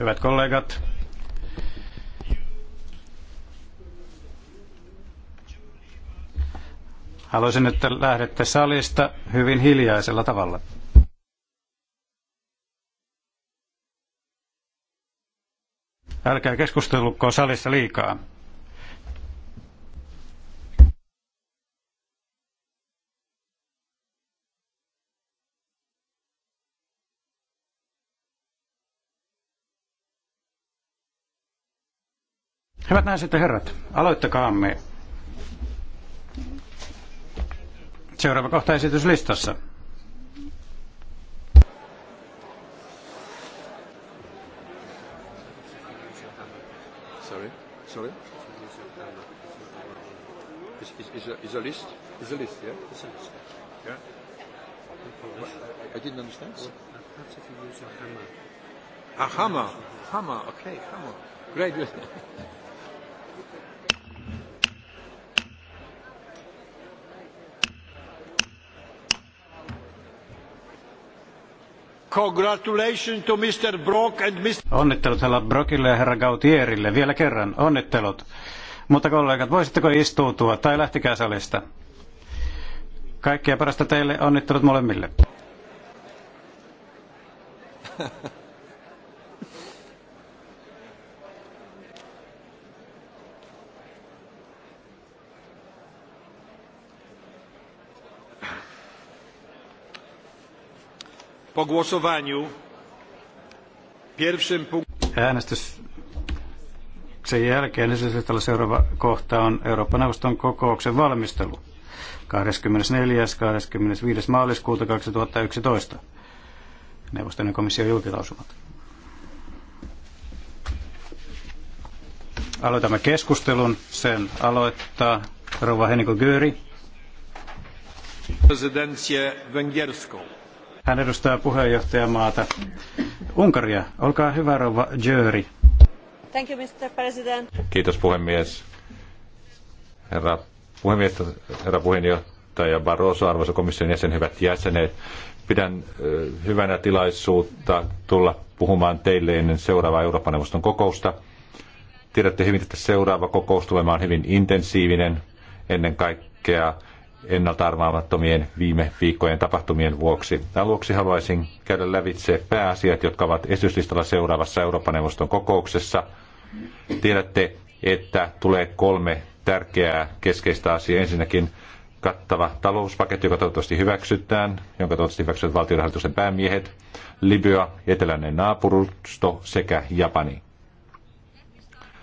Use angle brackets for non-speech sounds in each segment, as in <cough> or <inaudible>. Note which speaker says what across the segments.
Speaker 1: Hyvät kollegat, haluaisin, että lähdette salista hyvin hiljaisella tavalla. Älkää keskusteluko salissa liikaa. Hyvät naiset ja herrat, aloittakaamme. Seuraava kohta listassa.
Speaker 2: Sorry, sorry. Is,
Speaker 3: is, is, a, is a list? Is a list, yeah? It's a list. Yeah. I didn't understand. What? Uh, perhaps if you use your hammer. A hammer. Hammer, okay, hammer. Great. <laughs>
Speaker 1: Congratulations to Mr. Brock and Mr. Onnittelut herra Brockille ja herra Gautierille. Vielä kerran, onnittelut. Mutta kollegat, voisitteko istuutua tai lähtikää salista? Kaikkea parasta teille, onnittelut molemmille. <laughs> Äänestyksen jälkeen esityslistalla seuraava kohta on Euroopan neuvoston kokouksen valmistelu 24. 25. maaliskuuta 2011. Neuvoston ja komission julkilausumat. Aloitamme keskustelun. Sen aloittaa rouva Heniko Gyri.
Speaker 3: Presidencję węgierską.
Speaker 1: Hän edustaa puheenjohtajamaata Unkaria. Olkaa hyvä, rouva Jöri.
Speaker 4: Thank you, Mr. President.
Speaker 3: Kiitos puhemies. Herra puhemies, herra puheenjohtaja Barroso, arvoisa komission jäsen, hyvät jäsenet. Pidän hyvänä tilaisuutta tulla puhumaan teille ennen seuraavaa Euroopan neuvoston kokousta. Tiedätte hyvin, että seuraava kokous tulee hyvin intensiivinen ennen kaikkea ennaltaarvaamattomien viime viikkojen tapahtumien vuoksi. Aluksi haluaisin käydä lävitse pääasiat, jotka ovat esityslistalla seuraavassa Euroopan neuvoston kokouksessa. Tiedätte, että tulee kolme tärkeää keskeistä asiaa. Ensinnäkin kattava talouspaketti, joka toivottavasti hyväksytään, jonka toivottavasti hyväksyvät valtionhallitusten päämiehet, Libya, eteläinen naapurusto sekä Japani.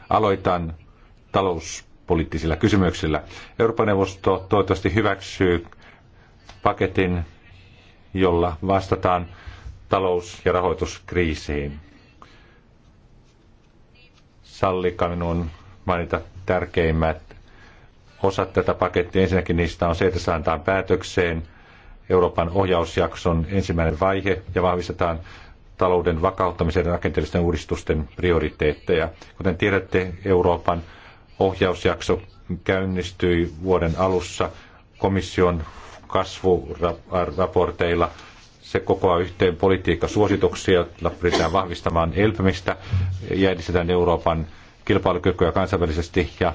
Speaker 3: Aloitan talous poliittisilla kysymyksillä. Euroopan neuvosto toivottavasti hyväksyy paketin, jolla vastataan talous- ja rahoituskriisiin. Sallika minun mainita tärkeimmät osat tätä pakettia. Ensinnäkin niistä on se, että saadaan päätökseen Euroopan ohjausjakson ensimmäinen vaihe ja vahvistetaan talouden vakauttamisen ja rakenteellisten uudistusten prioriteetteja. Kuten tiedätte, Euroopan ohjausjakso käynnistyi vuoden alussa komission kasvuraporteilla. Se kokoaa yhteen politiikkasuosituksia, joilla pyritään vahvistamaan elpymistä ja edistetään Euroopan kilpailukykyä kansainvälisesti ja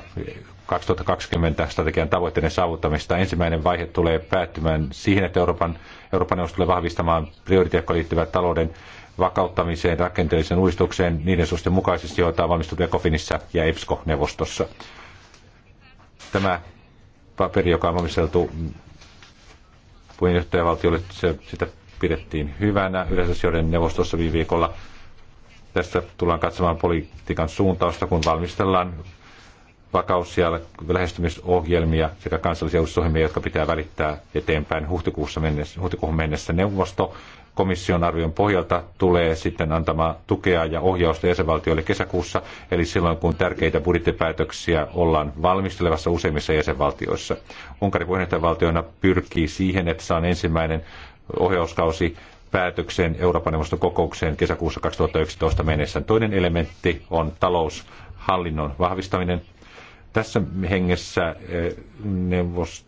Speaker 3: 2020 strategian tavoitteiden saavuttamista. Ensimmäinen vaihe tulee päättymään siihen, että Euroopan, Euroopan neuvosto tulee vahvistamaan prioriteettiin liittyvät talouden vakauttamiseen, rakenteelliseen uudistukseen niiden suosten mukaisesti, joita on valmistettu Ekofinissa ja EPSCO-neuvostossa. Tämä paperi, joka on valmisteltu puheenjohtajavaltiolle, se, sitä pidettiin hyvänä yleisasioiden neuvostossa viime viikolla. Tässä tullaan katsomaan politiikan suuntausta, kun valmistellaan vakaus- ja lähestymisohjelmia sekä kansallisia uudistusohjelmia, jotka pitää välittää eteenpäin huhtikuussa mennessä, huhtikuuhun mennessä neuvosto komission arvion pohjalta tulee sitten antamaan tukea ja ohjausta jäsenvaltioille kesäkuussa, eli silloin kun tärkeitä budjettipäätöksiä ollaan valmistelevassa useimmissa jäsenvaltioissa. Unkari puheenjohtajavaltiona pyrkii siihen, että saan ensimmäinen ohjauskausi päätöksen Euroopan neuvoston kokoukseen kesäkuussa 2011 mennessä. Toinen elementti on taloushallinnon vahvistaminen. Tässä hengessä eh, neuvost-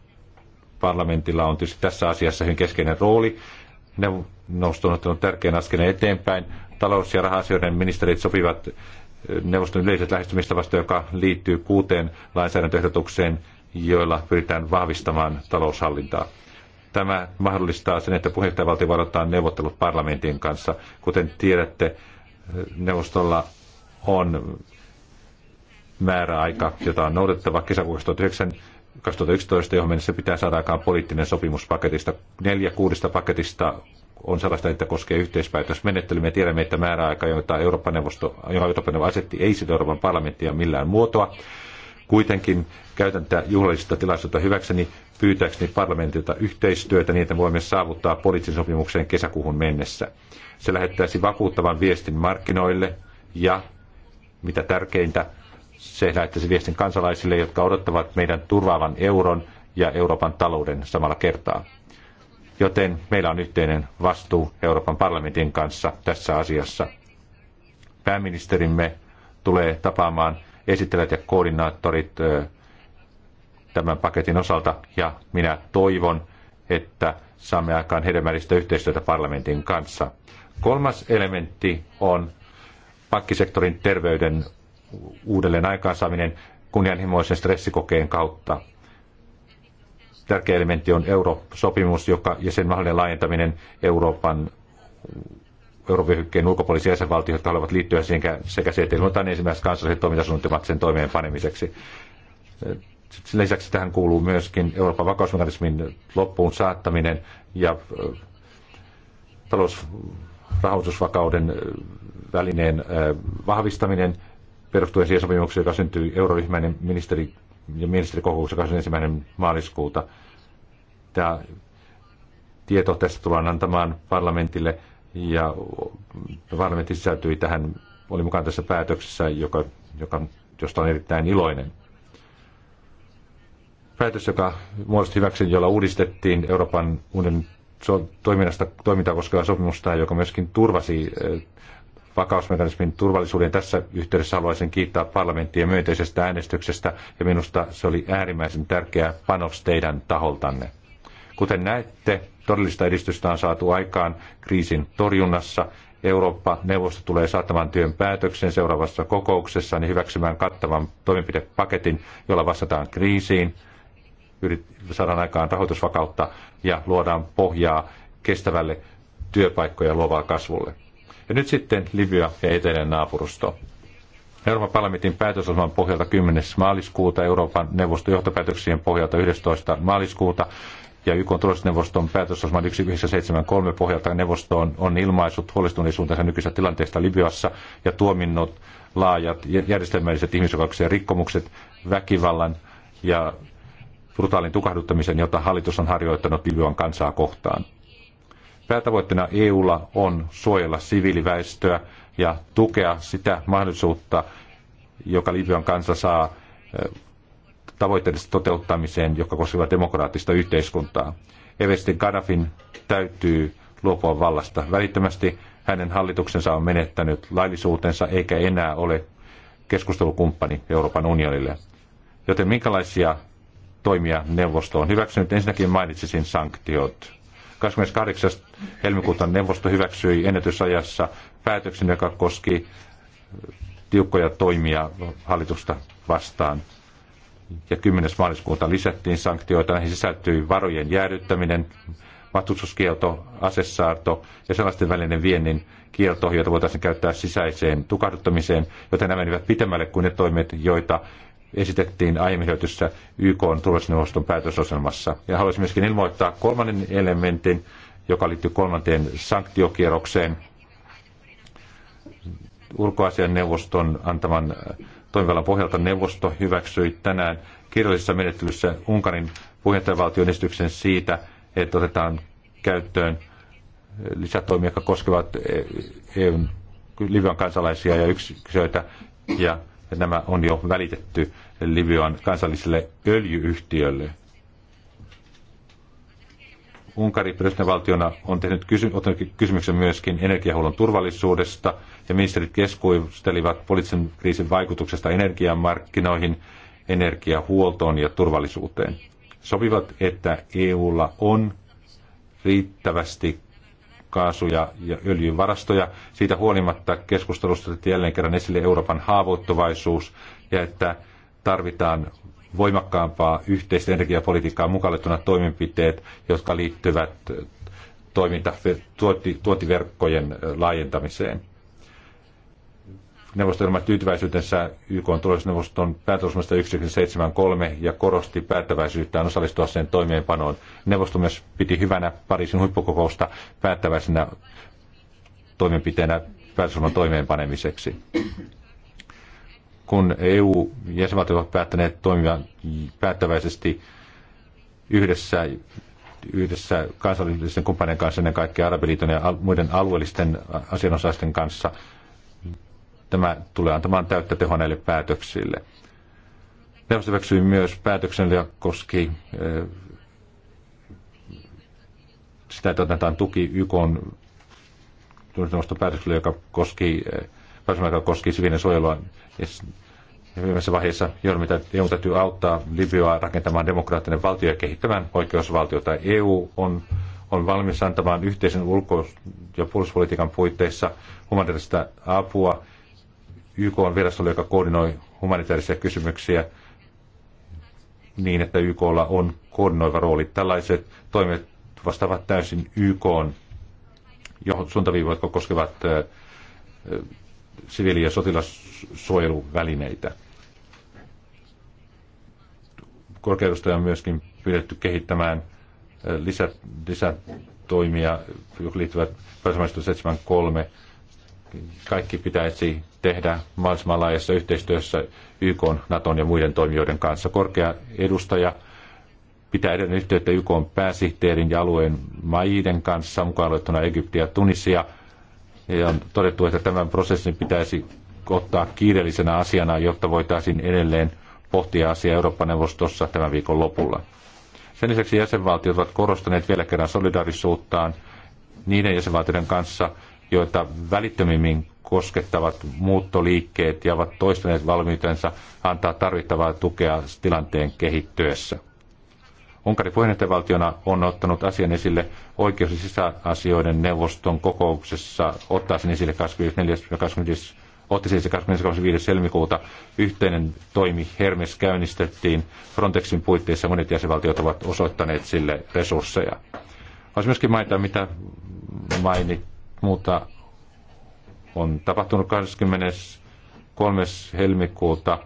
Speaker 3: parlamentilla on tietysti tässä asiassa hyvin keskeinen rooli neuvosto on ottanut tärkeän askeleen eteenpäin. Talous- ja rahasioiden ministerit sopivat neuvoston yleiset lähestymistavasta, joka liittyy kuuteen lainsäädäntöehdotukseen, joilla pyritään vahvistamaan taloushallintaa. Tämä mahdollistaa sen, että puheenjohtajavaltio varoittaa neuvottelut parlamentin kanssa. Kuten tiedätte, neuvostolla on määräaika, jota on noudattava kesäkuun 2011, johon mennessä pitää saada aikaan poliittinen sopimus paketista. Neljä kuudesta paketista on sellaista, että koskee yhteispäätösmenettelyä. Me tiedämme, että määräaika, jota Euroopan neuvosto, jonka Euroopan neuvosto asetti, ei sitä Euroopan parlamenttia millään muotoa. Kuitenkin käytän tätä juhlallista tilaisuutta hyväkseni pyytääkseni parlamentilta yhteistyötä niin, että voimme saavuttaa poliittisen sopimukseen kesäkuuhun mennessä. Se lähettäisi vakuuttavan viestin markkinoille ja, mitä tärkeintä, se lähettäisi viestin kansalaisille, jotka odottavat meidän turvaavan euron ja Euroopan talouden samalla kertaa joten meillä on yhteinen vastuu Euroopan parlamentin kanssa tässä asiassa. Pääministerimme tulee tapaamaan esittelijät ja koordinaattorit tämän paketin osalta ja minä toivon, että saamme aikaan hedelmällistä yhteistyötä parlamentin kanssa. Kolmas elementti on pankkisektorin terveyden uudelleen aikaansaaminen kunnianhimoisen stressikokeen kautta tärkeä elementti on eurosopimus joka, ja sen mahdollinen laajentaminen Euroopan Euroopan ulkopuolisia jäsenvaltioita, jotka haluavat liittyä siihen sekä se, että ilmoitetaan ensimmäiset kansalliset toimintasuunnitelmat sen toimeenpanemiseksi. Sen lisäksi tähän kuuluu myöskin Euroopan vakausmekanismin loppuun saattaminen ja talousrahoitusvakauden välineen vahvistaminen perustuen siihen sopimukseen, joka syntyi euroryhmäinen ministeri ja ministerikokouksessa 21. maaliskuuta. Tämä tieto tästä tullaan antamaan parlamentille ja parlamentti sisältyi tähän, oli mukaan tässä päätöksessä, joka, joka, josta on erittäin iloinen. Päätös, joka muodosti hyväksi, jolla uudistettiin Euroopan unionin toiminnasta, toimintaa koskevaa sopimusta, joka myöskin turvasi eh, vakausmekanismin turvallisuuden. Tässä yhteydessä haluaisin kiittää parlamenttia myönteisestä äänestyksestä ja minusta se oli äärimmäisen tärkeä panos teidän taholtanne. Kuten näette, todellista edistystä on saatu aikaan kriisin torjunnassa. Eurooppa-neuvosto tulee saattamaan työn päätöksen seuraavassa kokouksessa niin hyväksymään kattavan toimenpidepaketin, jolla vastataan kriisiin, saadaan aikaan rahoitusvakautta ja luodaan pohjaa kestävälle työpaikkoja luovaa kasvulle. Ja nyt sitten Libya ja eteinen naapurusto. Euroopan parlamentin päätösosman pohjalta 10. maaliskuuta, Euroopan neuvoston johtopäätöksien pohjalta 11. maaliskuuta ja YK turvallisuusneuvoston päätösosman 1973 pohjalta neuvostoon on ilmaissut huolestuneisuutensa nykyisestä tilanteesta Libyassa ja tuominnut laajat järjestelmälliset ihmisoikeuksien rikkomukset, väkivallan ja brutaalin tukahduttamisen, jota hallitus on harjoittanut Libyan kansaa kohtaan. Päätavoitteena EUlla on suojella siviiliväestöä ja tukea sitä mahdollisuutta, joka Libyan kansa saa eh, tavoitteiden toteuttamiseen, joka koskevat demokraattista yhteiskuntaa. Evestin Gaddafin täytyy luopua vallasta välittömästi. Hänen hallituksensa on menettänyt laillisuutensa eikä enää ole keskustelukumppani Euroopan unionille. Joten minkälaisia toimia neuvosto on hyväksynyt? Ensinnäkin mainitsisin sanktiot. 28. helmikuuta neuvosto hyväksyi ennätysajassa päätöksen, joka koski tiukkoja toimia hallitusta vastaan. Ja 10. maaliskuuta lisättiin sanktioita. Näihin sisältyi varojen jäädyttäminen, matkustuskielto, asessaarto ja sellaisten välinen viennin kielto, jota voitaisiin käyttää sisäiseen tukahduttamiseen, joten nämä menivät pitemmälle kuin ne toimet, joita esitettiin aiemmin hyötyssä YK turvallisuusneuvoston päätösosalmassa. Ja haluaisin myöskin ilmoittaa kolmannen elementin, joka liittyy kolmanteen sanktiokierrokseen, ulkoasian neuvoston antaman toimivallan pohjalta neuvosto hyväksyi tänään kirjallisessa menettelyssä Unkarin puheenjohtajavaltion esityksen siitä, että otetaan käyttöön lisätoimia, jotka koskevat EUn e- e- Libyan kansalaisia ja yksiköitä ja ja nämä on jo välitetty Libyan kansalliselle öljyyhtiölle. Unkari presidentinvaltiona on tehnyt kysy- ottanut kysymyksen myöskin energiahuollon turvallisuudesta ja ministerit keskustelivat poliittisen kriisin vaikutuksesta energiamarkkinoihin, energiahuoltoon ja turvallisuuteen. Sopivat, että EUlla on riittävästi kaasu- ja, öljyvarastoja, öljyn varastoja. Siitä huolimatta keskustelusta otettiin jälleen kerran esille Euroopan haavoittuvaisuus ja että tarvitaan voimakkaampaa yhteistä energiapolitiikkaa mukaillettuna toimenpiteet, jotka liittyvät eh, toiminta, tuotti, tuotiverkkojen eh, laajentamiseen neuvostelma tyytyväisyytensä YK on turvallisuusneuvoston päätösmasta 1973 ja korosti päättäväisyyttään osallistua sen toimeenpanoon. Neuvosto myös piti hyvänä Pariisin huippukokousta päättäväisenä toimenpiteenä päätösmän toimeenpanemiseksi. Kun EU-jäsenvaltiot ovat päättäneet toimia päättäväisesti yhdessä yhdessä kansainvälisten kumppanien kanssa, ennen kaikkea Arabiliiton ja muiden alueellisten asianosaisten kanssa – Tämä tulee antamaan täyttä tehoa näille päätöksille. Neuvosto hyväksyi myös päätöksen, joka koski sitä, että otetaan tuki YK päätöksellä, joka koski, joka koski sivinen suojelua. Ja viimeisessä vaiheessa EU täytyy auttaa Libyaa rakentamaan demokraattinen valtio ja kehittämään oikeusvaltiota. EU on, on valmis antamaan yhteisen ulko- ja puolustuspolitiikan puitteissa humanitaarista apua YK on virastolle, joka koordinoi humanitaarisia kysymyksiä niin, että YKlla on koordinoiva rooli. Tällaiset toimet vastaavat täysin YK on suuntaviivoja, jotka koskevat siviili- ja sotilassuojeluvälineitä. Korkeudusta on myöskin pyydetty kehittämään lisä, lisätoimia, jotka liittyvät 7.3. Kaikki pitäisi tehdä maailman laajassa yhteistyössä YK, Naton ja muiden toimijoiden kanssa. Korkea edustaja pitää edelleen yhteyttä YK pääsihteerin ja alueen maiden kanssa, mukaan luettuna Egyptiä ja Tunisia. Ja on todettu, että tämän prosessin pitäisi ottaa kiireellisenä asiana, jotta voitaisiin edelleen pohtia asiaa Eurooppa-neuvostossa tämän viikon lopulla. Sen lisäksi jäsenvaltiot ovat korostaneet vielä kerran solidaarisuuttaan niiden jäsenvaltioiden kanssa, joita välittömimmin koskettavat muuttoliikkeet ja ovat toistaneet valmiutensa antaa tarvittavaa tukea tilanteen kehittyessä. Unkari puheenjohtajavaltiona on ottanut asian esille oikeus- ja sisäasioiden neuvoston kokouksessa, ottaa sen esille 24. ja 25. Otti siis 25. helmikuuta yhteinen toimi Hermes käynnistettiin. Frontexin puitteissa monet jäsenvaltiot ovat osoittaneet sille resursseja. Voisi myöskin mainita, mitä mainit, muuta on tapahtunut 23. helmikuuta.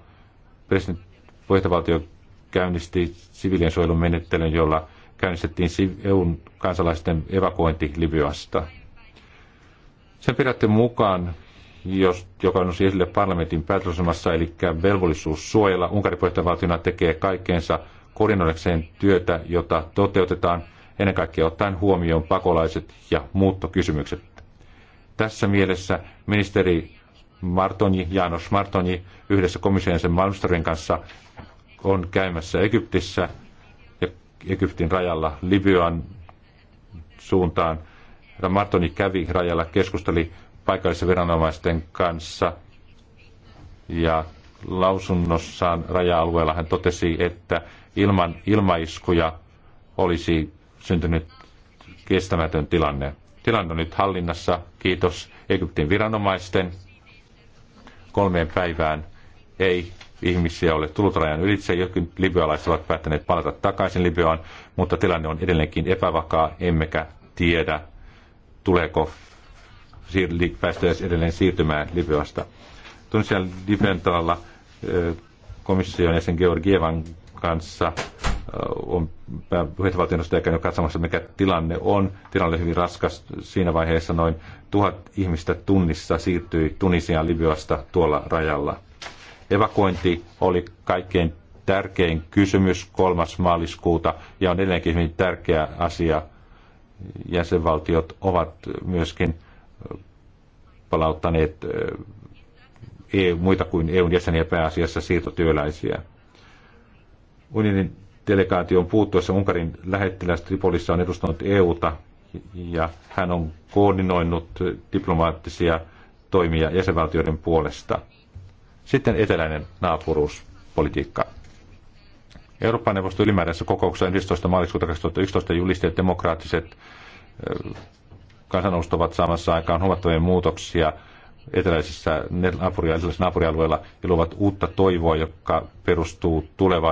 Speaker 3: Presidentin käynnisti sivilien suojelun menettelyn, jolla käynnistettiin EUn kansalaisten evakuointi Libyasta. Sen pidätte mukaan, jos, joka on esille parlamentin päätösomassa, eli velvollisuus suojella. Unkarin puheenjohtajavaltiona tekee kaikkeensa koordinoidakseen työtä, jota toteutetaan ennen kaikkea ottaen huomioon pakolaiset ja muuttokysymykset. Tässä mielessä ministeri Martoni, Janos Martoni yhdessä komission sen Malmströmin kanssa on käymässä Egyptissä ja Egyptin rajalla Libyan suuntaan. Martoni kävi rajalla, keskusteli paikallisen viranomaisten kanssa ja lausunnossaan raja-alueella hän totesi, että ilman ilmaiskuja olisi syntynyt kestämätön tilanne. Tilanne on nyt hallinnassa, kiitos Egyptin viranomaisten. Kolmeen päivään ei ihmisiä ole tullut rajan ylitse. Jotkin libyalaiset ovat päättäneet palata takaisin Libyaan, mutta tilanne on edelleenkin epävakaa, emmekä tiedä, tuleeko siir- päästä edelleen siirtymään Libyasta. Tunisian Libyan komission jäsen Georgievan kanssa on puheenjohtajavaltionosta käynyt katsomassa, mikä tilanne on. Tilanne oli hyvin raskas. Siinä vaiheessa noin tuhat ihmistä tunnissa siirtyi Tunisiaan Libyasta tuolla rajalla. Evakuointi oli kaikkein tärkein kysymys 3. maaliskuuta ja on edelleenkin hyvin tärkeä asia. Jäsenvaltiot ovat myöskin palauttaneet EU, muita kuin EUn jäseniä pääasiassa siirtotyöläisiä. Unionin delegaation puuttuessa Unkarin lähettiläs Tripolissa on edustanut EUta ja hän on koordinoinut diplomaattisia toimia jäsenvaltioiden puolesta. Sitten eteläinen naapuruuspolitiikka. Euroopan neuvosto ylimääräisessä kokouksessa 11. maaliskuuta 2011 julisti, että demokraattiset kansanouset saamassa aikaan huomattavia muutoksia – eteläisessä naapurialueella ja luovat uutta toivoa, joka perustuu tuleva,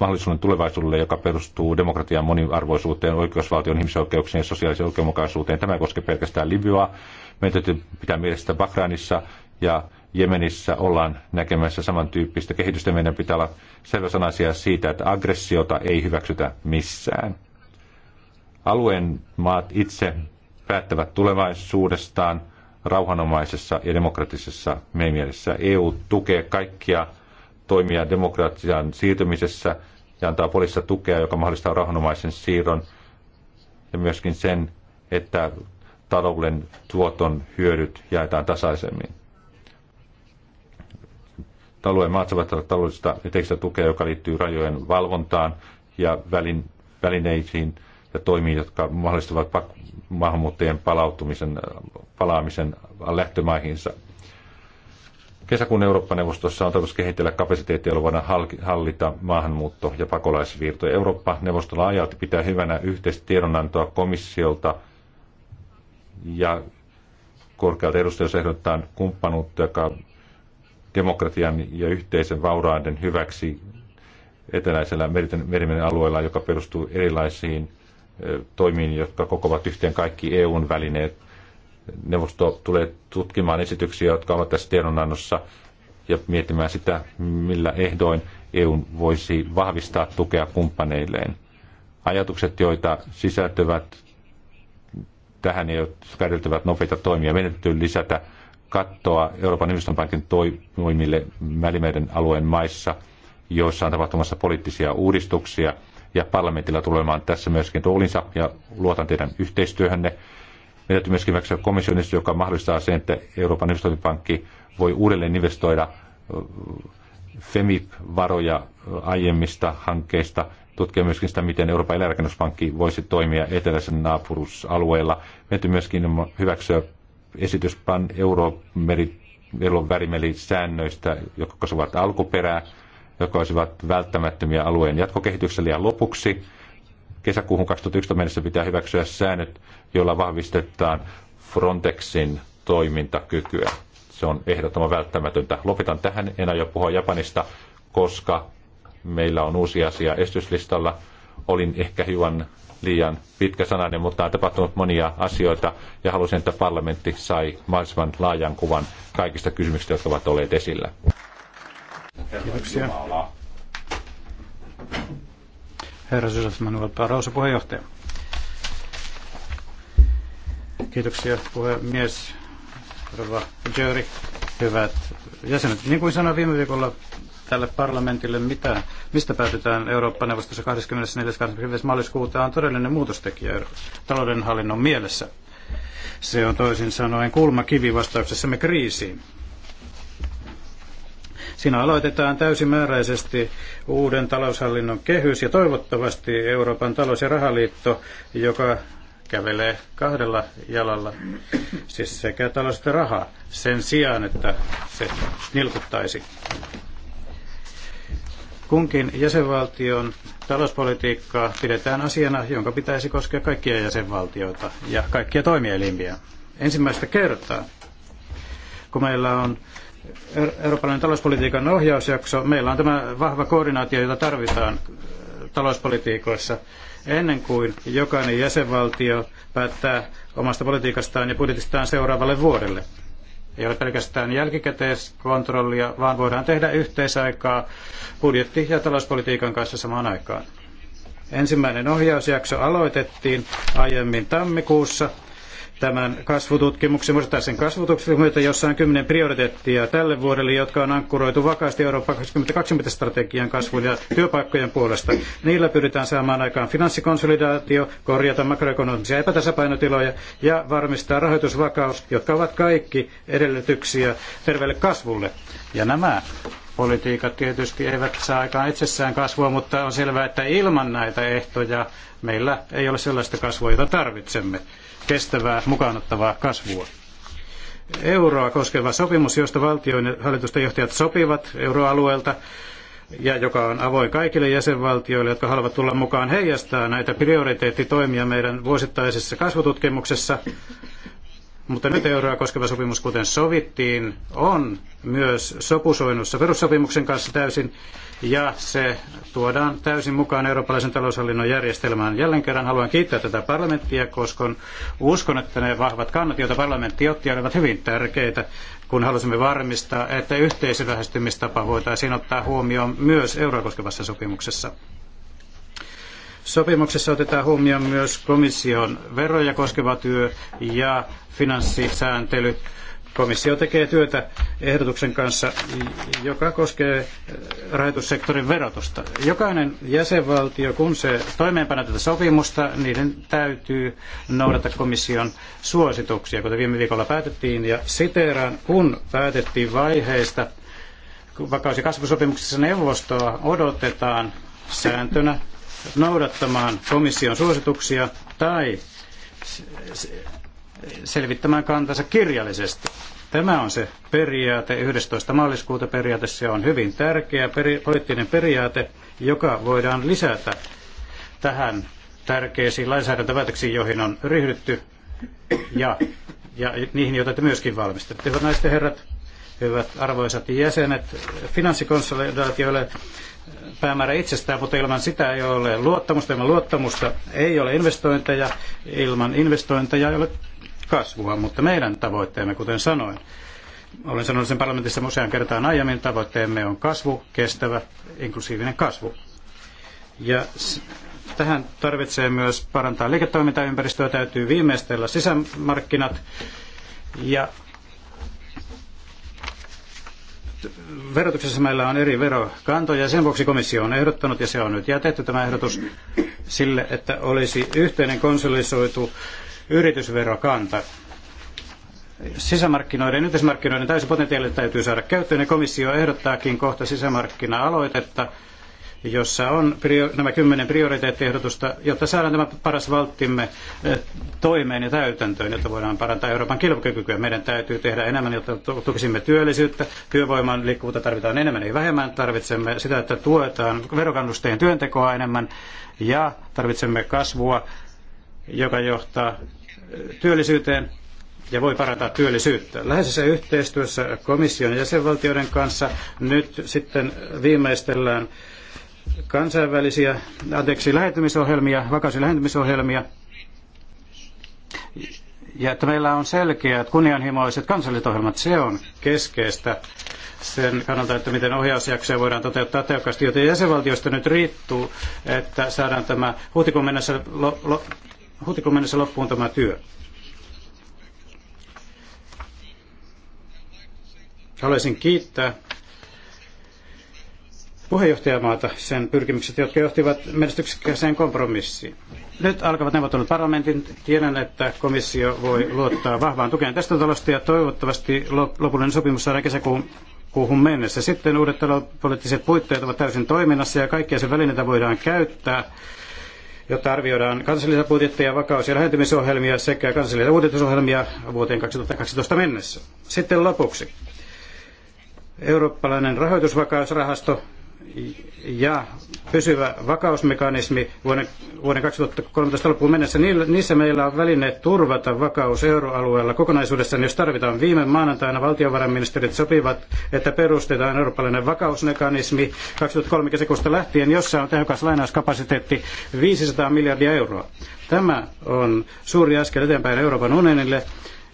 Speaker 3: mahdollisuuden tulevaisuudelle, joka perustuu demokratian moniarvoisuuteen, oikeusvaltion ihmisoikeuksien ja sosiaalisen oikeudenmukaisuuteen. Tämä koskee pelkästään Libyaa. Meidän täytyy pitää mielessä Bahrainissa ja Jemenissä ollaan näkemässä samantyyppistä kehitystä. Meidän pitää olla selväsanaisia siitä, että aggressiota ei hyväksytä missään. Alueen maat itse päättävät tulevaisuudestaan – rauhanomaisessa ja demokratisessa meidän mielessä. EU tukee kaikkia toimia demokratian siirtymisessä ja antaa poliisissa tukea, joka mahdollistaa rauhanomaisen siirron ja myöskin sen, että talouden tuoton hyödyt jaetaan tasaisemmin. Talouden maat saavat taloudellista ja tukea, joka liittyy rajojen valvontaan ja välin, välineisiin – ja toimiin, jotka mahdollistavat maahanmuuttajien palautumisen, palaamisen lähtömaihinsa. Kesäkuun Eurooppa-neuvostossa on tarkoitus kehitellä kapasiteettia, jolla voidaan hallita maahanmuutto- ja pakolaisvirtoja. Eurooppa-neuvosto laajalti pitää hyvänä yhteistä tiedonantoa komissiolta ja korkealta edustajassa ehdottaa kumppanuutta, joka demokratian ja yhteisen vauraiden hyväksi eteläisellä merimen alueella, joka perustuu erilaisiin toimiin, jotka kokoavat yhteen kaikki EUn välineet. Neuvosto tulee tutkimaan esityksiä, jotka ovat tässä tiedonannossa, ja miettimään sitä, millä ehdoin EU voisi vahvistaa tukea kumppaneilleen. Ajatukset, joita sisältyvät tähän jotka edeltävät nopeita toimia, meidän täytyy lisätä kattoa Euroopan investointipankin toimille Välimeren alueen maissa, joissa on tapahtumassa poliittisia uudistuksia – ja parlamentilla tulemaan tässä myöskin tuulinsa ja luotan teidän yhteistyöhönne. Meidän täytyy myöskin hyväksyä komissionista, joka mahdollistaa sen, että Euroopan investointipankki voi uudelleen investoida FEMIP-varoja aiemmista hankkeista, tutkia myöskin sitä, miten Euroopan eläinrakennuspankki voisi toimia eteläisen naapurusalueella. Meidän myöskin hyväksyä esitys pan euro värimelisäännöistä, jotka koskevat alkuperää jotka olisivat välttämättömiä alueen jatkokehitykselle. Ja lopuksi kesäkuuhun 2011 mennessä pitää hyväksyä säännöt, joilla vahvistetaan Frontexin toimintakykyä. Se on ehdottoman välttämätöntä. Lopetan tähän, en aio puhua Japanista, koska meillä on uusi asia estyslistalla. Olin ehkä hiukan liian pitkä sananen, mutta on tapahtunut monia asioita ja halusin, että parlamentti sai mahdollisimman laajan kuvan kaikista kysymyksistä, jotka ovat olleet esillä. Kiitoksia.
Speaker 1: Herra Josef Manuel Parausa, puheenjohtaja. Kiitoksia puhemies, Rova Jöri, hyvät jäsenet. Niin kuin sanoin viime viikolla tälle parlamentille, mitä, mistä päätetään Eurooppa-neuvostossa 24.25. maaliskuuta, on todellinen muutostekijä taloudenhallinnon mielessä. Se on toisin sanoen kulmakivi vastauksessamme kriisiin. Siinä aloitetaan täysimääräisesti uuden taloushallinnon kehys ja toivottavasti Euroopan talous- ja rahaliitto, joka kävelee kahdella jalalla, siis sekä talous että raha, sen sijaan, että se nilkuttaisi. Kunkin jäsenvaltion talouspolitiikkaa pidetään asiana, jonka pitäisi koskea kaikkia jäsenvaltioita ja kaikkia toimielimiä. Ensimmäistä kertaa, kun meillä on eurooppalainen talouspolitiikan ohjausjakso, meillä on tämä vahva koordinaatio, jota tarvitaan äh, talouspolitiikoissa ennen kuin jokainen jäsenvaltio päättää omasta politiikastaan ja budjetistaan seuraavalle vuodelle. Ei ole pelkästään jälkikäteiskontrollia, vaan voidaan tehdä yhteisaikaa budjetti- ja talouspolitiikan kanssa samaan aikaan. Ensimmäinen ohjausjakso aloitettiin aiemmin tammikuussa tämän kasvututkimuksen, muistetaan sen kasvututkimuksen myötä, jossa on kymmenen prioriteettia tälle vuodelle, jotka on ankkuroitu vakaasti Eurooppa 2020 strategian kasvun ja työpaikkojen puolesta. Niillä pyritään saamaan aikaan finanssikonsolidaatio, korjata makroekonomisia epätasapainotiloja ja varmistaa rahoitusvakaus, jotka ovat kaikki edellytyksiä terveelle kasvulle. Ja nämä politiikat tietysti eivät saa aikaan itsessään kasvua, mutta on selvää, että ilman näitä ehtoja meillä ei ole sellaista kasvua, jota tarvitsemme, kestävää, mukaanottavaa kasvua. Euroa koskeva sopimus, josta valtioiden hallitusten johtajat sopivat euroalueelta, ja joka on avoin kaikille jäsenvaltioille, jotka haluavat tulla mukaan, heijastaa näitä prioriteettitoimia meidän vuosittaisessa kasvututkimuksessa, mutta nyt euroa koskeva sopimus, kuten sovittiin, on myös sopusoinnussa perussopimuksen kanssa täysin, ja se tuodaan täysin mukaan eurooppalaisen taloushallinnon järjestelmään. Jälleen kerran haluan kiittää tätä parlamenttia, koska uskon, että ne vahvat kannat, joita parlamentti otti, olivat hyvin tärkeitä, kun halusimme varmistaa, että yhteisölähestymistapa voitaisiin ottaa huomioon myös euroa koskevassa sopimuksessa. Sopimuksessa otetaan huomioon myös komission veroja koskeva työ ja finanssisääntely. Komissio tekee työtä ehdotuksen kanssa, joka koskee äh, rahoitussektorin verotusta. Jokainen jäsenvaltio, kun se toimeenpanee tätä sopimusta, niiden täytyy noudata komission suosituksia, kuten viime viikolla päätettiin. Ja siteeraan, kun päätettiin vaiheista, vakaus- ja kasvusopimuksessa neuvostoa odotetaan sääntönä noudattamaan komission suosituksia tai selvittämään kantansa kirjallisesti. Tämä on se periaate, 11. maaliskuuta periaate, se on hyvin tärkeä peri- poliittinen periaate, joka voidaan lisätä tähän tärkeisiin lainsäädäntöpäätöksiin, joihin on ryhdytty ja, ja niihin, joita te myöskin valmistelette. Hyvät naiset ja herrat, hyvät arvoisat jäsenet, finanssikonsolidaatioille päämäärä itsestään, mutta ilman sitä ei ole luottamusta, ilman luottamusta ei ole investointeja, ilman investointeja ei ole kasvua, mutta meidän tavoitteemme, kuten sanoin, olen sanonut sen parlamentissa usean kertaan aiemmin, tavoitteemme on kasvu, kestävä, inklusiivinen kasvu. Ja tähän tarvitsee myös parantaa liiketoimintaympäristöä, täytyy viimeistellä sisämarkkinat ja verotuksessa meillä on eri verokantoja ja sen vuoksi komissio on ehdottanut ja se on nyt jätetty tämä ehdotus sille, että olisi yhteinen konsolisoitu yritysverokanta. Sisämarkkinoiden, yhteismarkkinoiden täysi potentiaali täytyy saada käyttöön ja komissio ehdottaakin kohta sisämarkkina-aloitetta, jossa on nämä kymmenen prioriteettiehdotusta, jotta saadaan tämä paras valttimme eh, toimeen ja täytäntöön, jotta voidaan parantaa Euroopan kilpailukykyä. Meidän täytyy tehdä enemmän, jotta tukisimme työllisyyttä. Työvoiman liikkuvuutta tarvitaan enemmän, ei vähemmän. Tarvitsemme sitä, että tuetaan verokannusteen työntekoa enemmän ja tarvitsemme kasvua, joka johtaa eh, työllisyyteen ja voi parantaa työllisyyttä. Läheisessä yhteistyössä komission ja jäsenvaltioiden kanssa nyt sitten viimeistellään kansainvälisiä, anteeksi, lähentymisohjelmia, vakaisia lähentymisohjelmia, ja että meillä on selkeät kunnianhimoiset kansalliset ohjelmat, se on keskeistä sen kannalta, että miten ohjausjaksoja voidaan toteuttaa tehokkaasti, joten jäsenvaltioista nyt riittuu, että saadaan tämä huhtikuun mennessä, lo, lo, huhtikuun mennessä loppuun tämä työ. Haluaisin kiittää puheenjohtajamaata sen pyrkimykset, jotka johtivat menestyksekkääseen kompromissiin. Nyt alkavat neuvottelut parlamentin. Tiedän, että komissio voi luottaa vahvaan tukeen tästä talosta ja toivottavasti lopullinen sopimus saadaan kesäkuun kuuhun mennessä. Sitten uudet talouspoliittiset puitteet ovat täysin toiminnassa ja kaikkia sen välineitä voidaan käyttää jotta arvioidaan kansallisia budjetteja, vakaus- ja lähentymisohjelmia sekä kansallisia uudistusohjelmia vuoteen 2012 mennessä. Sitten lopuksi. Eurooppalainen rahoitusvakausrahasto ja pysyvä vakausmekanismi vuoden, vuoden 2013 loppuun mennessä. Niissä meillä on välineet turvata vakaus euroalueella kokonaisuudessaan, jos tarvitaan. Viime maanantaina valtiovarainministerit sopivat, että perustetaan eurooppalainen vakausmekanismi 2003 kesäkuusta lähtien, jossa on tehokas lainauskapasiteetti 500 miljardia euroa. Tämä on suuri askel eteenpäin Euroopan unionille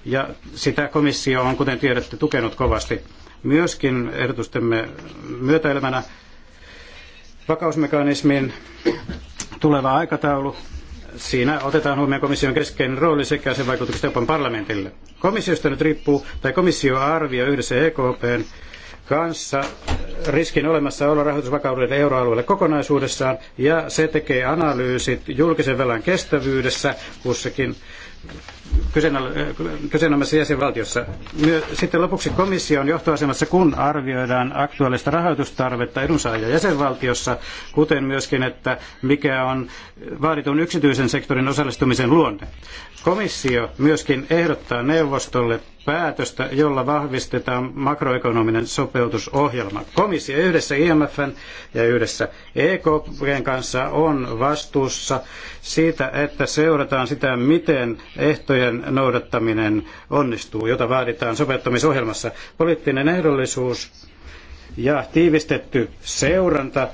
Speaker 1: ja sitä komissio on, kuten tiedätte, tukenut kovasti myöskin ehdotustemme myötäilemänä vakausmekanismin tuleva aikataulu. Siinä otetaan huomioon komission keskeinen rooli sekä sen vaikutukset Euroopan parlamentille. Komissiosta nyt riippuu, tai komissio arvioi yhdessä EKPn kanssa riskin olemassaolo rahoitusvakaudelle euroalueelle kokonaisuudessaan, ja se tekee analyysit julkisen velan kestävyydessä kussakin kyseenomaisessa äh, jäsenvaltiossa. Sitten lopuksi komissio on johtoasemassa, kun arvioidaan aktuaalista rahoitustarvetta edunsaajan jäsenvaltiossa, kuten myöskin, että mikä on vaaditun yksityisen sektorin osallistumisen luonne. Komissio myöskin ehdottaa neuvostolle päätöstä, jolla vahvistetaan makroekonominen sopeutusohjelma. Komissio yhdessä IMFn ja yhdessä EKPn kanssa on vastuussa siitä, että seurataan sitä, miten ehtojen noudattaminen onnistuu, jota vaaditaan sopeuttamisohjelmassa. Poliittinen ehdollisuus ja tiivistetty seuranta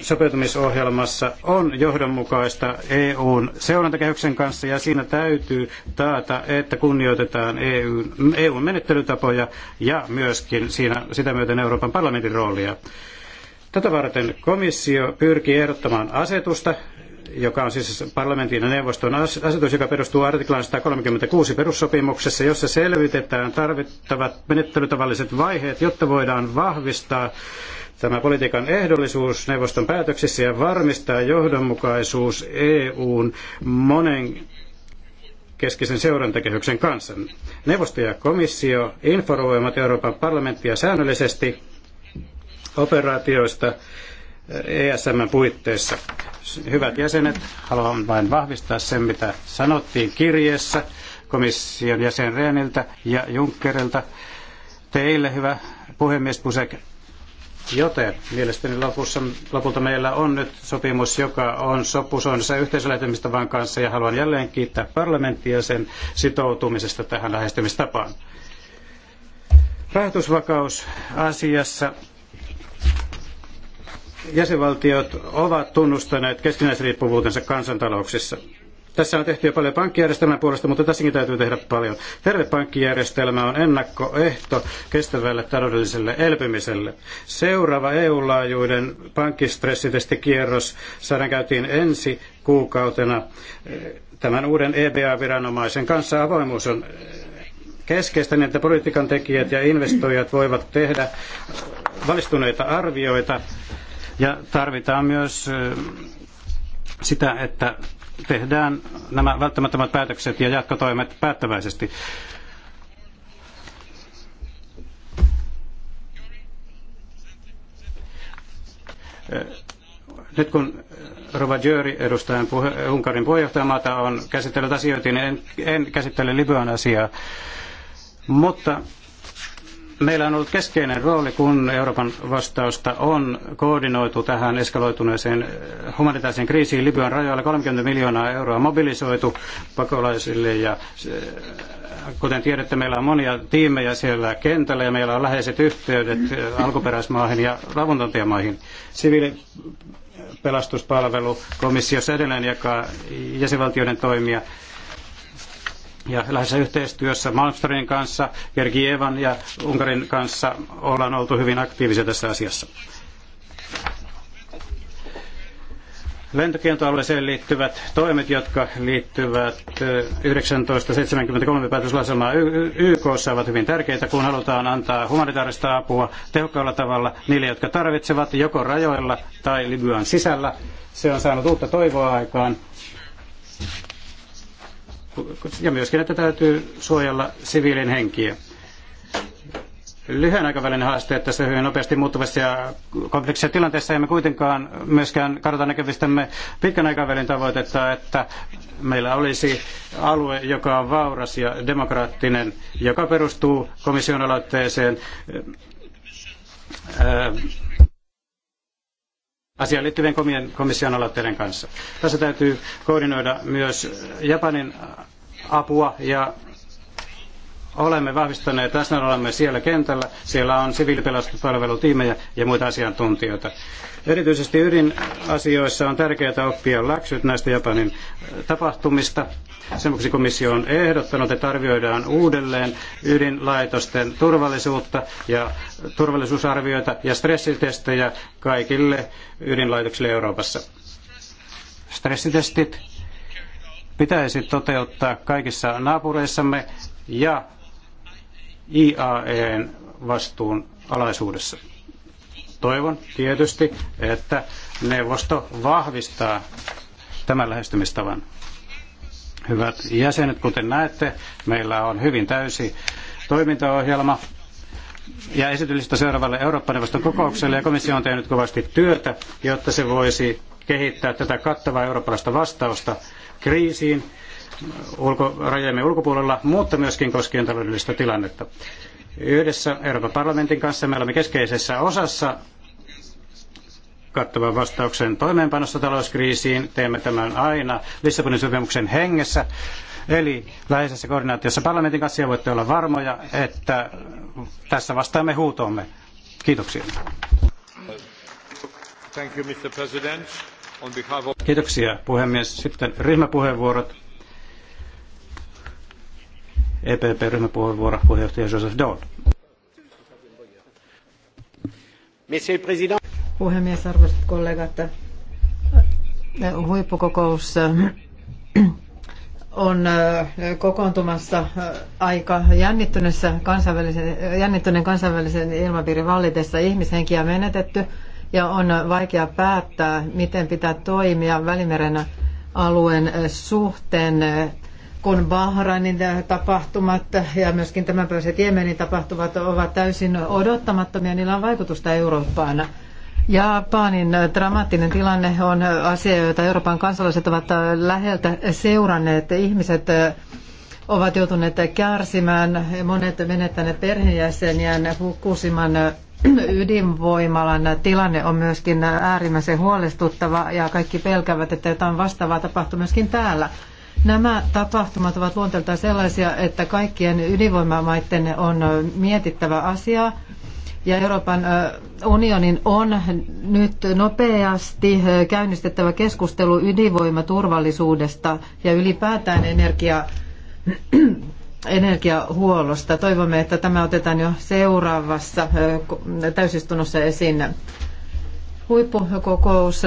Speaker 1: sopeutumisohjelmassa on johdonmukaista EUn seurantakehyksen kanssa ja siinä täytyy taata, että kunnioitetaan EUn, EUn menettelytapoja ja myöskin siinä, sitä myöten Euroopan parlamentin roolia. Tätä varten komissio pyrkii ehdottamaan asetusta, joka on siis parlamentin ja neuvoston asetus, joka perustuu artiklaan 136 perussopimuksessa, jossa selvitetään tarvittavat menettelytavalliset vaiheet, jotta voidaan vahvistaa Tämä politiikan ehdollisuus neuvoston päätöksissä ja varmistaa johdonmukaisuus EUn monen keskisen seurantakehyksen kanssa. Neuvosto ja komissio informoivat Euroopan parlamenttia säännöllisesti operaatioista ESMn puitteissa. Hyvät jäsenet, haluan vain vahvistaa sen, mitä sanottiin kirjeessä komission jäsen Rehniltä ja Junckerilta. Teille, hyvä puhemies Pusek, Joten mielestäni lopussa, lopulta meillä on nyt sopimus, joka on sopusoinnissa yhteisölähetymistavan kanssa ja haluan jälleen kiittää parlamenttia sen sitoutumisesta tähän lähestymistapaan. asiassa jäsenvaltiot ovat tunnustaneet keskinäisriippuvuutensa kansantalouksissa. Tässä on tehty jo paljon pankkijärjestelmän puolesta, mutta tässäkin täytyy tehdä paljon. Terve pankkijärjestelmä on ennakkoehto kestävälle taloudelliselle elpymiselle. Seuraava EU-laajuuden pankkistressitestikierros saadaan käytiin ensi kuukautena tämän uuden EBA-viranomaisen kanssa. Avoimuus on keskeistä, niin että politiikan tekijät ja investoijat voivat tehdä valistuneita arvioita ja tarvitaan myös sitä, että tehdään nämä välttämättömät päätökset ja jatkotoimet päättäväisesti. Nyt kun Rova Jöri, edustajan puhe, Unkarin puheenjohtajamaata, on käsitellyt asioita, niin en, en käsittele Libyan asiaa. Mutta meillä on ollut keskeinen rooli, kun Euroopan vastausta on koordinoitu tähän eskaloituneeseen humanitaariseen kriisiin Libyan rajoilla. 30 miljoonaa euroa mobilisoitu pakolaisille ja äh, kuten tiedätte, meillä on monia tiimejä siellä kentällä ja meillä on läheiset yhteydet äh, alkuperäismaihin ja avuntantajamaihin. Siviili pelastuspalvelu komissiossa edelleen jakaa jäsenvaltioiden toimia ja läheisessä yhteistyössä Malmströmin kanssa, Gergievan ja Unkarin kanssa ollaan oltu hyvin aktiivisia tässä asiassa. lentokieltoalueeseen liittyvät toimet, jotka liittyvät 1973 eh, päätöslauselmaa YKssa ovat hyvin tärkeitä, kun halutaan antaa humanitaarista apua tehokkaalla tavalla niille, jotka tarvitsevat joko rajoilla tai Libyan sisällä. Se on saanut uutta toivoa aikaan ja myöskin, että täytyy suojella siviilin henkiä. Lyhyen aikavälin haasteet se hyvin nopeasti muuttuvassa ja kompleksisessa tilanteessa emme kuitenkaan myöskään kadota näkövistämme pitkän aikavälin tavoitetta, että meillä olisi alue, joka on vauras ja demokraattinen, joka perustuu komission aloitteeseen asiaan liittyvien komission aloitteiden kanssa. Tässä täytyy koordinoida myös Japanin apua ja olemme vahvistaneet läsnäolomme siellä kentällä. Siellä on siviilipelastuspalvelutiimejä ja muita asiantuntijoita. Erityisesti ydinasioissa on tärkeää oppia läksyt näistä Japanin tapahtumista sen vuoksi komissio on ehdottanut, että arvioidaan uudelleen ydinlaitosten turvallisuutta ja turvallisuusarvioita ja stressitestejä kaikille ydinlaitoksille Euroopassa. Stressitestit pitäisi toteuttaa kaikissa naapureissamme ja IAEn vastuun alaisuudessa. Toivon tietysti, että neuvosto vahvistaa tämän lähestymistavan. Hyvät jäsenet, kuten näette, meillä on hyvin täysi toimintaohjelma ja esitystä seuraavalle Eurooppa-neuvoston kokoukselle ja komissio on tehnyt kovasti työtä, jotta se voisi kehittää tätä kattavaa eurooppalaista vastausta kriisiin ulko, rajojemme ulkopuolella, mutta myöskin koskien taloudellista tilannetta. Yhdessä Euroopan parlamentin kanssa me olemme keskeisessä osassa kattavan vastauksen toimeenpanosta talouskriisiin. Teemme tämän aina Lissabonin sopimuksen hengessä. Eli läheisessä koordinaatiossa parlamentin kanssa ja voitte olla varmoja, että tässä vastaamme huutoomme. Kiitoksia.
Speaker 3: Thank you, Mr. President. On of...
Speaker 1: Kiitoksia puhemies. Sitten ryhmäpuheenvuorot. EPP-ryhmäpuheenvuoro puheenjohtaja Joseph Daul
Speaker 5: puhemies, arvoisat kollegat. Huippukokous äh, on äh, kokoontumassa äh, aika jännittyneessä kansainvälisen, jännittyneen kansainvälisen ilmapiirin vallitessa. Ihmishenkiä menetetty ja on vaikea päättää, miten pitää toimia Välimeren alueen suhteen, kun Bahrainin tapahtumat ja myöskin tämänpäiväiset Jemenin tapahtumat ovat täysin odottamattomia. Niillä on vaikutusta Eurooppaan. Japanin dramaattinen tilanne on asia, jota Euroopan kansalaiset ovat läheltä seuranneet. Ihmiset ovat joutuneet kärsimään, monet menettäneet perheenjäseniään Fukushiman ydinvoimalan tilanne on myöskin äärimmäisen huolestuttava ja kaikki pelkävät, että jotain vastaavaa tapahtuu myöskin täällä. Nämä tapahtumat ovat luonteeltaan sellaisia, että kaikkien ydinvoimamaiden on mietittävä asiaa ja Euroopan unionin on nyt nopeasti käynnistettävä keskustelu ydinvoimaturvallisuudesta ja ylipäätään energia, <clears throat> energiahuollosta. Toivomme, että tämä otetaan jo seuraavassa täysistunnossa esiin. Huippukokous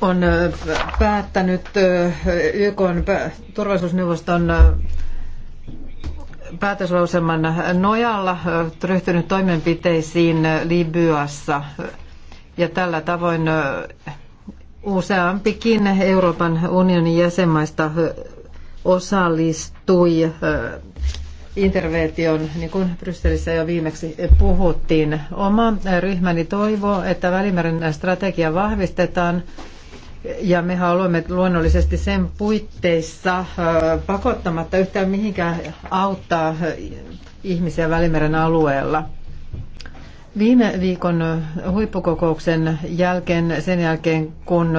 Speaker 5: on päättänyt YK turvallisuusneuvoston päätöslauselman nojalla ryhtynyt toimenpiteisiin Libyassa ja tällä tavoin useampikin Euroopan unionin jäsenmaista osallistui interventioon, niin kuin Brysselissä jo viimeksi puhuttiin. Oma ryhmäni toivoo, että Välimeren strategia vahvistetaan ja me haluamme luonnollisesti sen puitteissa pakottamatta yhtään mihinkään auttaa ihmisiä Välimeren alueella. Viime viikon huippukokouksen jälkeen, sen jälkeen kun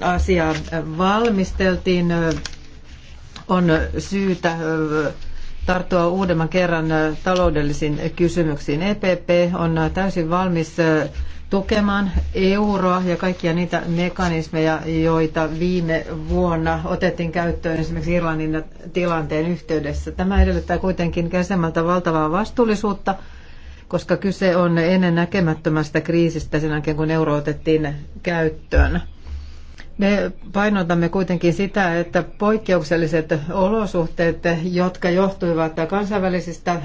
Speaker 5: asia valmisteltiin, on syytä tarttua uudemman kerran taloudellisiin kysymyksiin. EPP on täysin valmis tukemaan euroa ja kaikkia niitä mekanismeja, joita viime vuonna otettiin käyttöön esimerkiksi Irlannin tilanteen yhteydessä. Tämä edellyttää kuitenkin jäsenmältä valtavaa vastuullisuutta, koska kyse on ennen näkemättömästä kriisistä sen jälkeen, kun euro otettiin käyttöön. Me painotamme kuitenkin sitä, että poikkeukselliset olosuhteet, jotka johtuivat kansainvälisistä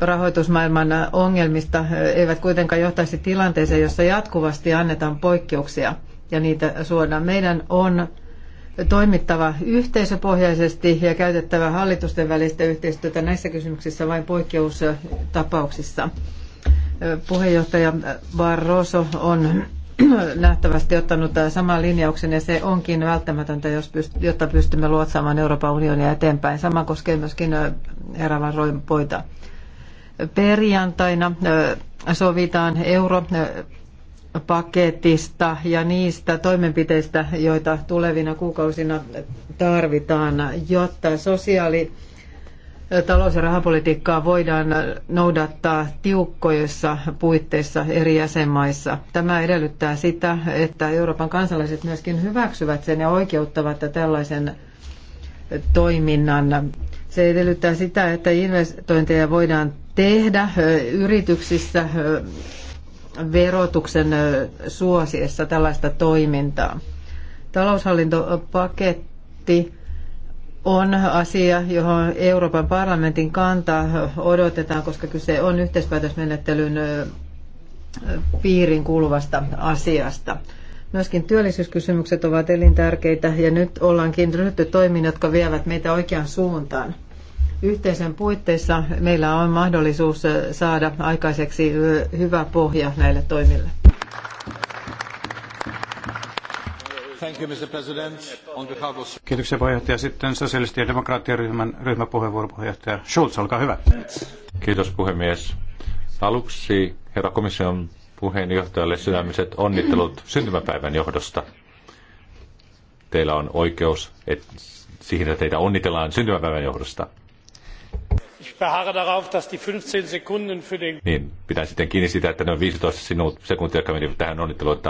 Speaker 5: rahoitusmaailman ongelmista eivät kuitenkaan johtaisi tilanteeseen, jossa jatkuvasti annetaan poikkeuksia ja niitä suodaan. Meidän on toimittava yhteisöpohjaisesti ja käytettävä hallitusten välistä yhteistyötä näissä kysymyksissä vain poikkeustapauksissa. Puheenjohtaja Barroso on <clears throat> nähtävästi ottanut äh, saman linjauksen ja se onkin välttämätöntä, jos pyst- jotta pystymme luotsaamaan Euroopan unionia eteenpäin. Sama koskee myöskin äh, herra Van Rompuyta. Perjantaina äh, sovitaan europaketista ja niistä toimenpiteistä, joita tulevina kuukausina tarvitaan, jotta sosiaali- talous- ja rahapolitiikkaa voidaan noudattaa tiukkoissa puitteissa eri jäsenmaissa. Tämä edellyttää sitä, että Euroopan kansalaiset myöskin hyväksyvät sen ja oikeuttavat tällaisen toiminnan. Se edellyttää sitä, että investointeja voidaan tehdä yrityksissä verotuksen suosiessa tällaista toimintaa. Taloushallintopaketti on asia, johon Euroopan parlamentin kanta odotetaan, koska kyse on yhteispäätösmenettelyn piiriin kuuluvasta asiasta. Myöskin työllisyyskysymykset ovat elintärkeitä ja nyt ollaankin ryhdytty toimiin, jotka vievät meitä oikeaan suuntaan. Yhteisen puitteissa meillä on mahdollisuus saada aikaiseksi hyvä pohja näille toimille.
Speaker 1: Thank you, Mr. President. On behalf of... Kiitoksia puheenjohtaja. Sitten sosialistien demokraattien ryhmän ryhmäpuheenvuoron puheenjohtaja Schulz, olkaa hyvä.
Speaker 3: Kiitos puhemies. Aluksi herra komission puheenjohtajalle sydämiset onnittelut syntymäpäivän johdosta. Teillä on oikeus et, siihen, että teitä onnitellaan syntymäpäivän johdosta. Niin, pidän sitten kiinni sitä, että ne on 15 sinut, sekuntia, jotka menivät tähän onnitteluun,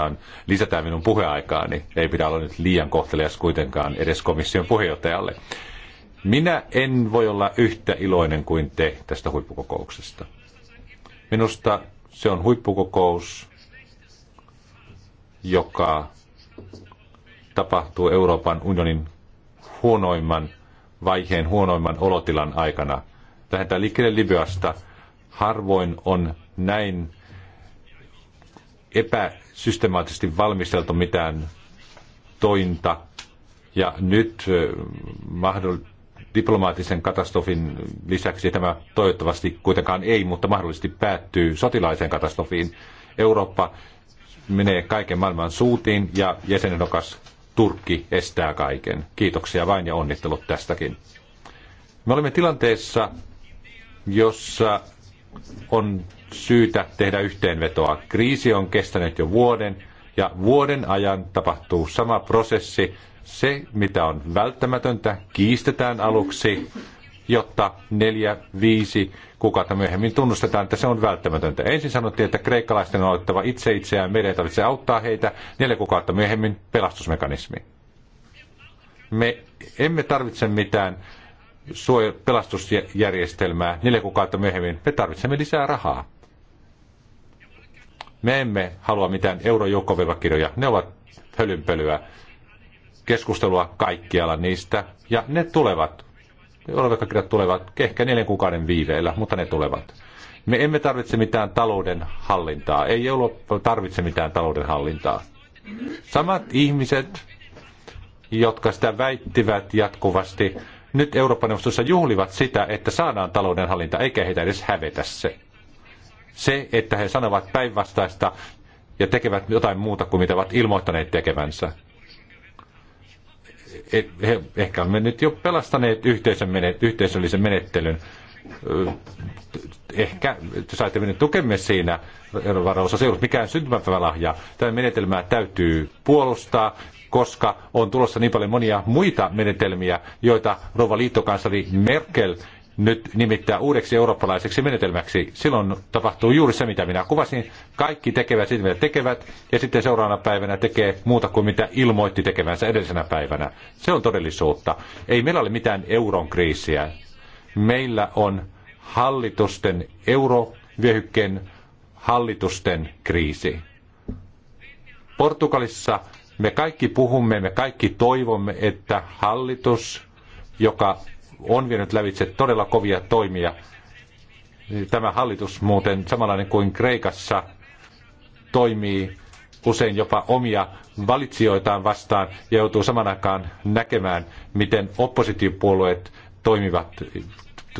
Speaker 3: lisätään minun puheaikaani. Ei pidä olla nyt liian kohtelias kuitenkaan edes komission puheenjohtajalle. Minä en voi olla yhtä iloinen kuin te tästä huippukokouksesta. Minusta se on huippukokous, joka tapahtuu Euroopan unionin huonoimman vaiheen, huonoimman olotilan aikana lähdetään liikkeelle Libyasta. Harvoin on näin epäsystemaattisesti valmisteltu mitään tointa. Ja nyt mahdoll- diplomaattisen katastrofin lisäksi tämä toivottavasti kuitenkaan ei, mutta mahdollisesti päättyy sotilaiseen katastrofiin. Eurooppa menee kaiken maailman suutiin ja jäsenenokas Turkki estää kaiken. Kiitoksia vain ja onnittelut tästäkin. Me olemme tilanteessa, jossa on syytä tehdä yhteenvetoa. Kriisi on kestänyt jo vuoden ja vuoden ajan tapahtuu sama prosessi. Se, mitä on välttämätöntä, kiistetään aluksi, jotta neljä, viisi kuukautta myöhemmin tunnustetaan, että se on välttämätöntä. Ensin sanottiin, että kreikkalaisten on otettava itse itseään, meidän tarvitsee auttaa heitä, neljä kuukautta myöhemmin pelastusmekanismi. Me emme tarvitse mitään pelastusjärjestelmää neljä kuukautta myöhemmin. Me tarvitsemme lisää rahaa. Me emme halua mitään eurojoukkovevakirjoja. Ne ovat hölynpölyä. Keskustelua kaikkialla niistä. Ja ne tulevat. Olevakirjat tulevat ehkä neljän kuukauden viiveellä, mutta ne tulevat. Me emme tarvitse mitään talouden hallintaa. Ei Eurooppa tarvitse mitään talouden hallintaa. Samat ihmiset, jotka sitä väittivät jatkuvasti, nyt Euroopan neuvostossa juhlivat sitä, että saadaan talouden hallinta, eikä heitä edes hävetä se. Se, että he sanovat päinvastaista ja tekevät jotain muuta kuin mitä ovat ilmoittaneet tekevänsä. He, ehkä me nyt jo pelastaneet yhteisön menet, yhteisöllisen menettelyn. Ehkä saitte mennä tukemme siinä, varoissa se ei ollut mikään syntymäpäivälahja. Tämä menetelmää täytyy puolustaa koska on tulossa niin paljon monia muita menetelmiä, joita rouva liittokansleri Merkel nyt nimittää uudeksi eurooppalaiseksi menetelmäksi. Silloin tapahtuu juuri se, mitä minä kuvasin. Kaikki tekevät sitä, mitä tekevät, ja sitten seuraavana päivänä tekee muuta kuin mitä ilmoitti tekevänsä edellisenä päivänä. Se on todellisuutta. Ei meillä ole mitään euron kriisiä. Meillä on hallitusten eurovyöhykkeen hallitusten kriisi. Portugalissa me kaikki puhumme, me kaikki toivomme, että hallitus, joka on vienyt lävitse todella kovia toimia, tämä hallitus muuten samanlainen kuin Kreikassa toimii usein jopa omia valitsijoitaan vastaan ja joutuu saman aikaan näkemään, miten oppositiopuolueet toimivat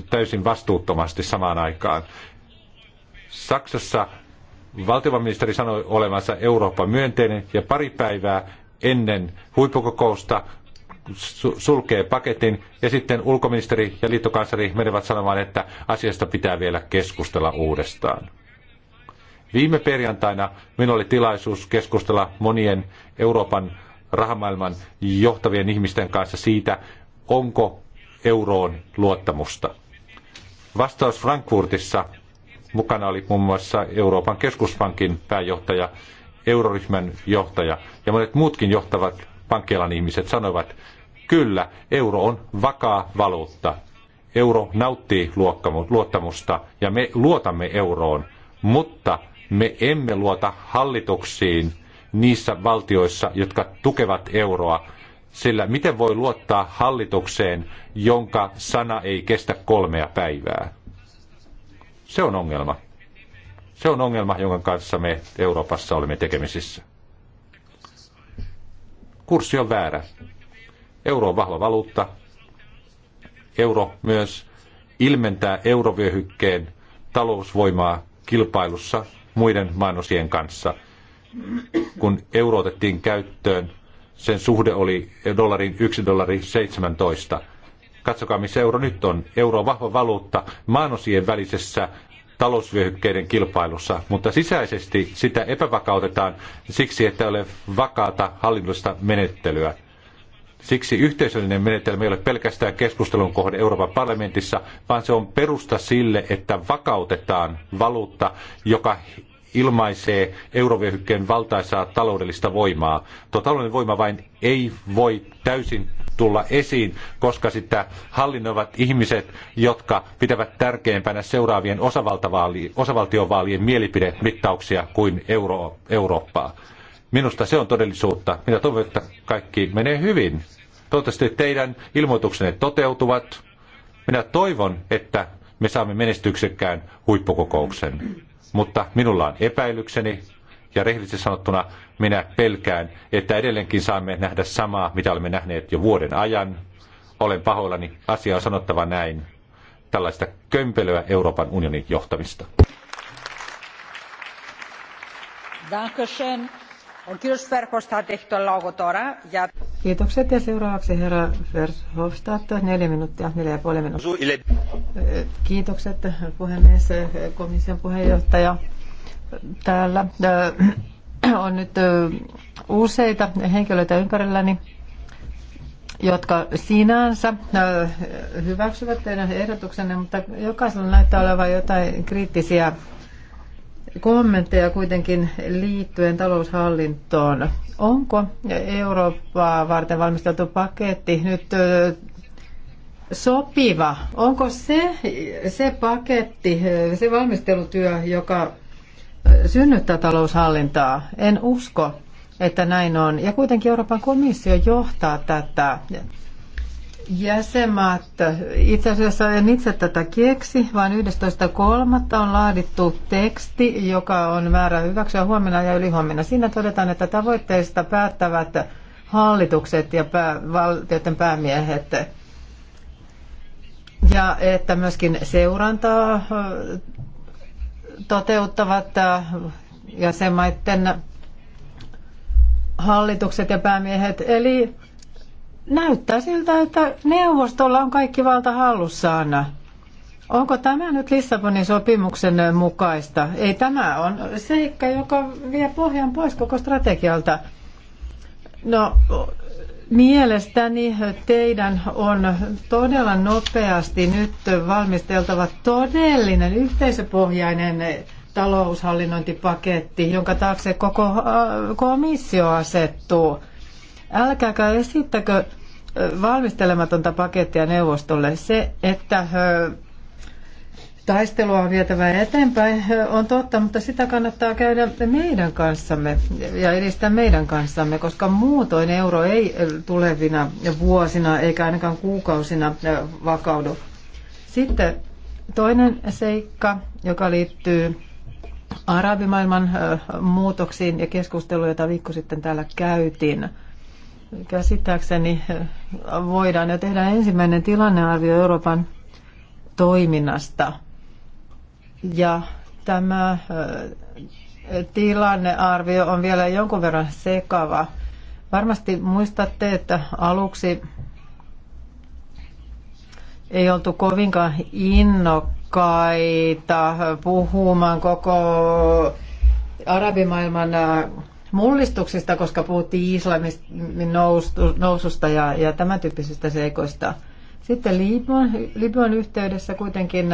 Speaker 3: täysin vastuuttomasti samaan aikaan. Saksassa valtiovarainministeri sanoi olevansa Eurooppa myönteinen ja pari päivää ennen huippukokousta sulkee paketin ja sitten ulkoministeri ja liittokansleri menevät sanomaan, että asiasta pitää vielä keskustella uudestaan. Viime perjantaina minulla oli tilaisuus keskustella monien Euroopan rahamaailman johtavien ihmisten kanssa siitä, onko euroon luottamusta. Vastaus Frankfurtissa Mukana oli muun muassa Euroopan keskuspankin pääjohtaja, euroryhmän johtaja ja monet muutkin johtavat pankkialan ihmiset sanoivat, kyllä, euro on vakaa valuutta. Euro nauttii luottamusta ja me luotamme euroon, mutta me emme luota hallituksiin niissä valtioissa, jotka tukevat euroa, sillä miten voi luottaa hallitukseen, jonka sana ei kestä kolmea päivää? Se on ongelma. Se on ongelma, jonka kanssa me Euroopassa olemme tekemisissä. Kurssi on väärä. Euro on vahva valuutta. Euro myös ilmentää eurovyöhykkeen talousvoimaa kilpailussa muiden mainosien kanssa. Kun euro otettiin käyttöön, sen suhde oli dollarin 1,17 dollari 17. Katsokaa, missä euro nyt on. Euro on vahva valuutta maanosien välisessä talousvyöhykkeiden kilpailussa, mutta sisäisesti sitä epävakautetaan siksi, että ei ole vakaata hallinnollista menettelyä. Siksi yhteisöllinen menetelmä ei ole pelkästään keskustelun kohde Euroopan parlamentissa, vaan se on perusta sille, että vakautetaan valuutta, joka ilmaisee eurovyöhykkeen valtaisaa taloudellista voimaa. Tuo taloudellinen voima vain ei voi täysin tulla esiin, koska sitä hallinnoivat ihmiset, jotka pitävät tärkeimpänä seuraavien osavaltiovaalien mielipidemittauksia kuin Euro- Eurooppaa. Minusta se on todellisuutta. Minä toivon, että kaikki menee hyvin. Toivottavasti teidän ilmoituksenne toteutuvat. Minä toivon, että me saamme menestyksekkään huippukokouksen. Mutta minulla on epäilykseni, ja rehellisesti sanottuna minä pelkään, että edelleenkin saamme nähdä samaa, mitä olemme nähneet jo vuoden ajan. Olen pahoillani, asia on sanottava näin. Tällaista kömpelöä Euroopan unionin johtamista.
Speaker 4: Dankeschön.
Speaker 5: Kiitokset ja seuraavaksi herra Verhofstadt, neljä minuuttia, neljä ja puoli minuuttia. Kiitokset puhemies, komission puheenjohtaja täällä äh, on nyt äh, useita henkilöitä ympärilläni, jotka sinänsä äh, hyväksyvät teidän ehdotuksenne, mutta jokaisella näyttää olevan jotain kriittisiä kommentteja kuitenkin liittyen taloushallintoon. Onko Eurooppaa varten valmisteltu paketti nyt sopiva? Onko se, se paketti, se valmistelutyö, joka synnyttää taloushallintaa. En usko, että näin on. Ja kuitenkin Euroopan komissio johtaa tätä. Jäsenmaat, itse asiassa en itse tätä keksi, vaan 11.3. on laadittu teksti, joka on määrä hyväksyä huomenna ja ylihuomenna. Siinä todetaan, että tavoitteista päättävät hallitukset ja pää, valtioiden päämiehet. Ja että myöskin seurantaa toteuttavat äh, jäsenmaiden hallitukset ja päämiehet. Eli näyttää siltä, että neuvostolla on kaikki valta hallussaan. Onko tämä nyt Lissabonin sopimuksen mukaista? Ei tämä on seikka, joka vie pohjan pois koko strategialta. No, Mielestäni teidän on todella nopeasti nyt valmisteltava todellinen yhteisöpohjainen taloushallinnointipaketti, jonka taakse koko äh, komissio asettuu. Älkääkä esittäkö äh, valmistelematonta pakettia neuvostolle. Se, että äh, taistelua on vietävä eteenpäin, on totta, mutta sitä kannattaa käydä meidän kanssamme ja edistää meidän kanssamme, koska muutoin euro ei tulevina vuosina eikä ainakaan kuukausina vakaudu. Sitten toinen seikka, joka liittyy arabimaailman muutoksiin ja keskusteluun, jota viikko sitten täällä käytiin. Käsittääkseni voidaan jo tehdä ensimmäinen tilannearvio Euroopan toiminnasta – ja tämä tilannearvio on vielä jonkun verran sekava. Varmasti muistatte, että aluksi ei oltu kovinkaan innokkaita puhumaan koko arabimaailman mullistuksista, koska puhuttiin islamin noususta ja, ja tämän tyyppisistä seikoista. Sitten Libyan, yhteydessä kuitenkin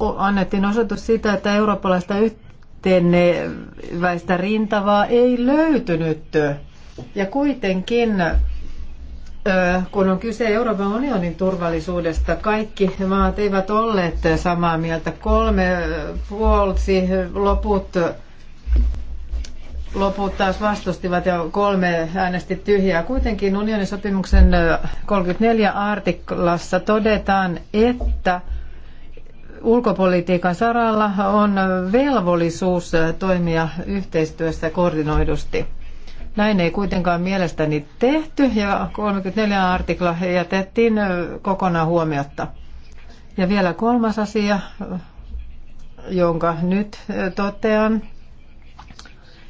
Speaker 5: annettiin osoitus siitä, että eurooppalaista yhteneväistä rintavaa ei löytynyt. Ja kuitenkin, kun on kyse Euroopan unionin turvallisuudesta, kaikki maat eivät olleet samaa mieltä. Kolme puolsi loput loput taas vastustivat ja kolme äänesti tyhjää. Kuitenkin unionin sopimuksen 34 artiklassa todetaan, että ulkopolitiikan saralla on velvollisuus toimia yhteistyössä koordinoidusti. Näin ei kuitenkaan mielestäni tehty ja 34 artikla jätettiin kokonaan huomiotta. Ja vielä kolmas asia, jonka nyt totean.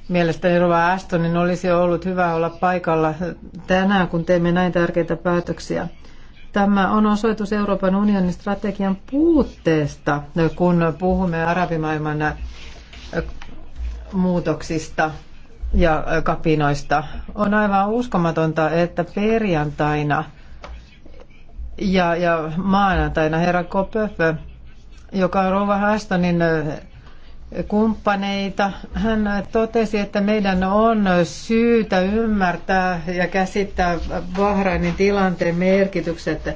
Speaker 5: Mielestäni Rova Astonin olisi ollut hyvä olla paikalla tänään, kun teemme näin tärkeitä päätöksiä. Tämä on osoitus Euroopan unionin strategian puutteesta, kun puhumme arabimaailman äh, muutoksista ja äh, kapinoista. On aivan uskomatonta, että perjantaina ja, ja maanantaina herra Kopöfö, joka on Rova Hastonin äh, kumppaneita. Hän totesi, että meidän on syytä ymmärtää ja käsittää Bahrainin tilanteen merkitykset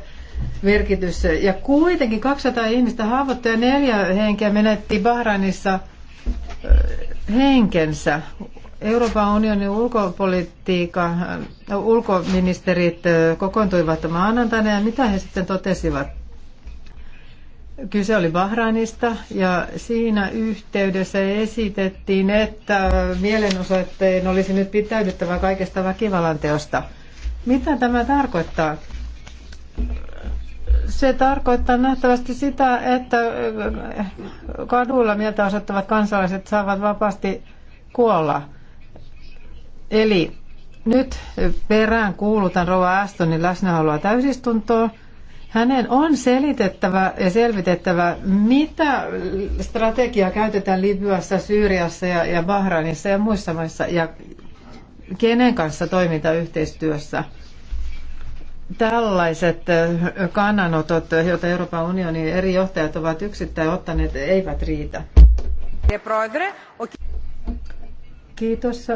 Speaker 5: merkitys. Ja kuitenkin 200 ihmistä haavoittui ja neljä henkeä menetti Bahrainissa äh, henkensä. Euroopan unionin ulkopolitiikka, äh, ulkoministerit äh, kokoontuivat maanantaina ja mitä he sitten totesivat? Kyse oli Bahrainista ja siinä yhteydessä esitettiin, että mielenosoitteen olisi nyt pitäydyttävä kaikesta väkivallan Mitä tämä tarkoittaa? Se tarkoittaa nähtävästi sitä, että kadulla mieltä osoittavat kansalaiset saavat vapaasti kuolla. Eli nyt perään kuulutan Rova Astonin läsnäoloa täysistuntoon – hänen on selitettävä ja selvitettävä, mitä strategiaa käytetään Libyassa, Syyriassa ja, ja Bahrainissa ja muissa maissa ja kenen kanssa toimintayhteistyössä. yhteistyössä. Tällaiset kannanotot, joita Euroopan unionin eri johtajat ovat yksittäin ottaneet, eivät riitä. Kiitos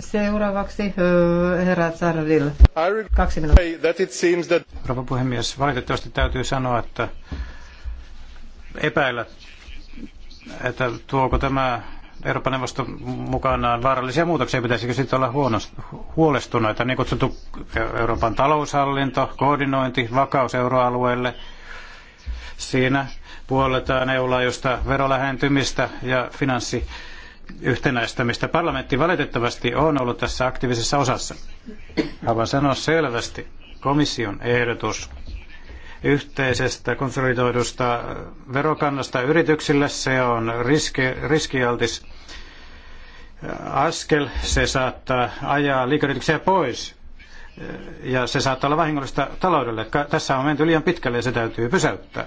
Speaker 5: Seuraavaksi herra Zardil.
Speaker 1: Kaksi minuuttia. Rouva puhemies, valitettavasti täytyy sanoa, että epäillä, että tuoko tämä Euroopan neuvoston mukanaan vaarallisia muutoksia, pitäisikö siitä olla huolestuneita. Niin kutsuttu Euroopan taloushallinto, koordinointi, vakaus euroalueelle. Siinä puoletaan EU-laajuista verolähentymistä ja finanssi yhtenäistämistä. Parlamentti valitettavasti on ollut tässä aktiivisessa osassa. Haluan sanoa selvästi, komission ehdotus yhteisestä konsolidoidusta verokannasta yrityksille, se on riski, riskialtis askel, se saattaa ajaa liikeyrityksiä pois ja se saattaa olla vahingollista taloudelle. Tässä on menty liian pitkälle ja se täytyy pysäyttää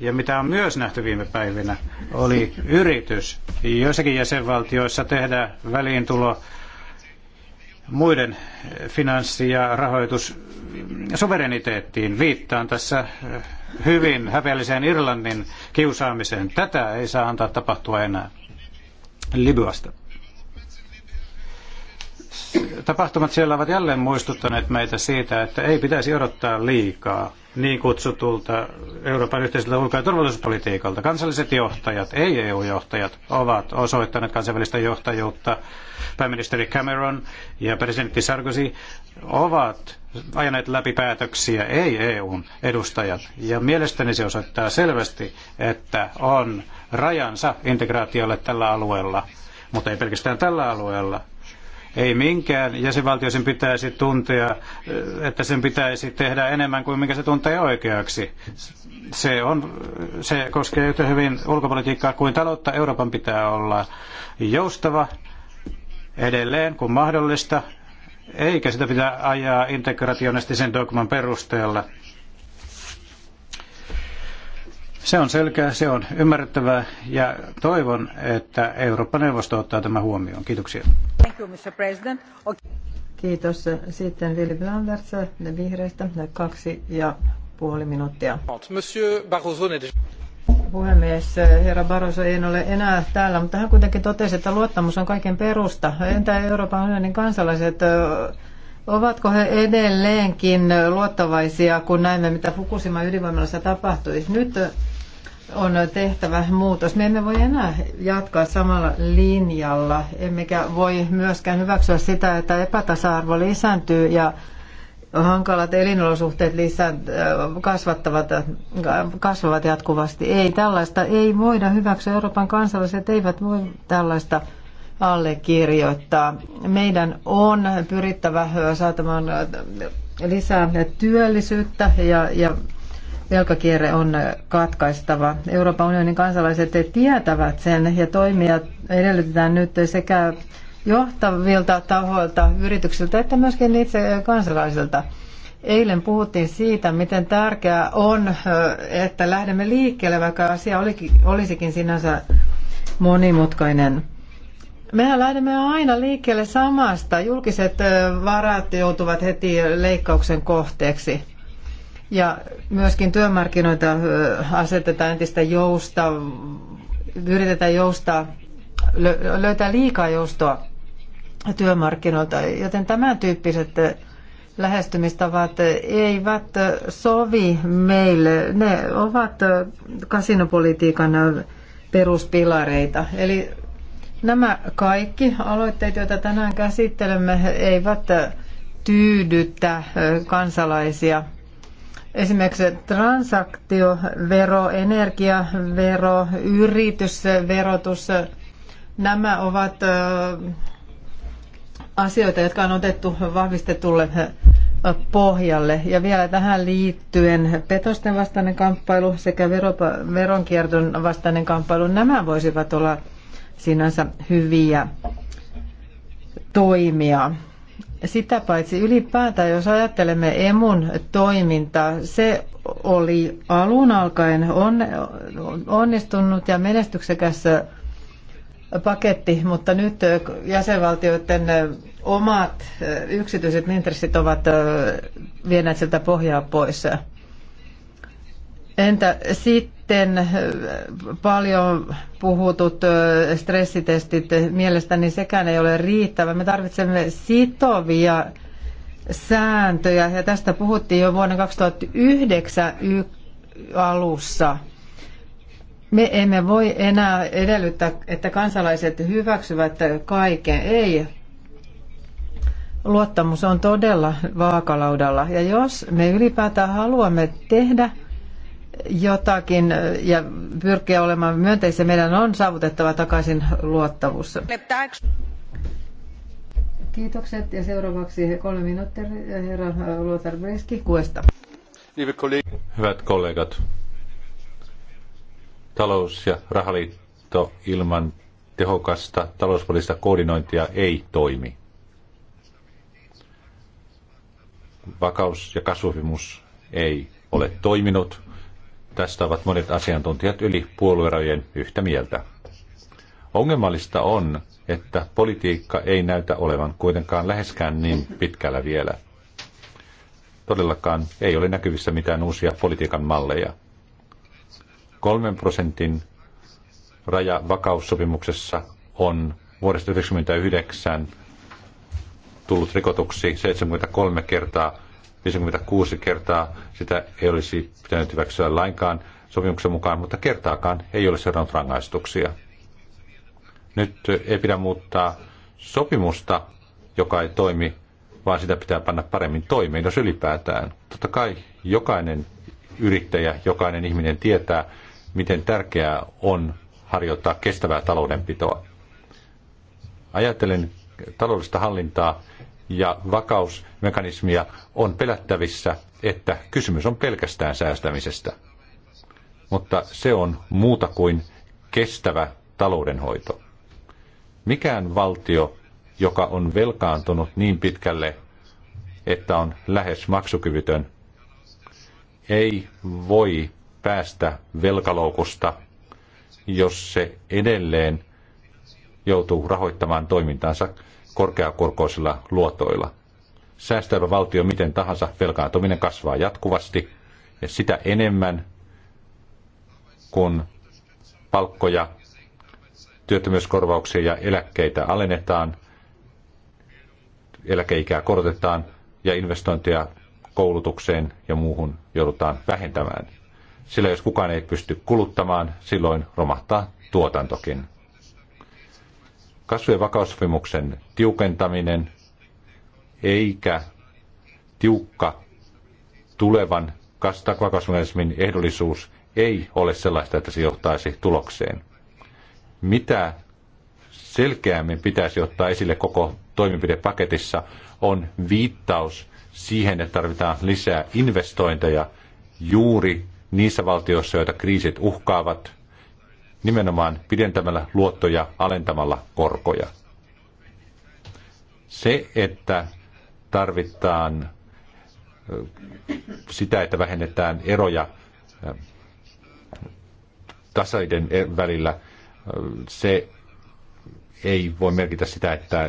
Speaker 1: ja mitä on myös nähty viime päivinä, oli yritys joissakin jäsenvaltioissa tehdä väliintulo muiden finanssi- ja rahoitussuvereniteettiin. Viittaan tässä äh, hyvin häpeälliseen Irlannin kiusaamiseen. Tätä ei saa antaa tapahtua enää. Libyasta. Tapahtumat siellä ovat jälleen muistuttaneet meitä siitä, että ei pitäisi odottaa liikaa niin kutsutulta Euroopan yhteiseltä ulko- ja turvallisuuspolitiikalta. Kansalliset johtajat, ei EU-johtajat, ovat osoittaneet kansainvälistä johtajuutta. Pääministeri Cameron ja presidentti Sarkozy ovat ajaneet läpi päätöksiä, ei EUn edustajat. Ja mielestäni se osoittaa selvästi, että on rajansa integraatiolle tällä alueella, mutta ei pelkästään tällä alueella, ei minkään jäsenvaltio sen pitäisi tuntea, että sen pitäisi tehdä enemmän kuin minkä se tuntee oikeaksi. Se, on, se koskee yhtä hyvin ulkopolitiikkaa kuin taloutta. Euroopan pitää olla joustava edelleen, kun mahdollista, eikä sitä pitää ajaa integrationistisen dogman perusteella. Se on selkeä, se on ymmärrettävää ja toivon, että Eurooppa-neuvosto ottaa tämän huomioon. Kiitoksia.
Speaker 5: Kiitos. Sitten Willy Blanders vihreistä, kaksi ja puoli minuuttia. puhemies. Herra Barroso en ole enää täällä, mutta hän kuitenkin totesi, että luottamus on kaiken perusta. Entä Euroopan unionin kansalaiset, ovatko he edelleenkin luottavaisia, kun näemme, mitä Fukushima ydinvoimalassa tapahtui? Nyt on tehtävä muutos. Me emme voi enää jatkaa samalla linjalla, emmekä voi myöskään hyväksyä sitä, että epätasa-arvo lisääntyy ja hankalat elinolosuhteet kasvattavat, kasvavat jatkuvasti. Ei tällaista, ei voida hyväksyä. Euroopan kansalaiset eivät voi tällaista allekirjoittaa. Meidän on pyrittävä saatamaan lisää työllisyyttä ja, ja velkakierre on katkaistava. Euroopan unionin kansalaiset tietävät sen ja toimia edellytetään nyt sekä johtavilta tahoilta, yrityksiltä, että myöskin itse kansalaisilta. Eilen puhuttiin siitä, miten tärkeää on, että lähdemme liikkeelle, vaikka asia olisikin sinänsä monimutkainen. Mehän lähdemme aina liikkeelle samasta. Julkiset varat joutuvat heti leikkauksen kohteeksi. Ja myöskin työmarkkinoita asetetaan entistä jousta, yritetään joustaa, löytää liikaa joustoa työmarkkinoilta, joten tämän tyyppiset lähestymistavat eivät sovi meille. Ne ovat kasinopolitiikan peruspilareita. Eli nämä kaikki aloitteet, joita tänään käsittelemme, eivät tyydytä kansalaisia. Esimerkiksi transaktiovero, energiavero, yritysverotus, nämä ovat asioita, jotka on otettu vahvistetulle pohjalle. Ja vielä tähän liittyen petosten vastainen kamppailu sekä veronkierton vastainen kamppailu, nämä voisivat olla sinänsä hyviä toimia. Sitä paitsi ylipäätään, jos ajattelemme emun toimintaa, se oli alun alkaen on, onnistunut ja menestyksekäs paketti, mutta nyt jäsenvaltioiden omat yksityiset intressit ovat vieneet siltä pohjaa pois. Entä sitten äh, paljon puhutut äh, stressitestit, mielestäni sekään ei ole riittävä. Me tarvitsemme sitovia sääntöjä ja tästä puhuttiin jo vuonna 2009 alussa. Me emme voi enää edellyttää, että kansalaiset hyväksyvät kaiken. Ei. Luottamus on todella vaakalaudalla. Ja jos me ylipäätään haluamme tehdä jotakin ja pyrkiä olemaan myönteisiä. Meidän on saavutettava takaisin luottavuus. Kiitokset ja seuraavaksi kolme minuuttia herra Luotar Breski Kuesta.
Speaker 3: Hyvät kollegat, talous- ja rahaliitto ilman tehokasta talouspoliittista koordinointia ei toimi. Vakaus- ja kasvuvimus ei ole toiminut. Tästä ovat monet asiantuntijat yli puoluerajojen yhtä mieltä. Ongelmallista on, että politiikka ei näytä olevan kuitenkaan läheskään niin pitkällä vielä. Todellakaan ei ole näkyvissä mitään uusia politiikan malleja. Kolmen prosentin raja vakaussopimuksessa on vuodesta 1999 tullut rikotuksi 73 kertaa 56 kertaa sitä ei olisi pitänyt hyväksyä lainkaan sopimuksen mukaan, mutta kertaakaan ei ole seurannut rangaistuksia. Nyt ei pidä muuttaa sopimusta, joka ei toimi, vaan sitä pitää panna paremmin toimeen, jos ylipäätään. Totta kai jokainen yrittäjä, jokainen ihminen tietää, miten tärkeää on harjoittaa kestävää taloudenpitoa. Ajattelen taloudellista hallintaa ja vakausmekanismia, on pelättävissä, että kysymys on pelkästään säästämisestä. Mutta se on muuta kuin kestävä taloudenhoito. Mikään valtio, joka on velkaantunut niin pitkälle, että on lähes maksukyvytön, ei voi päästä velkaloukusta, jos se edelleen joutuu rahoittamaan toimintansa korkeakorkoisilla luotoilla. Säästävä valtio miten tahansa, velkaantuminen kasvaa jatkuvasti ja sitä enemmän, kun palkkoja, työttömyyskorvauksia ja eläkkeitä alennetaan, eläkeikää korotetaan ja investointeja koulutukseen ja muuhun joudutaan vähentämään. Sillä jos kukaan ei pysty kuluttamaan, silloin romahtaa tuotantokin kasvu- ja vakaussopimuksen tiukentaminen eikä tiukka tulevan vakausmekanismin ehdollisuus ei ole sellaista, että se johtaisi tulokseen. Mitä selkeämmin pitäisi ottaa esille koko toimenpidepaketissa on viittaus siihen, että tarvitaan lisää investointeja juuri niissä valtioissa, joita kriisit uhkaavat, nimenomaan pidentämällä luottoja alentamalla korkoja. Se, että tarvitaan sitä, että vähennetään eroja tasaiden e- välillä, se ei voi merkitä sitä, että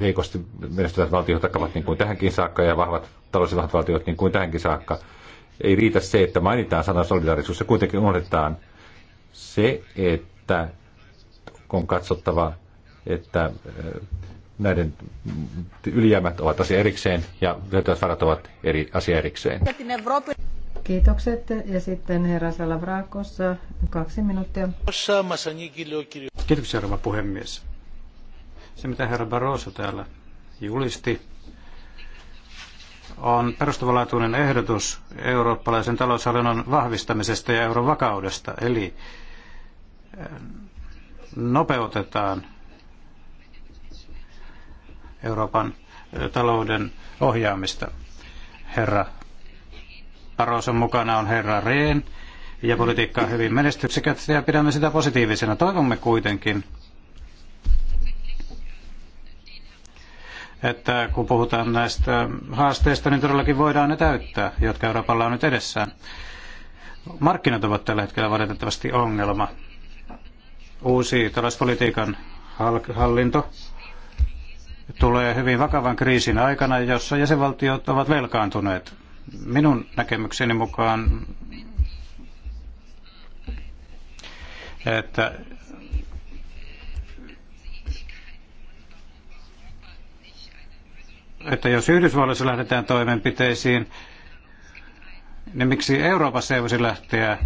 Speaker 3: heikosti menestyvät valtiot takavat niin kuin tähänkin saakka ja vahvat taloudellisesti valtiot niin kuin tähänkin saakka. Ei riitä se, että mainitaan sana solidaarisuus ja kuitenkin unohdetaan se, että on katsottava, että äh, näiden ylijäämät ovat asia erikseen ja löytyvät varat ovat eri asia erikseen.
Speaker 5: Kiitokset. Ja sitten herra Salavrakos, kaksi minuuttia.
Speaker 1: Kiitoksia, herra puhemies. Se, mitä herra Barroso täällä julisti, on perustavanlaatuinen ehdotus eurooppalaisen taloushallinnon vahvistamisesta ja euron vakaudesta. Eli nopeutetaan Euroopan talouden ohjaamista. Herra Paroson mukana on herra Rehn ja politiikka on hyvin menestyksekästä ja pidämme sitä positiivisena. Toivomme kuitenkin, että kun puhutaan näistä haasteista, niin todellakin voidaan ne täyttää, jotka Euroopalla on nyt edessään. Markkinat ovat tällä hetkellä valitettavasti ongelma uusi talouspolitiikan hallinto tulee hyvin vakavan kriisin aikana, jossa jäsenvaltiot ovat velkaantuneet. Minun näkemykseni mukaan, että että jos Yhdysvalloissa lähdetään toimenpiteisiin, niin miksi Euroopassa ei voisi lähteä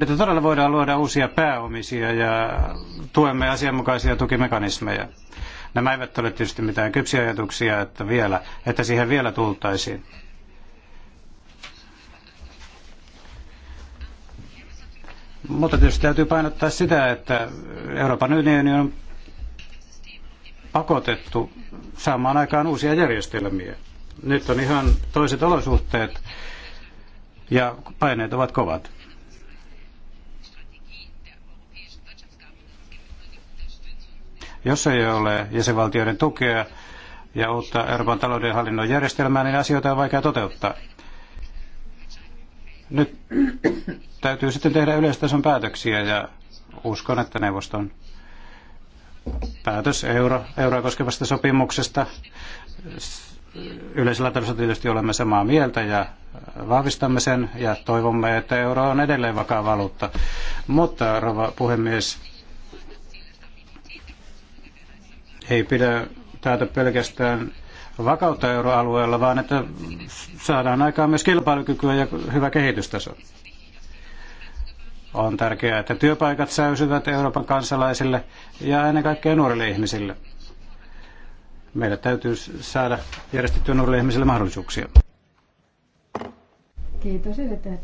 Speaker 1: että todella voidaan luoda uusia pääomisia ja tuemme asianmukaisia tukimekanismeja. Nämä eivät ole tietysti mitään kypsiä ajatuksia, että, vielä, että siihen vielä tultaisiin. Mutta tietysti täytyy painottaa sitä, että Euroopan unioni on pakotettu saamaan aikaan uusia järjestelmiä. Nyt on ihan toiset olosuhteet ja paineet ovat kovat. Jos ei ole jäsenvaltioiden tukea ja uutta Euroopan talouden hallinnon järjestelmää, niin asioita on vaikea toteuttaa. Nyt täytyy sitten tehdä yleistason päätöksiä ja uskon, että neuvoston päätös euro, euroa koskevasta sopimuksesta. Yleisellä tasolla tietysti olemme samaa mieltä ja vahvistamme sen ja toivomme, että euro on edelleen vakaa valuutta. Mutta, rouva puhemies, ei pidä taata pelkästään vakautta euroalueella, vaan että saadaan aikaan myös kilpailukykyä ja hyvä kehitystaso. On tärkeää, että työpaikat säysyvät Euroopan kansalaisille ja ennen kaikkea nuorille ihmisille. Meillä täytyy saada järjestettyä nuorille ihmisille mahdollisuuksia.
Speaker 5: Kiitos yrittäjät.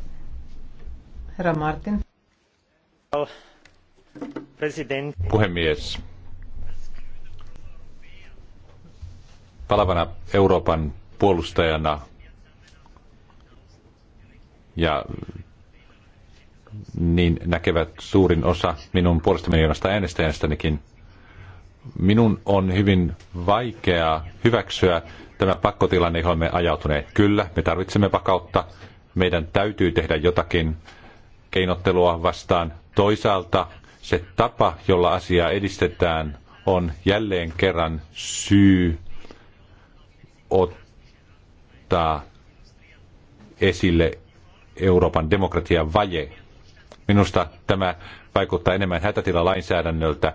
Speaker 5: Herra Martin.
Speaker 6: President.
Speaker 3: Puhemies, palavana Euroopan puolustajana ja niin näkevät suurin osa minun puolesta miljoonasta äänestäjästänikin. Minun on hyvin vaikea hyväksyä tämä pakkotilanne, johon me ajautuneet. Kyllä, me tarvitsemme vakautta. Meidän täytyy tehdä jotakin keinottelua vastaan. Toisaalta se tapa, jolla asiaa edistetään, on jälleen kerran syy ottaa esille Euroopan demokratian vaje. Minusta tämä vaikuttaa enemmän hätätilalainsäädännöltä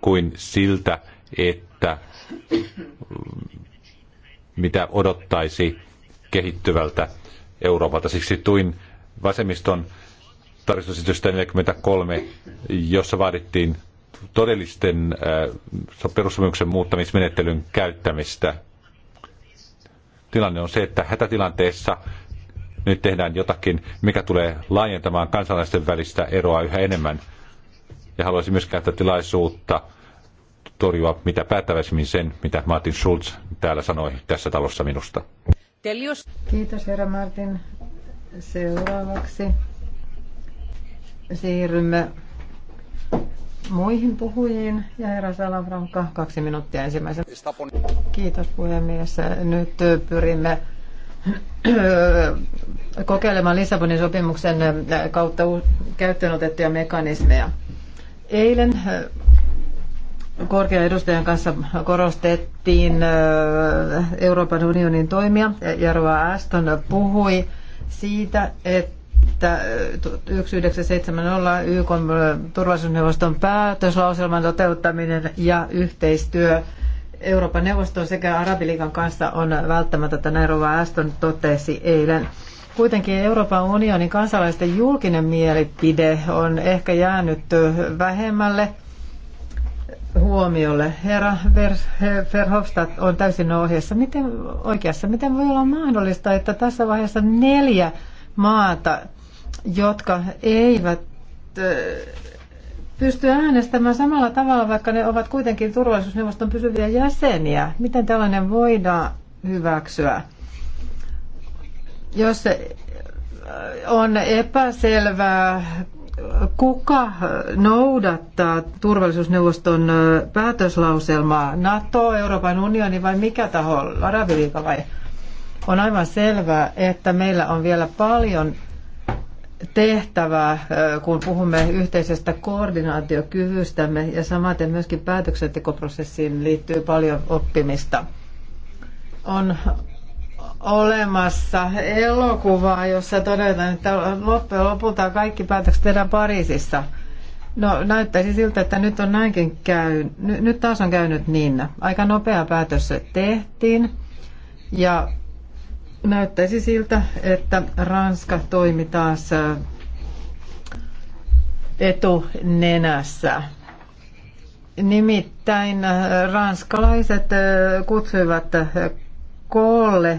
Speaker 3: kuin siltä, että mitä odottaisi kehittyvältä Euroopalta. Siksi tuin vasemmiston tarkistusesitystä 43, jossa vaadittiin todellisten äh, perussopimuksen muuttamismenettelyn käyttämistä tilanne on se, että hätätilanteessa nyt tehdään jotakin, mikä tulee laajentamaan kansalaisten välistä eroa yhä enemmän. Ja haluaisin myös käyttää tilaisuutta torjua mitä päättäväisemmin sen, mitä Martin Schulz täällä sanoi tässä talossa minusta.
Speaker 5: Kiitos herra Martin. Seuraavaksi siirrymme muihin puhujiin. Ja herra Salafranka, kaksi minuuttia ensimmäisen. Kiitos puhemies. Nyt pyrimme <clears throat> kokeilemaan Lissabonin sopimuksen kautta käyttöön otettuja mekanismeja. Eilen äh, korkean edustajan kanssa korostettiin äh, Euroopan unionin toimia. Jarva Aston puhui siitä, että että 1970 äh, YK äh, turvallisuusneuvoston päätöslauselman toteuttaminen ja yhteistyö Euroopan neuvoston sekä Arabiliikan kanssa on välttämätöntä, näin Rova Aston totesi eilen. Kuitenkin Euroopan unionin kansalaisten julkinen mielipide on ehkä jäänyt äh, vähemmälle huomiolle. Herra Verhofstadt on täysin ohjeessa. Miten, oikeassa. Miten voi olla mahdollista, että tässä vaiheessa neljä maata jotka eivät pysty äänestämään samalla tavalla, vaikka ne ovat kuitenkin turvallisuusneuvoston pysyviä jäseniä. Miten tällainen voidaan hyväksyä? Jos on epäselvää, kuka noudattaa turvallisuusneuvoston päätöslauselmaa, NATO, Euroopan unioni vai mikä taho, Arabiliika vai? On aivan selvää, että meillä on vielä paljon tehtävää, kun puhumme yhteisestä koordinaatiokyvystämme ja samaten myöskin päätöksentekoprosessiin liittyy paljon oppimista. On olemassa elokuvaa, jossa todetaan, että loppujen lopulta kaikki päätökset tehdään Pariisissa. No näyttäisi siltä, että nyt on näinkin käy, nyt taas on käynyt niin. Aika nopea päätös tehtiin ja näyttäisi siltä, että Ranska toimi taas etunenässä. Nimittäin ranskalaiset kutsuivat koolle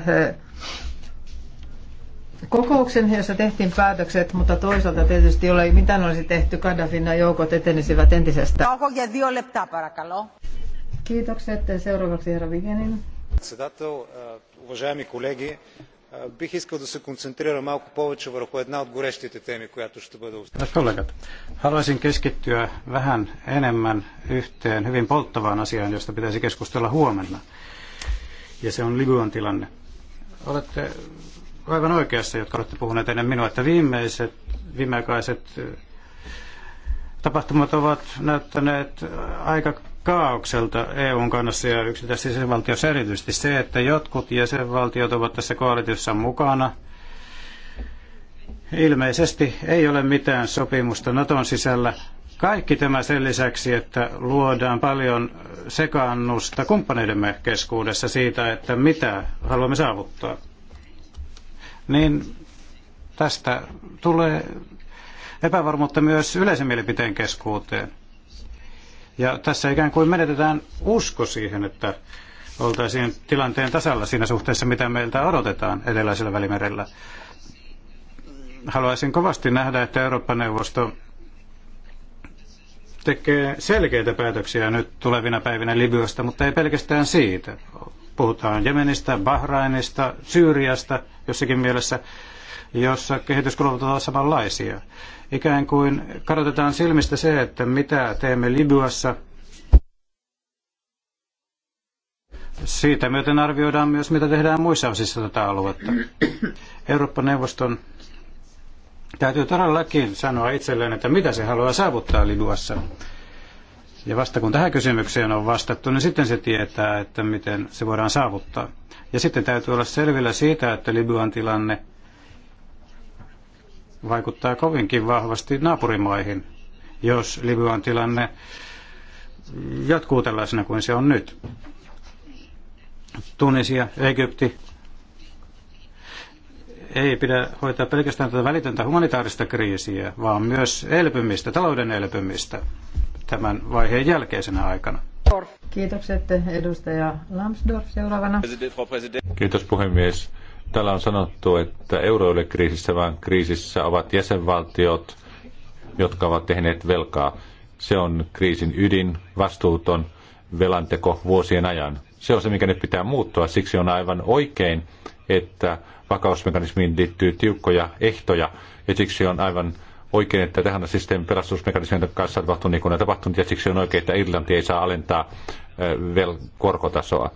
Speaker 5: kokouksen, jossa tehtiin päätökset, mutta toisaalta tietysti ole mitään olisi tehty, Gaddafin joukot etenisivät entisestä. ja Kiitokset. Seuraavaksi herra Vigenin
Speaker 1: уважаеми колеги! бих искал да се концентрирам малко повече върху една от горещите теми, която ще бъде обсъждана. haluaisin keskittyä vähän enemmän yhteen hyvin polttavaan asiaan, josta pitäisi keskustella huomenna. Ja se on Libyan tilanne. Olette aivan oikeassa, jotka olette puhuneet ennen minua, että viimeiset, viimeaikaiset tapahtumat ovat näyttäneet aika kaaukselta EUn kannassa ja yksittäisissä jäsenvaltioissa erityisesti se, että jotkut jäsenvaltiot ovat tässä koalitiossa mukana. Ilmeisesti ei ole mitään sopimusta Naton sisällä. Kaikki tämä sen lisäksi, että luodaan paljon sekaannusta kumppaneidemme keskuudessa siitä, että mitä haluamme saavuttaa. Niin tästä tulee epävarmuutta myös yleisen mielipiteen keskuuteen. Ja tässä ikään kuin menetetään usko siihen, että oltaisiin tilanteen tasalla siinä suhteessa, mitä meiltä odotetaan eteläisellä välimerellä. Haluaisin kovasti nähdä, että Eurooppa-neuvosto tekee selkeitä päätöksiä nyt tulevina päivinä Libyasta, mutta ei pelkästään siitä. Puhutaan Jemenistä, Bahrainista, Syyriasta jossakin mielessä, jossa kehityskulut ovat samanlaisia. Ikään kuin kadotetaan silmistä se, että mitä teemme Libyassa. Siitä myöten arvioidaan myös, mitä tehdään muissa osissa tätä aluetta. Eurooppa-neuvoston täytyy todellakin sanoa itselleen, että mitä se haluaa saavuttaa Libyassa. Ja vasta kun tähän kysymykseen on vastattu, niin sitten se tietää, että miten se voidaan saavuttaa. Ja sitten täytyy olla selvillä siitä, että Libyan tilanne vaikuttaa kovinkin vahvasti naapurimaihin, jos Libyan tilanne jatkuu tällaisena kuin se on nyt. Tunisia, Egypti, ei pidä hoitaa pelkästään tätä välitöntä humanitaarista kriisiä, vaan myös elpymistä, talouden elpymistä tämän vaiheen jälkeisenä aikana.
Speaker 5: Kiitokset edustaja Lambsdorff seuraavana.
Speaker 3: Kiitos puhemies. Täällä on sanottu, että euro ei ole kriisissä, vaan kriisissä ovat jäsenvaltiot, jotka ovat tehneet velkaa. Se on kriisin ydin, vastuuton velanteko vuosien ajan. Se on se, mikä nyt pitää muuttua. Siksi on aivan oikein, että vakausmekanismiin liittyy tiukkoja ehtoja. Ja siksi on aivan oikein, että tähän sitten pelastusmekanismien kanssa tapahtuu niin kuin on tapahtunut. Ja siksi on oikein, että Irlanti ei saa alentaa vel- korkotasoa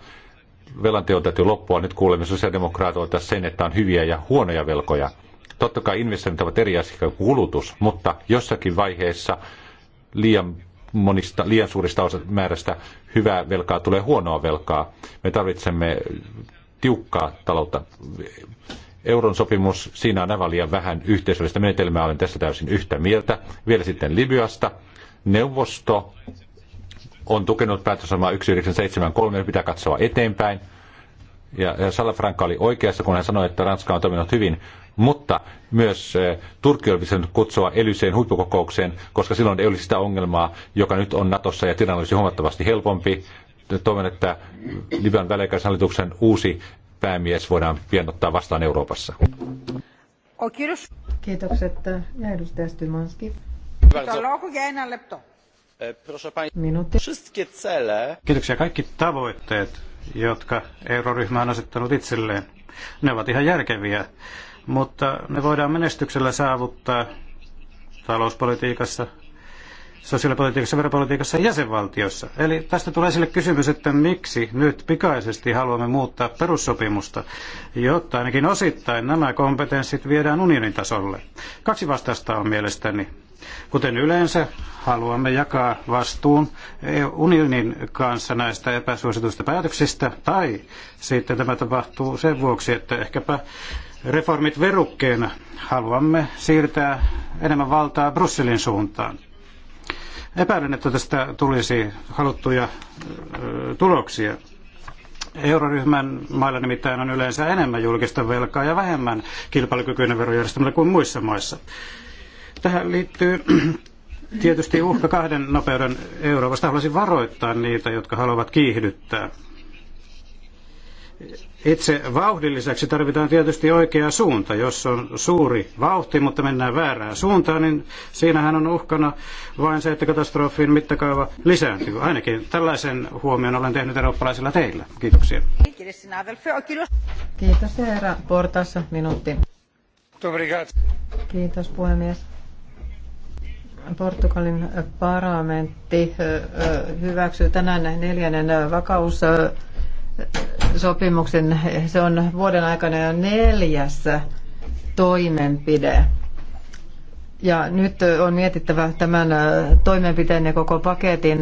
Speaker 3: velanteon täytyy loppua. Nyt kuulemme sosiaalidemokraatoilta sen, että on hyviä ja huonoja velkoja. Totta kai investoinnit ovat eri asia kuin kulutus, mutta jossakin vaiheessa liian monista, liian suurista määrästä hyvää velkaa tulee huonoa velkaa. Me tarvitsemme tiukkaa taloutta. Euron sopimus, siinä on aivan liian vähän yhteisöllistä menetelmää, olen tässä täysin yhtä mieltä. Vielä sitten Libyasta. Neuvosto on tukenut päätösomaa 1973, pitää katsoa eteenpäin. Ja, ja Salafranca oli oikeassa, kun hän sanoi, että Ranska on toiminut hyvin, mutta myös eh, Turkki olisi pitänyt kutsua Elyseen huippukokoukseen, koska silloin ei olisi sitä ongelmaa, joka nyt on Natossa ja tilanne olisi huomattavasti helpompi. Toivon, että Libyan väliaikaishallituksen uusi päämies voidaan pian ottaa vastaan Euroopassa.
Speaker 5: Kiitokset. Ja edustaja Stymanski.
Speaker 4: Kiitos. Proszę Minuutti.
Speaker 5: Wszystkie cele...
Speaker 1: Kiitoksia. Kaikki tavoitteet, jotka euroryhmä on asettanut itselleen, ne ovat ihan järkeviä, mutta ne voidaan menestyksellä saavuttaa talouspolitiikassa, sosiaalipolitiikassa, veropolitiikassa ja jäsenvaltiossa. Eli tästä tulee sille kysymys, että miksi nyt pikaisesti haluamme muuttaa perussopimusta, jotta ainakin osittain nämä kompetenssit viedään unionin tasolle. Kaksi vastausta on mielestäni. Kuten yleensä, haluamme jakaa vastuun e unionin kanssa näistä epäsuosituista päätöksistä, tai sitten tämä tapahtuu sen vuoksi, että ehkäpä reformit verukkeena haluamme siirtää enemmän valtaa Brysselin suuntaan. Epäilen, että tästä tulisi haluttuja tuloksia. Euroryhmän mailla nimittäin on yleensä enemmän julkista velkaa ja vähemmän kilpailukykyinen verojärjestelmä kuin muissa maissa. Tähän liittyy <clears throat> tietysti uhka kahden nopeuden Euroopasta. Haluaisin varoittaa niitä, jotka haluavat kiihdyttää. Itse vauhdin lisäksi tarvitaan tietysti oikea suunta. Jos on suuri vauhti, mutta mennään väärään suuntaan, niin siinähän on uhkana vain se, että katastrofin mittakaava lisääntyy. Ainakin tällaisen huomion olen tehnyt eurooppalaisilla teillä. Kiitoksia.
Speaker 5: Kiitos herra Portassa. Minuutti. Kiitos puhemies. Portugalin parlamentti hyväksyy tänään neljännen vakaussopimuksen. Se on vuoden aikana jo neljäs toimenpide. Ja nyt on mietittävä tämän toimenpiteen ja koko paketin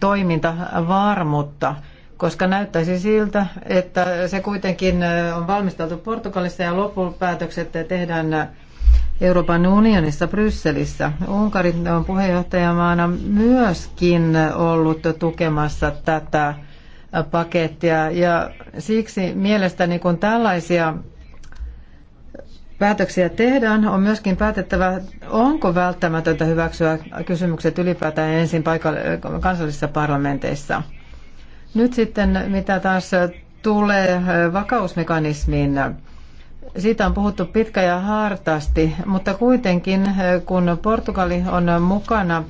Speaker 5: toimintavarmuutta, koska näyttäisi siltä, että se kuitenkin on valmisteltu Portugalissa ja loppupäätökset tehdään Euroopan unionissa Brysselissä. Unkari on puheenjohtajamaana myöskin ollut tukemassa tätä pakettia ja siksi mielestäni kun tällaisia päätöksiä tehdään, on myöskin päätettävä, onko välttämätöntä hyväksyä kysymykset ylipäätään ensin kansallisissa parlamenteissa. Nyt sitten mitä taas tulee vakausmekanismiin, siitä on puhuttu pitkä ja hartaasti, mutta kuitenkin eh, kun Portugali on mukana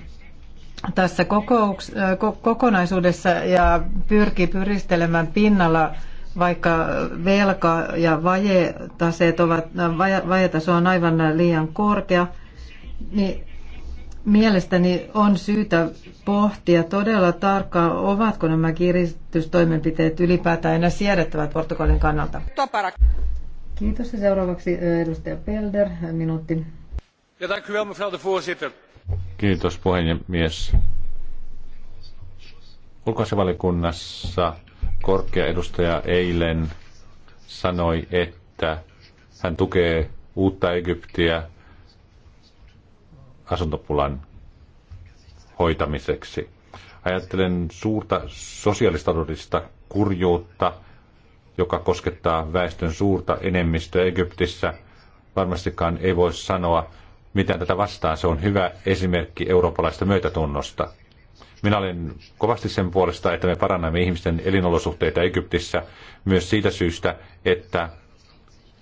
Speaker 5: tässä kokouks- eh, kokonaisuudessa ja pyrkii pyristelemään pinnalla, vaikka velka ja vajetaseet ovat, eh, vajetaso on aivan liian korkea, niin mielestäni on syytä pohtia todella tarkkaan, ovatko nämä kiristystoimenpiteet ylipäätään enää siedettävät Portugalin kannalta. Kiitos. Ja seuraavaksi edustaja Pelder, minuutti.
Speaker 3: Ja dank u mevrouw de voorzitter. Kiitos puhemies. Ulkoasevalikunnassa korkea edustaja eilen sanoi, että hän tukee uutta Egyptiä asuntopulan hoitamiseksi. Ajattelen suurta sosiaalistaloudellista kurjuutta – joka koskettaa väestön suurta enemmistöä Egyptissä. Varmastikaan ei voi sanoa mitään tätä vastaan. Se on hyvä esimerkki eurooppalaista myötätunnosta. Minä olen kovasti sen puolesta, että me parannamme ihmisten elinolosuhteita Egyptissä myös siitä syystä, että,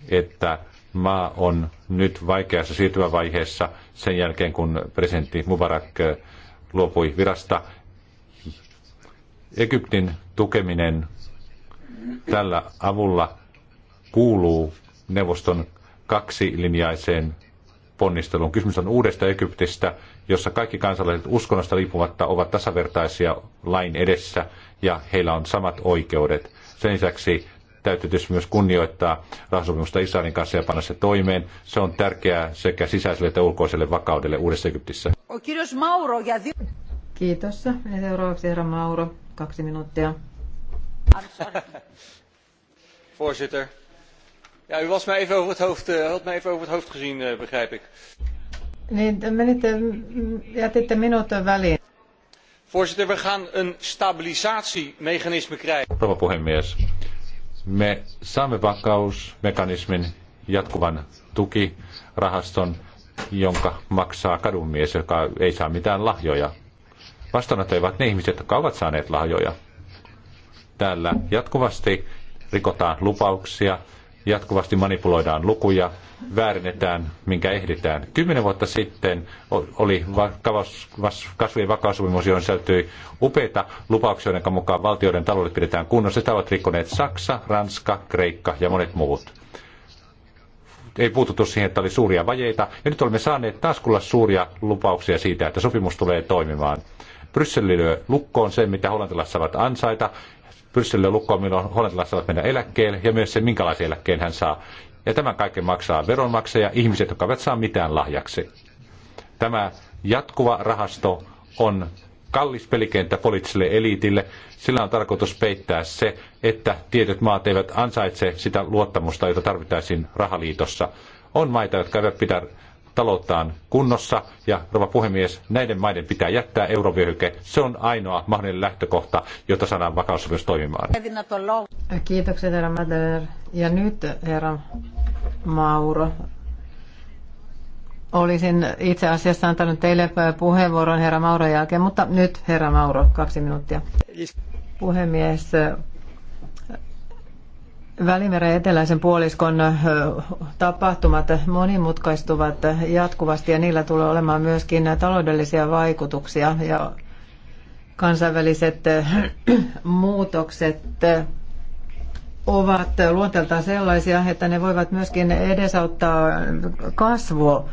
Speaker 3: että maa on nyt vaikeassa siirtymävaiheessa sen jälkeen, kun presidentti Mubarak eh, luopui virasta. Egyptin tukeminen Tällä avulla kuuluu neuvoston kaksilinjaiseen ponnisteluun. Kysymys on uudesta Egyptistä, jossa kaikki kansalaiset uskonnosta riippumatta ovat tasavertaisia lain edessä ja heillä on samat oikeudet. Sen lisäksi täytyy tietysti myös kunnioittaa rahasopimusta Israelin kanssa ja panna se toimeen. Se on tärkeää sekä sisäiselle että ulkoiselle vakaudelle Uudessa Egyptissä.
Speaker 5: Kiitos Mauro. Ja... Kiitos. Seuraavaksi herra Mauro. Kaksi minuuttia.
Speaker 1: <laughs> voorzitter u eh, had mij even over het hoofd gezien eh, begrijp ik.
Speaker 5: Niin, mm,
Speaker 1: voorzitter we gaan een stabilisatiemechanisme krijgen.
Speaker 3: rouva puhemies me saamme vakausmekanismin jatkuvan tukirahaston jonka maksaa kadunmies joka ei saa mitään lahjoja. Vastaanottajat ovat ne ihmiset, jotka ovat saaneet lahjoja. Täällä jatkuvasti rikotaan lupauksia, jatkuvasti manipuloidaan lukuja, väärennetään, minkä ehditään. Kymmenen vuotta sitten oli kasvien vakaussopimus, johon sisältyi upeita lupauksia, jonka mukaan valtioiden taloudet pidetään kunnossa. Sitä ovat rikkoneet Saksa, Ranska, Kreikka ja monet muut. Ei puututtu siihen, että oli suuria vajeita, ja nyt olemme saaneet taas kuulla suuria lupauksia siitä, että sopimus tulee toimimaan. Bryssel lyö lukkoon sen, mitä hollantilaiset saavat ansaita, Brysselille lukkoon, milloin hollantilaiset saavat mennä eläkkeelle ja myös se, minkälaisen eläkkeen hän saa. Ja tämän kaiken maksaa veronmaksaja, ihmiset, jotka eivät saa mitään lahjaksi. Tämä jatkuva rahasto on kallis pelikenttä poliittiselle eliitille. Sillä on tarkoitus peittää se, että tietyt maat eivät ansaitse sitä luottamusta, jota tarvittaisiin rahaliitossa. On maita, jotka eivät pidä talouttaan kunnossa. Ja rouva puhemies, näiden maiden pitää jättää eurovyöhyke. Se on ainoa mahdollinen lähtökohta, jotta saadaan vakaussopimus toimimaan.
Speaker 5: Kiitokset herra Mäder Ja nyt herra Mauro. Olisin itse asiassa antanut teille puheenvuoron herra Mauron jälkeen, mutta nyt herra Mauro, kaksi minuuttia. Puhemies, Välimeren eteläisen puoliskon tapahtumat monimutkaistuvat jatkuvasti ja niillä tulee olemaan myöskin taloudellisia vaikutuksia ja kansainväliset muutokset ovat luonteeltaan sellaisia, että ne voivat myöskin edesauttaa kasvua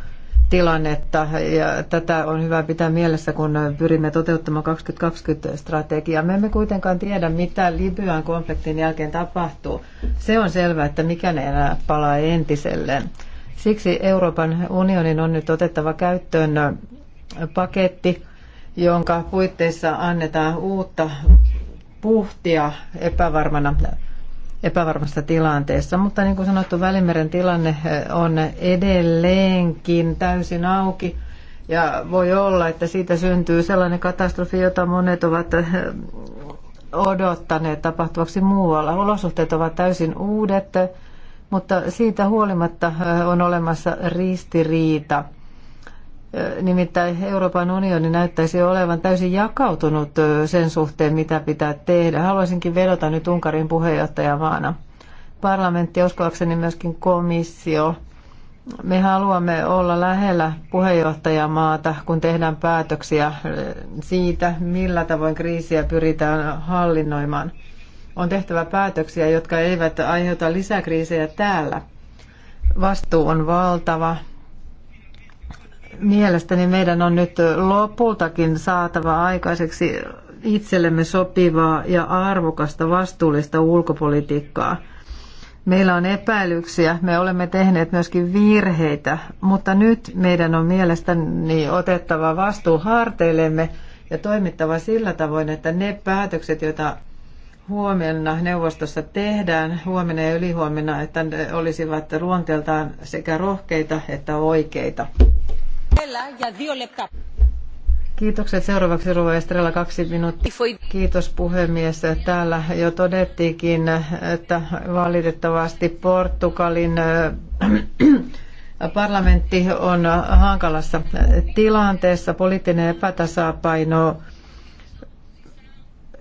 Speaker 5: tilannetta ja tätä on hyvä pitää mielessä, kun pyrimme toteuttamaan 2020-strategiaa. Me emme kuitenkaan tiedä, mitä Libyan konfliktin jälkeen tapahtuu. Se on selvää, että mikään ei enää palaa entiselleen. Siksi Euroopan unionin on nyt otettava käyttöön paketti, jonka puitteissa annetaan uutta puhtia epävarmana epävarmasta tilanteessa. Mutta niin kuin sanottu, Välimeren tilanne on edelleenkin täysin auki. Ja voi olla, että siitä syntyy sellainen katastrofi, jota monet ovat odottaneet tapahtuvaksi muualla. Olosuhteet ovat täysin uudet, mutta siitä huolimatta on olemassa ristiriita – Nimittäin Euroopan unioni näyttäisi olevan täysin jakautunut sen suhteen, mitä pitää tehdä. Haluaisinkin vedota nyt Unkarin puheenjohtajamaana. Parlamentti uskoakseni myöskin komissio. Me haluamme olla lähellä puheenjohtajamaata, kun tehdään päätöksiä siitä, millä tavoin kriisiä pyritään hallinnoimaan. On tehtävä päätöksiä, jotka eivät aiheuta lisäkriisejä täällä. Vastuu on valtava, Mielestäni meidän on nyt lopultakin saatava aikaiseksi itsellemme sopivaa ja arvokasta vastuullista ulkopolitiikkaa. Meillä on epäilyksiä, me olemme tehneet myöskin virheitä, mutta nyt meidän on mielestäni otettava vastuu harteillemme ja toimittava sillä tavoin, että ne päätökset, joita huomenna neuvostossa tehdään, huomenna ja ylihuomenna, että ne olisivat luonteeltaan sekä rohkeita että oikeita. Kiitokset. Seuraavaksi Rova Estrella kaksi minuuttia. Kiitos puhemies. Täällä jo todettiinkin, että valitettavasti Portugalin äh, <clears throat> parlamentti on hankalassa tilanteessa. Poliittinen epätasapaino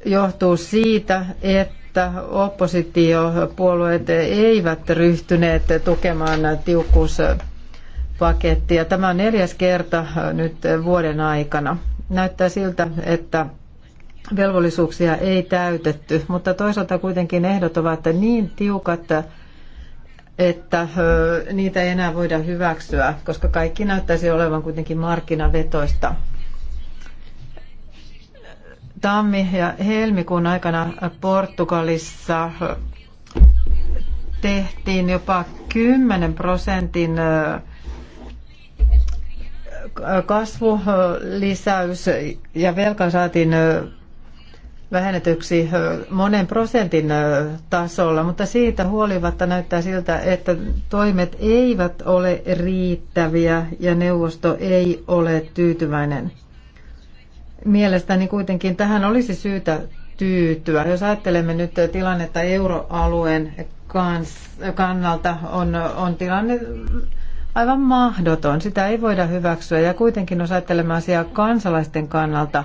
Speaker 5: johtuu siitä, että oppositiopuolueet eivät ryhtyneet tukemaan tiukkuus paketti ja tämä on neljäs kerta äh, nyt äh, vuoden aikana. Näyttää siltä, että velvollisuuksia ei täytetty, mutta toisaalta kuitenkin ehdot ovat niin tiukat, äh, että niitä ei enää voida hyväksyä, koska kaikki näyttäisi olevan kuitenkin markkinavetoista. Tammi- ja helmikuun aikana Portugalissa tehtiin jopa 10 prosentin kasvulisäys ja velka saatiin vähennetyksi monen prosentin tasolla, mutta siitä huolimatta näyttää siltä, että toimet eivät ole riittäviä ja neuvosto ei ole tyytyväinen. Mielestäni kuitenkin tähän olisi syytä tyytyä. Jos ajattelemme nyt tilannetta euroalueen kans, kannalta, on, on tilanne aivan mahdoton. Sitä ei voida hyväksyä ja kuitenkin jos ajattelemme asiaa kansalaisten kannalta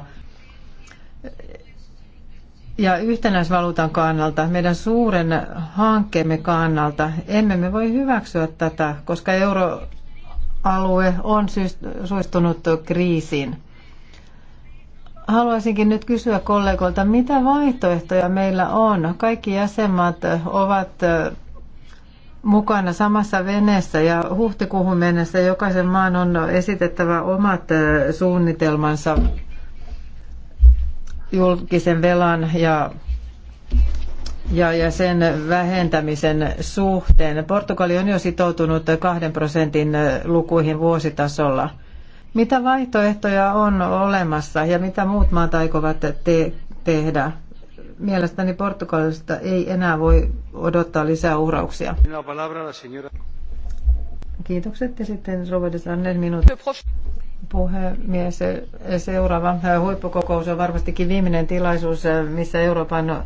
Speaker 5: ja yhtenäisvaluutan kannalta, meidän suuren hankkeemme kannalta, emme me voi hyväksyä tätä, koska euroalue on suistunut kriisiin. Haluaisinkin nyt kysyä kollegoilta, mitä vaihtoehtoja meillä on? Kaikki jäsenmaat ovat mukana samassa veneessä ja huhtikuuhun mennessä jokaisen maan on esitettävä omat suunnitelmansa julkisen velan ja, ja, ja sen vähentämisen suhteen. Portugali on jo sitoutunut kahden prosentin lukuihin vuositasolla. Mitä vaihtoehtoja on olemassa ja mitä muut maat aikovat te- tehdä? mielestäni Portugalista ei enää voi odottaa lisää uhrauksia. Kiitokset ja sitten ruvetaan neljä minuuttia. Puhemies, seuraava huippukokous on varmastikin viimeinen tilaisuus, missä Euroopan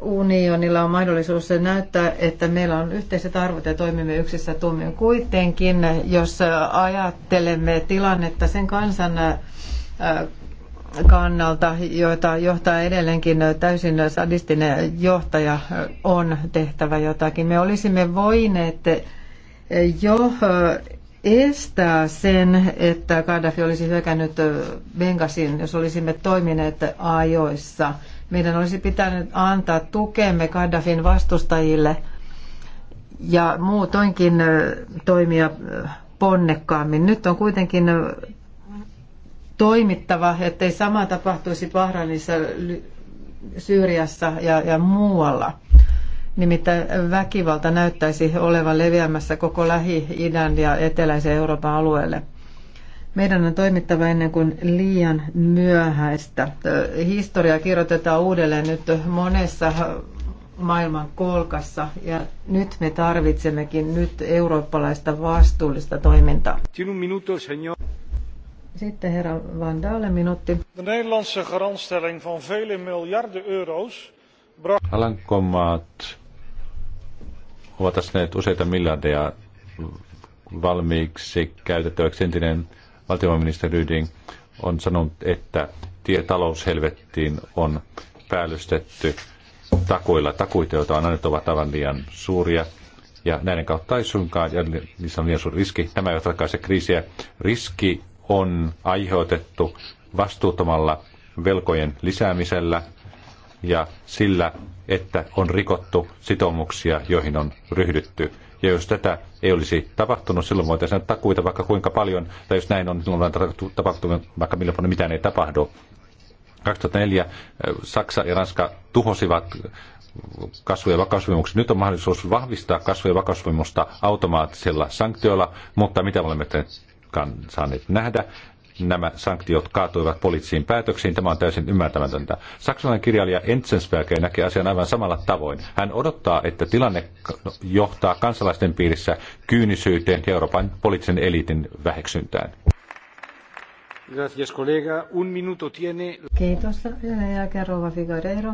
Speaker 5: unionilla on mahdollisuus näyttää, että meillä on yhteiset arvot ja toimimme yksissä tuomioon. Kuitenkin, jos ajattelemme tilannetta sen kansan kannalta, joita johtaa edelleenkin täysin sadistinen johtaja, on tehtävä jotakin. Me olisimme voineet jo estää sen, että Gaddafi olisi hyökännyt Bengasin, jos olisimme toimineet ajoissa. Meidän olisi pitänyt antaa tukemme Gaddafin vastustajille ja muutoinkin toimia ponnekkaammin. Nyt on kuitenkin toimittava, ettei sama tapahtuisi Bahrainissa, Syyriassa ja, ja muualla. Nimittäin väkivalta näyttäisi olevan leviämässä koko Lähi-idän ja eteläisen Euroopan alueelle. Meidän on toimittava ennen kuin liian myöhäistä. Historia kirjoitetaan uudelleen nyt monessa maailman kolkassa ja nyt me tarvitsemmekin nyt eurooppalaista vastuullista toimintaa. Sitten herra Van Dalen minuutti.
Speaker 1: De Nederlandse
Speaker 3: garantstelling van vele miljarden euro's bracht... Alankomaat ovat asettaneet useita miljardeja valmiiksi käytettäväksi. Entinen valtiovarainministeri Ryding on sanonut, että tie taloushelvettiin on päällystetty takuilla. Takuita, joita on annettu, ovat aivan liian suuria. Ja näiden kautta ei suinkaan, ja niissä on liian suuri riski. Nämä eivät ratkaise kriisiä. Riski on aiheutettu vastuuttomalla velkojen lisäämisellä ja sillä, että on rikottu sitoumuksia, joihin on ryhdytty. Ja jos tätä ei olisi tapahtunut, silloin voitaisiin takuita vaikka kuinka paljon, tai jos näin on, niin silloin on tapahtunut vaikka milloin paljon, mitään ei tapahdu. 2004 Saksa ja Ranska tuhosivat kasvu- ja vakaussopimuksen. Nyt on mahdollisuus vahvistaa kasvu- ja vakaussopimusta automaattisella sanktioilla, mutta mitä me olemme saaneet nähdä. Nämä sanktiot kaatuivat poliittisiin päätöksiin. Tämä on täysin ymmärtämätöntä. Saksalainen kirjailija Enzensberg näkee asian aivan samalla tavoin. Hän odottaa, että tilanne no, johtaa kansalaisten piirissä kyynisyyteen ja Euroopan poliittisen eliitin väheksyntään. Gracias, Un minuto tiene...
Speaker 5: Kiitos. Rova Figueiredo.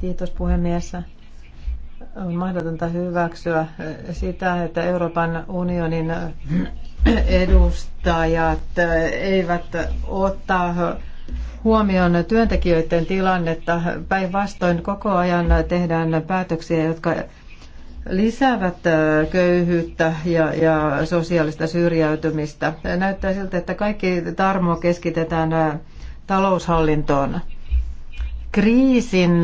Speaker 5: Kiitos puhemies on mahdotonta hyväksyä sitä, että Euroopan unionin edustajat eivät ottaa huomioon työntekijöiden tilannetta. Päinvastoin koko ajan tehdään päätöksiä, jotka lisäävät köyhyyttä ja, ja sosiaalista syrjäytymistä. Näyttää siltä, että kaikki tarmo keskitetään taloushallintoon kriisin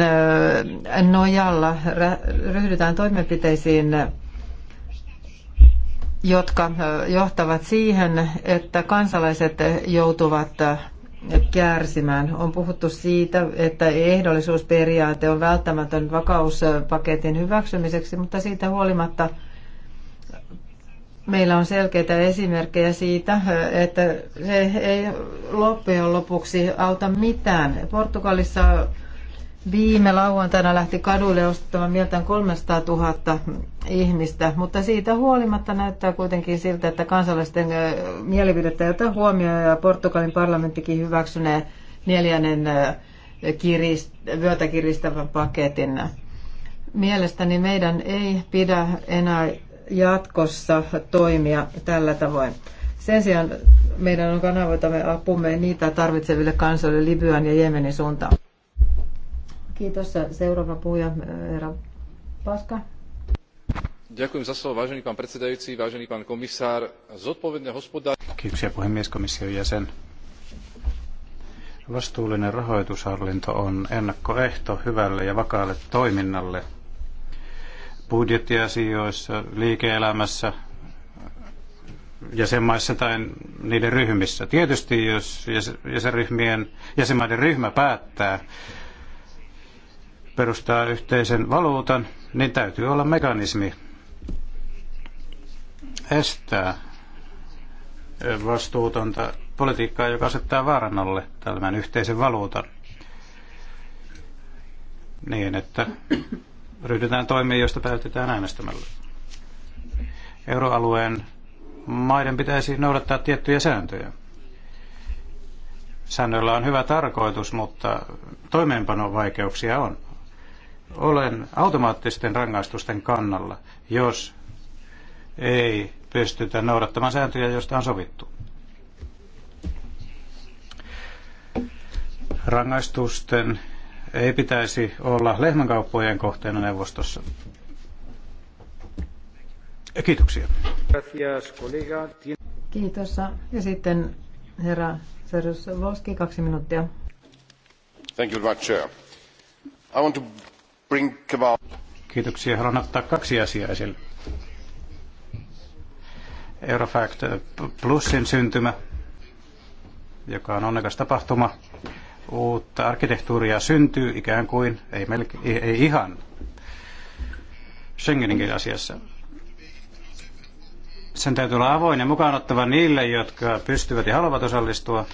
Speaker 5: nojalla ryhdytään toimenpiteisiin, jotka johtavat siihen, että kansalaiset joutuvat kärsimään. On puhuttu siitä, että ehdollisuusperiaate on välttämätön vakauspaketin hyväksymiseksi, mutta siitä huolimatta – meillä on selkeitä esimerkkejä siitä, että se ei loppujen lopuksi auta mitään. Portugalissa viime lauantaina lähti kadulle ostamaan mieltään 300 000 ihmistä, mutta siitä huolimatta näyttää kuitenkin siltä, että kansalaisten mielipidettä ei ota huomioon ja Portugalin parlamenttikin hyväksynee neljännen vyötä kiristävän paketin. Mielestäni meidän ei pidä enää jatkossa toimia tällä tavoin. Sen sijaan meidän on kanavoitamme apumme niitä tarvitseville kansoille Libyan ja Jemenin suuntaan. Kiitos. Seuraava puhuja, äh, herra
Speaker 3: Paska. Ďakujem za slovo, vážený pán predsedajúci, vážený pán komisár. Zodpovedné hospodárstvo...
Speaker 1: Kiitoksia puhemies komission jäsen. Vastuullinen rahoitushallinto on ennakkoehto hyvälle ja vakaalle toiminnalle budjettiasioissa, liike-elämässä, jäsenmaissa tai niiden ryhmissä. Tietysti jos jäsenryhmien, jäsenmaiden ryhmä päättää perustaa yhteisen valuutan, niin täytyy olla mekanismi estää vastuutonta politiikkaa, joka asettaa vaaran alle tämän yhteisen valuutan. Niin, että ryhdytään toimiin, joista päätetään äänestämällä. Euroalueen maiden pitäisi noudattaa tiettyjä sääntöjä. Säännöillä on hyvä tarkoitus, mutta toimeenpanovaikeuksia on. Olen automaattisten rangaistusten kannalla, jos ei pystytä noudattamaan sääntöjä, joista on sovittu. Rangaistusten ei pitäisi olla lehmänkauppojen kohteena neuvostossa. Kiitoksia.
Speaker 5: Kiitos. Ja sitten herra Serus Voski, kaksi minuuttia.
Speaker 1: Thank you much, Chair. I want to bring about... Kiitoksia. Haluan ottaa kaksi asiaa esille. Eurofact Plusin syntymä, joka on onnekas tapahtuma uutta arkkitehtuuria syntyy ikään kuin, ei, melke, ei, ei ihan, Schengeninkin asiassa. Sen täytyy olla avoin ja mukaanottava niille, jotka pystyvät ja haluavat osallistua,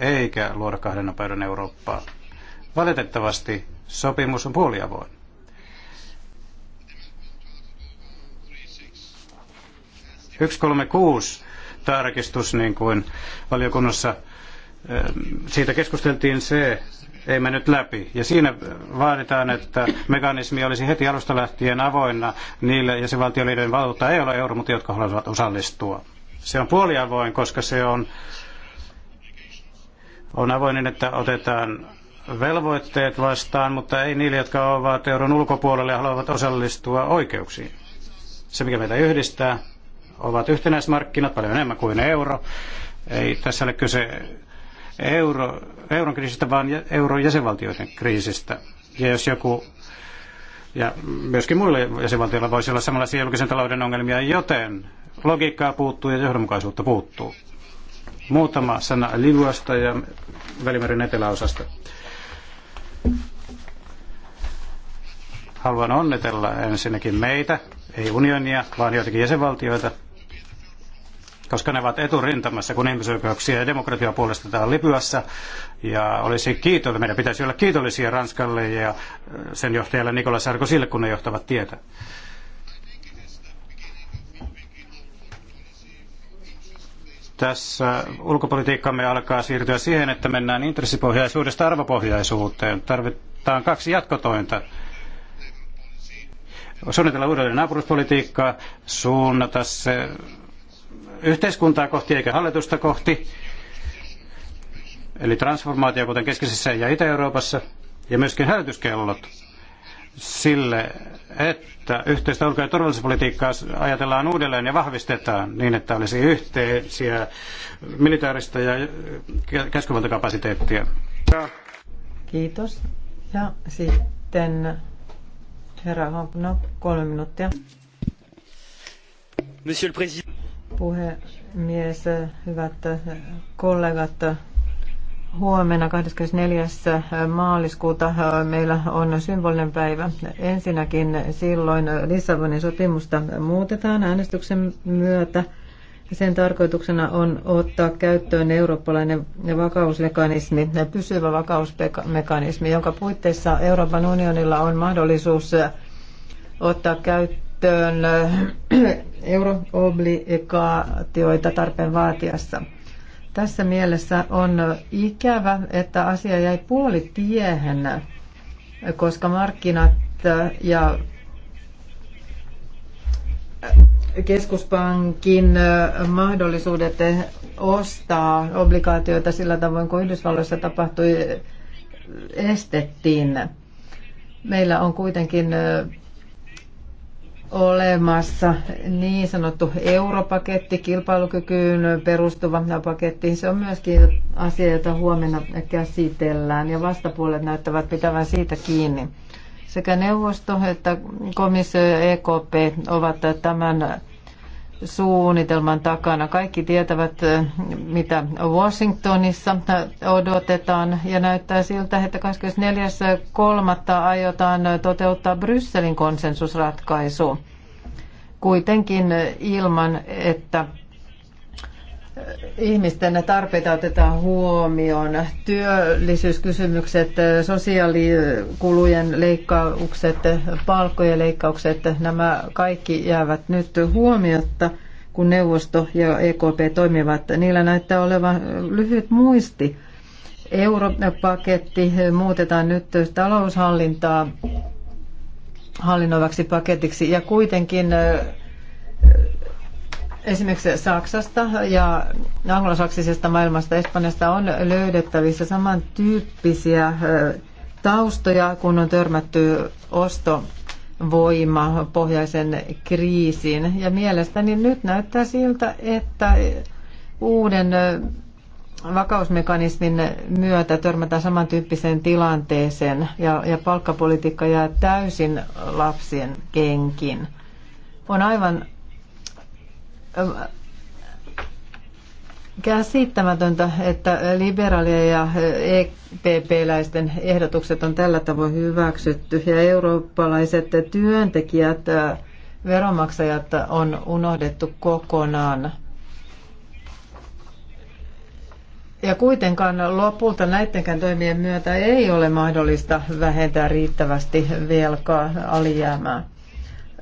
Speaker 1: eikä luoda kahden nopeuden Eurooppaa. Valitettavasti sopimus on puoliavoin. Yksi kolme kuusi tarkistus, niin kuin valiokunnassa Ehm, siitä keskusteltiin se, ei mennyt läpi. Ja siinä vaaditaan, että mekanismi olisi heti alusta lähtien avoinna niille jäsenvaltioliiden valuutta ei ole euro, mutta jotka haluavat osallistua. Se on puoliavoin, koska se on, on avoin niin, että otetaan velvoitteet vastaan, mutta ei niille, jotka ovat euron ulkopuolella ja haluavat osallistua oikeuksiin. Se, mikä meitä yhdistää, ovat yhtenäismarkkinat paljon enemmän kuin euro. Ei tässä ole kyse euro, euron kriisistä, vaan euron jäsenvaltioiden kriisistä. Ja jos joku ja myöskin muille jäsenvaltioilla voisi olla samanlaisia julkisen talouden ongelmia, joten logiikkaa puuttuu ja johdonmukaisuutta puuttuu. Muutama sana Libyasta ja Välimeren eteläosasta. Haluan onnitella ensinnäkin meitä, ei unionia, vaan joitakin jäsenvaltioita, koska ne ovat eturintamassa, kun ihmisoikeuksia ja demokratiaa puolestetaan Libyassa. Ja olisi kiitollinen, meidän pitäisi olla kiitollisia Ranskalle ja äh, sen johtajalle Nikola Sarkozylle, kun ne johtavat tietä. tässä ulkopolitiikkamme alkaa siirtyä siihen, että mennään intressipohjaisuudesta arvopohjaisuuteen. Tarvitaan kaksi jatkotointa. Suunnitella uudelleen naapuruspolitiikkaa, suunnata se yhteiskuntaa kohti eikä hallitusta kohti. Eli transformaatio, kuten keskisessä ja Itä-Euroopassa, ja myöskin hälytyskellot sille, että yhteistä ulko- ja turvallisuuspolitiikkaa ajatellaan uudelleen ja vahvistetaan niin, että olisi yhteisiä militaarista ja käskyvaltakapasiteettia.
Speaker 5: Kiitos. Ja sitten herra Hompno, kolme minuuttia.
Speaker 1: Monsieur le Président
Speaker 5: puhemies, hyvät kollegat. Huomenna 24. maaliskuuta meillä on symbolinen päivä. Ensinnäkin silloin Lissabonin sopimusta muutetaan äänestyksen myötä. Sen tarkoituksena on ottaa käyttöön eurooppalainen vakausmekanismi, pysyvä vakausmekanismi, jonka puitteissa Euroopan unionilla on mahdollisuus ottaa käyttöön käyttöön äh, euroobligaatioita tarpeen vaatiessa. Tässä mielessä on ikävä, että asia jäi puoli tiehen, koska markkinat ja keskuspankin äh, mahdollisuudet ostaa obligaatioita sillä tavoin kuin Yhdysvalloissa tapahtui, äh, estettiin. Meillä on kuitenkin olemassa niin sanottu europaketti, kilpailukykyyn perustuva paketti. Se on myöskin asia, jota huomenna käsitellään ja vastapuolet näyttävät pitävän siitä kiinni. Sekä neuvosto että komissio ja EKP ovat tämän suunnitelman takana. Kaikki tietävät, eh, mitä Washingtonissa odotetaan ja näyttää siltä, että 24.3. aiotaan toteuttaa Brysselin konsensusratkaisu kuitenkin ilman, että ihmisten tarpeita otetaan huomioon. Työllisyyskysymykset, sosiaalikulujen leikkaukset, palkkojen leikkaukset, nämä kaikki jäävät nyt huomiotta, kun neuvosto ja EKP toimivat. Niillä näyttää olevan lyhyt muisti. Europaketti muutetaan nyt taloushallintaa hallinnoivaksi paketiksi ja kuitenkin esimerkiksi Saksasta ja anglosaksisesta maailmasta Espanjasta on löydettävissä samantyyppisiä taustoja, kun on törmätty ostovoima pohjaisen kriisiin. Ja mielestäni nyt näyttää siltä, että uuden vakausmekanismin myötä törmätään samantyyppiseen tilanteeseen ja, ja palkkapolitiikka jää täysin lapsien kenkin. On aivan käsittämätöntä, että liberaalien ja EPP-läisten ehdotukset on tällä tavoin hyväksytty ja eurooppalaiset työntekijät, veronmaksajat on unohdettu kokonaan. Ja kuitenkaan lopulta näidenkään toimien myötä ei ole mahdollista vähentää riittävästi velkaa alijäämää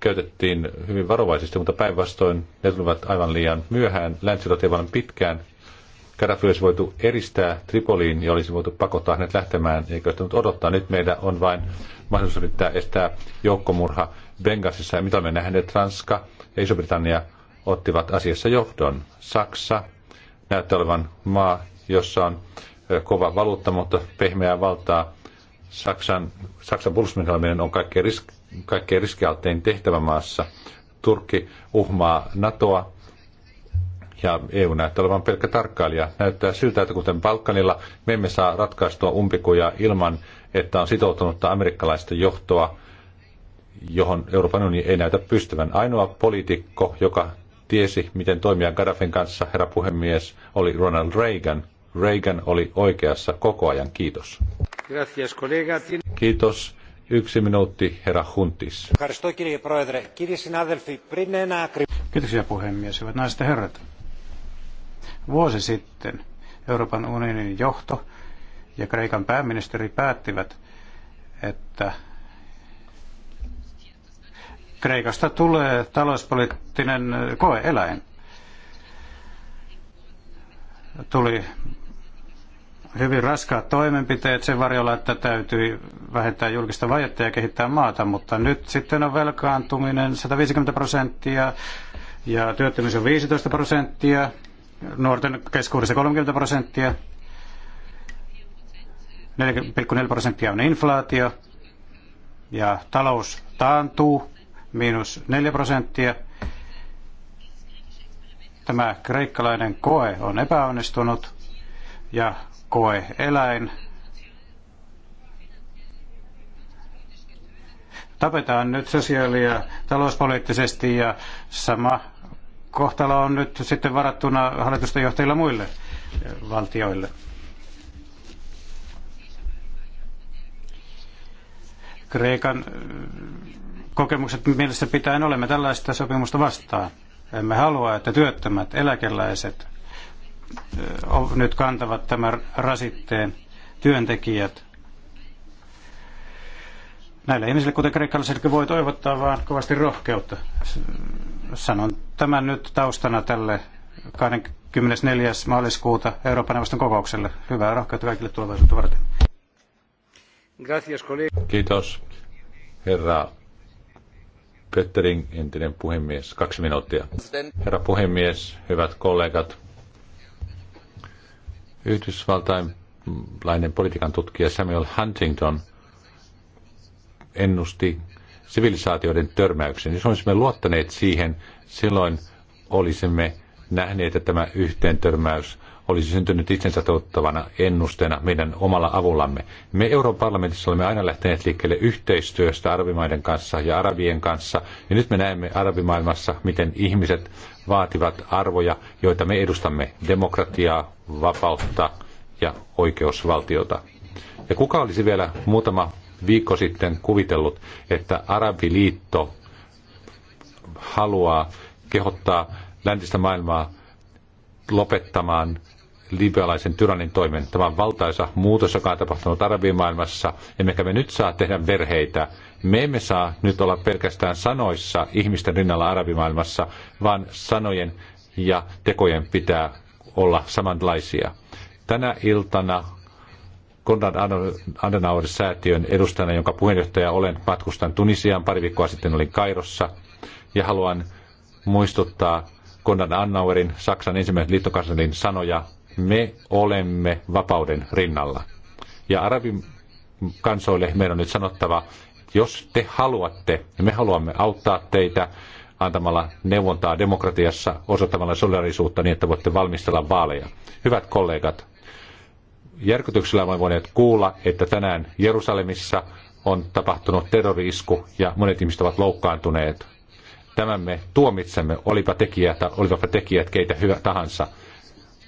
Speaker 3: käytettiin hyvin varovaisesti, mutta päinvastoin ne tulivat aivan liian myöhään. Länsi vallan pitkään. Gaddafi olisi voitu eristää Tripoliin ja olisi voitu pakottaa hänet lähtemään, eikä olisi odottaa. Nyt meidän on vain mahdollisuus yrittää estää joukkomurha Bengasissa. Ja mitä me nähneet, Ranska ja Iso-Britannia ottivat asiassa johdon. Saksa näyttää olevan maa, jossa on kova valuutta, mutta pehmeää valtaa. Saksan, Saksan puolustusmekanisminen on kaikkein risk, kaikkein riskialtein tehtävä maassa. Turkki uhmaa NATOa ja EU näyttää olevan pelkkä tarkkailija. Näyttää siltä, että kuten Balkanilla, me emme saa ratkaistua umpikuja ilman, että on sitoutunutta amerikkalaista johtoa, johon Euroopan unioni ei näytä pystyvän. Ainoa poliitikko, joka tiesi, miten toimia Gaddafin kanssa, herra puhemies, oli Ronald Reagan. Reagan oli oikeassa koko ajan. Kiitos. Kiitos. Yksi minuutti, herra Huntis. Kiitoksia puhemies, hyvät naiset ja herrat. Vuosi sitten
Speaker 1: Euroopan unionin johto ja Kreikan pääministeri päättivät, että Kreikasta tulee talouspoliittinen koeeläin. Tuli hyvin raskaat toimenpiteet sen varjolla, että täytyy vähentää julkista vajetta ja kehittää maata, mutta nyt sitten on velkaantuminen 150 prosenttia ja työttömyys on 15 prosenttia, nuorten keskuudessa 30 prosenttia, 4,4 prosenttia on inflaatio ja talous taantuu miinus 4 prosenttia. Tämä kreikkalainen koe on epäonnistunut ja koe eläin. Tapetaan nyt sosiaali- ja talouspoliittisesti ja sama kohtalo on nyt sitten varattuna hallitusten johtajilla muille valtioille. Kreikan äh, kokemukset mielessä pitäen olemme tällaista sopimusta vastaan. Emme halua, että työttömät, eläkeläiset, nyt kantavat tämän rasitteen työntekijät. Näille ihmisille, kuten kreikkalaisille, voi toivottaa vaan kovasti rohkeutta. Sanon tämän nyt taustana tälle 24. maaliskuuta Euroopan neuvoston kokoukselle. Hyvää rohkeutta kaikille tulevaisuutta varten.
Speaker 3: Kiitos, herra Pötterin entinen puhemies. Kaksi minuuttia. Herra puhemies, hyvät kollegat, Yhdysvaltainlainen politiikan tutkija Samuel Huntington ennusti sivilisaatioiden törmäyksen. Jos olisimme luottaneet siihen, silloin olisimme nähneet, että tämä törmäys olisi syntynyt itsensä tuottavana ennusteena meidän omalla avullamme. Me Euroopan parlamentissa olemme aina lähteneet liikkeelle yhteistyöstä arabimaiden kanssa ja arabien kanssa, ja nyt me näemme arabimaailmassa, miten ihmiset vaativat arvoja, joita me edustamme, demokratiaa, vapautta ja oikeusvaltiota. Ja kuka olisi vielä muutama viikko sitten kuvitellut, että Arabiliitto haluaa kehottaa läntistä maailmaa lopettamaan libyalaisen tyrannin toimen. Tämä on valtaisa muutos, joka on tapahtunut arabimaailmassa. Emmekä me nyt saa tehdä verheitä. Me emme saa nyt olla pelkästään sanoissa ihmisten rinnalla arabimaailmassa, vaan sanojen ja tekojen pitää olla samanlaisia. Tänä iltana Konrad Adenauer-säätiön edustajana, jonka puheenjohtaja olen, matkustan Tunisiaan. Pari viikkoa sitten olin Kairossa ja haluan muistuttaa Konrad Annauerin, Saksan ensimmäisen liittokanslerin sanoja me olemme vapauden rinnalla. Ja arabin kansoille meidän on nyt sanottava, että jos te haluatte, ja me haluamme auttaa teitä antamalla neuvontaa demokratiassa, osoittamalla solidarisuutta niin, että voitte valmistella vaaleja. Hyvät kollegat, järkytyksellä olemme voineet kuulla, että tänään Jerusalemissa on tapahtunut terroriisku ja monet ihmiset ovat loukkaantuneet. Tämän me tuomitsemme, olipa tekijät, olipa tekijät keitä hyvä tahansa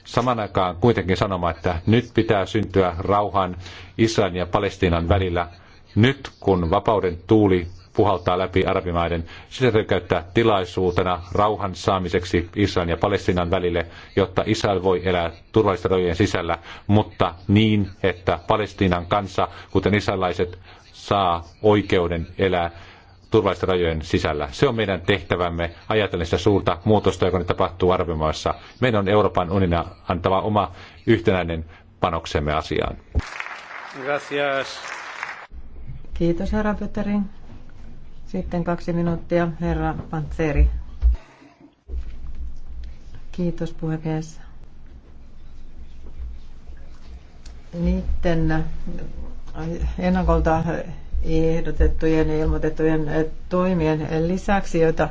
Speaker 3: saman aikaan kuitenkin sanomaan, että nyt pitää syntyä rauhan Israelin ja Palestiinan välillä. Nyt kun vapauden tuuli puhaltaa läpi arabimaiden, sitä täytyy käyttää tilaisuutena rauhan saamiseksi Israelin ja Palestiinan välille, jotta Israel voi elää turvallisten rajojen sisällä, mutta niin, että Palestiinan kansa, kuten israelaiset, saa oikeuden elää turvallisten rajojen sisällä. Se on meidän tehtävämme ajatellen sitä suurta muutosta, joka nyt tapahtuu arvimaassa. Meidän on Euroopan unina antava oma yhtenäinen panoksemme asiaan.
Speaker 1: Gracias.
Speaker 5: Kiitos herra Pöteri. Sitten kaksi minuuttia herra Pantseri. Kiitos puhemies. Niiden ennakolta ehdotettujen ja ilmoitettujen eh, toimien lisäksi, joita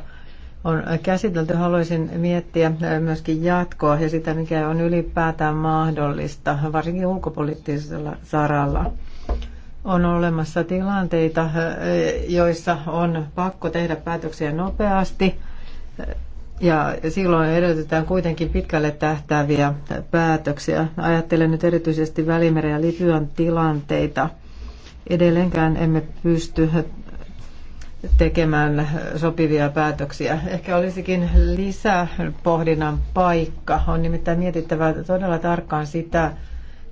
Speaker 5: on käsitelty, haluaisin miettiä eh, myöskin jatkoa ja sitä, mikä on ylipäätään mahdollista, varsinkin ulkopoliittisella saralla. On olemassa tilanteita, eh, joissa on pakko tehdä päätöksiä nopeasti ja silloin edellytetään kuitenkin pitkälle tähtääviä päätöksiä. Ajattelen nyt erityisesti Välimeren ja Libyan tilanteita – edelleenkään emme pysty tekemään sopivia päätöksiä. Ehkä olisikin lisäpohdinnan paikka. On nimittäin mietittävä todella tarkkaan sitä,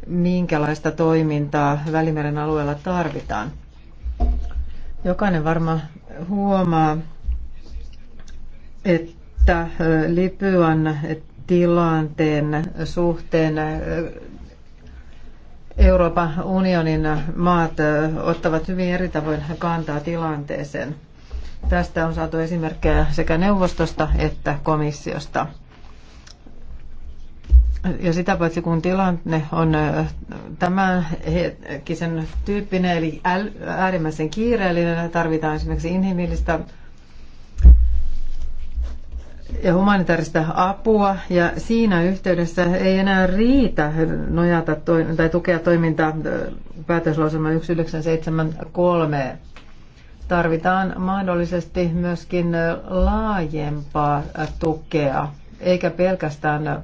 Speaker 5: minkälaista toimintaa Välimeren alueella tarvitaan. Jokainen varmaan huomaa, että Libyan tilanteen suhteen Euroopan unionin maat ottavat hyvin eri tavoin kantaa tilanteeseen. Tästä on saatu esimerkkejä sekä neuvostosta että komissiosta. Ja sitä paitsi kun tilanne on tämän hetkisen tyyppinen, eli äärimmäisen kiireellinen, tarvitaan esimerkiksi inhimillistä ja humanitaarista apua ja siinä yhteydessä ei enää riitä nojata tai tukea toimintaa päätöslauselma 1973. Tarvitaan mahdollisesti myöskin laajempaa tukea, eikä pelkästään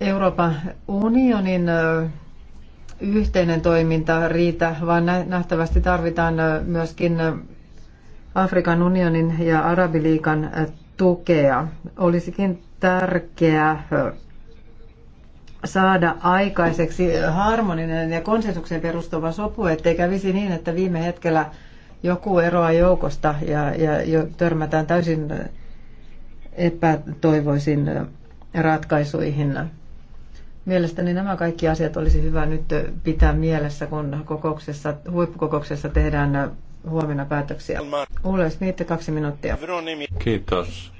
Speaker 5: Euroopan unionin yhteinen toiminta riitä, vaan nähtävästi tarvitaan myöskin Afrikan unionin ja Arabiliikan äh, tukea. Olisikin tärkeää äh, saada aikaiseksi harmoninen ja konsensukseen perustuva sopu, ettei kävisi niin, että viime hetkellä joku eroaa joukosta ja, ja jo törmätään täysin äh, epätoivoisin ratkaisuihin. Mielestäni nämä kaikki asiat olisi hyvä nyt pitää mielessä, kun kokouksessa, huippukokouksessa tehdään huomenna päätöksiä. Ulle niitä kaksi
Speaker 1: minuuttia.
Speaker 3: Kiitos.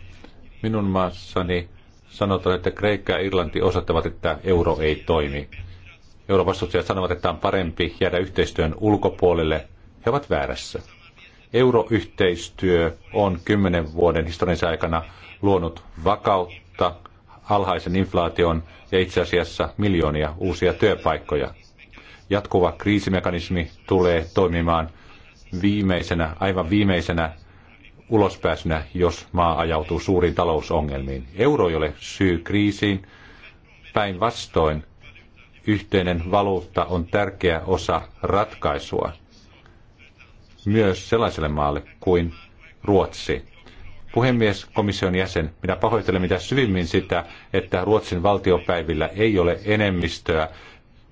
Speaker 3: Minun maassani sanotaan, että Kreikka ja Irlanti osoittavat, että euro ei toimi. Eurovastustajat sanovat, että on parempi jäädä yhteistyön ulkopuolelle. He ovat väärässä. Euroyhteistyö on kymmenen vuoden historiansa aikana luonut vakautta, alhaisen inflaation ja itse asiassa miljoonia uusia työpaikkoja. Jatkuva kriisimekanismi tulee toimimaan viimeisenä, aivan viimeisenä ulospääsynä, jos maa ajautuu suuriin talousongelmiin. Euro ei ole syy kriisiin. Päinvastoin yhteinen valuutta on tärkeä osa ratkaisua myös sellaiselle maalle kuin Ruotsi. Puhemies, komission jäsen, minä pahoittelen mitä syvimmin sitä, että Ruotsin valtiopäivillä ei ole enemmistöä,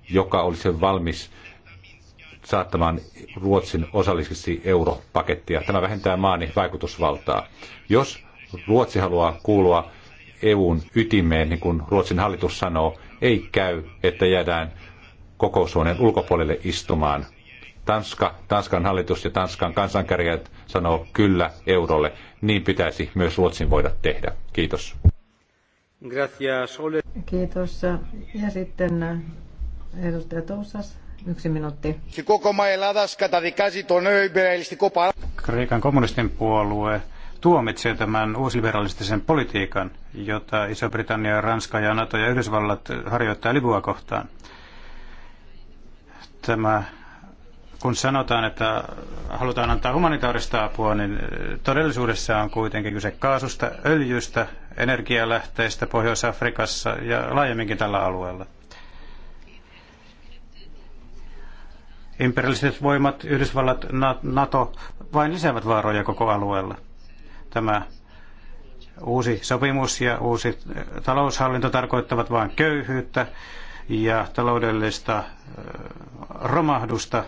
Speaker 3: joka olisi valmis saattamaan Ruotsin osalliseksi europakettia. Tämä vähentää maani vaikutusvaltaa. Jos Ruotsi haluaa kuulua EUn ytimeen, niin kuin Ruotsin hallitus sanoo, ei käy, että jäädään kokoushuoneen ulkopuolelle istumaan. Tanska, Tanskan hallitus ja Tanskan kansankärjät sanoo kyllä eurolle. Niin pitäisi myös Ruotsin voida tehdä. Kiitos.
Speaker 5: Kiitos. Ja sitten edustaja Toussas. Yksi minuutti.
Speaker 1: Kreikan kommunistin puolue tuomitsee tämän uusliberalistisen politiikan, jota Iso-Britannia, Ranska ja NATO ja Yhdysvallat harjoittaa Libyaa kohtaan. Tämä, kun sanotaan, että halutaan antaa humanitaarista apua, niin eh, todellisuudessa on kuitenkin kyse kaasusta, öljystä, energialähteistä Pohjois-Afrikassa ja laajemminkin tällä alueella. imperialistiset voimat, Yhdysvallat, NATO vain lisäävät vaaroja koko alueella. Tämä uusi sopimus ja uusi äh, taloushallinto tarkoittavat vain köyhyyttä ja taloudellista äh, romahdusta.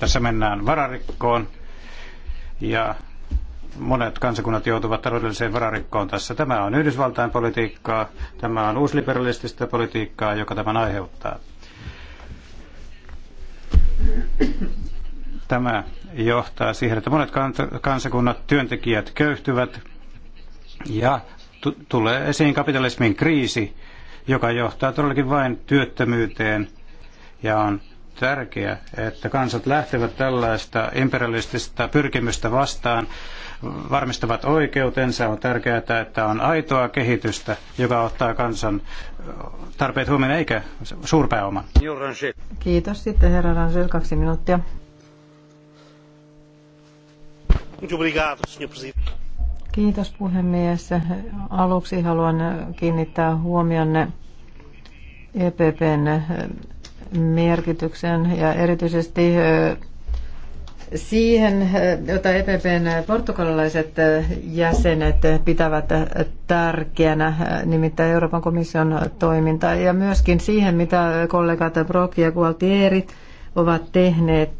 Speaker 1: Tässä mennään vararikkoon ja monet kansakunnat joutuvat taloudelliseen vararikkoon tässä. Tämä on Yhdysvaltain politiikkaa, tämä on uusliberalistista politiikkaa, joka tämän aiheuttaa. Tämä johtaa siihen, että monet kansakunnat, työntekijät köyhtyvät ja tulee esiin kapitalismin kriisi, joka johtaa todellakin vain työttömyyteen ja on tärkeä, että kansat lähtevät tällaista imperialistista pyrkimystä vastaan, varmistavat oikeutensa. On tärkeää, että on aitoa kehitystä, joka ottaa kansan tarpeet huomioon eikä suurpääoman.
Speaker 5: Kiitos. Sitten herra Ransel, kaksi minuuttia. Kiitos puhemies. Aluksi haluan kiinnittää huomionne EPPn merkityksen ja erityisesti siihen, jota EPPn portugalilaiset jäsenet pitävät tärkeänä, nimittäin Euroopan komission toiminta ja myöskin siihen, mitä kollegat Brock ja Gualtieri ovat tehneet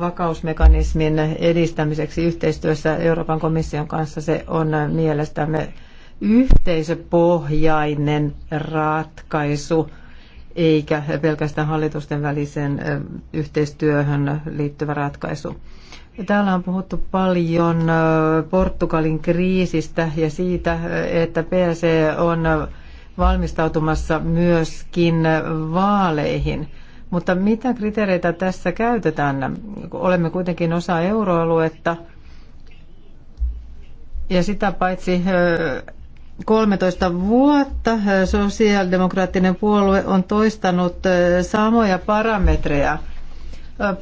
Speaker 5: vakausmekanismin edistämiseksi yhteistyössä Euroopan komission kanssa. Se on mielestämme yhteisöpohjainen ratkaisu – eikä pelkästään hallitusten välisen yhteistyöhön liittyvä ratkaisu. Täällä on puhuttu paljon Portugalin kriisistä ja siitä, että PC e on valmistautumassa myöskin vaaleihin. Mutta mitä kriteereitä tässä käytetään? Olemme kuitenkin osa euroaluetta ja sitä paitsi 13 vuotta sosiaalidemokraattinen puolue on toistanut samoja parametreja.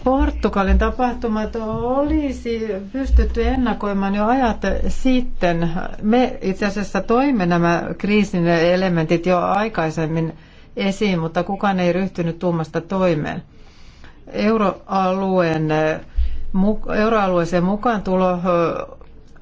Speaker 5: Portugalin tapahtumat olisi pystytty ennakoimaan jo ajat sitten. Me itse asiassa toimme nämä kriisin elementit jo aikaisemmin esiin, mutta kukaan ei ryhtynyt tuumasta toimeen. Euroalueen, euroalueeseen mukaan tulo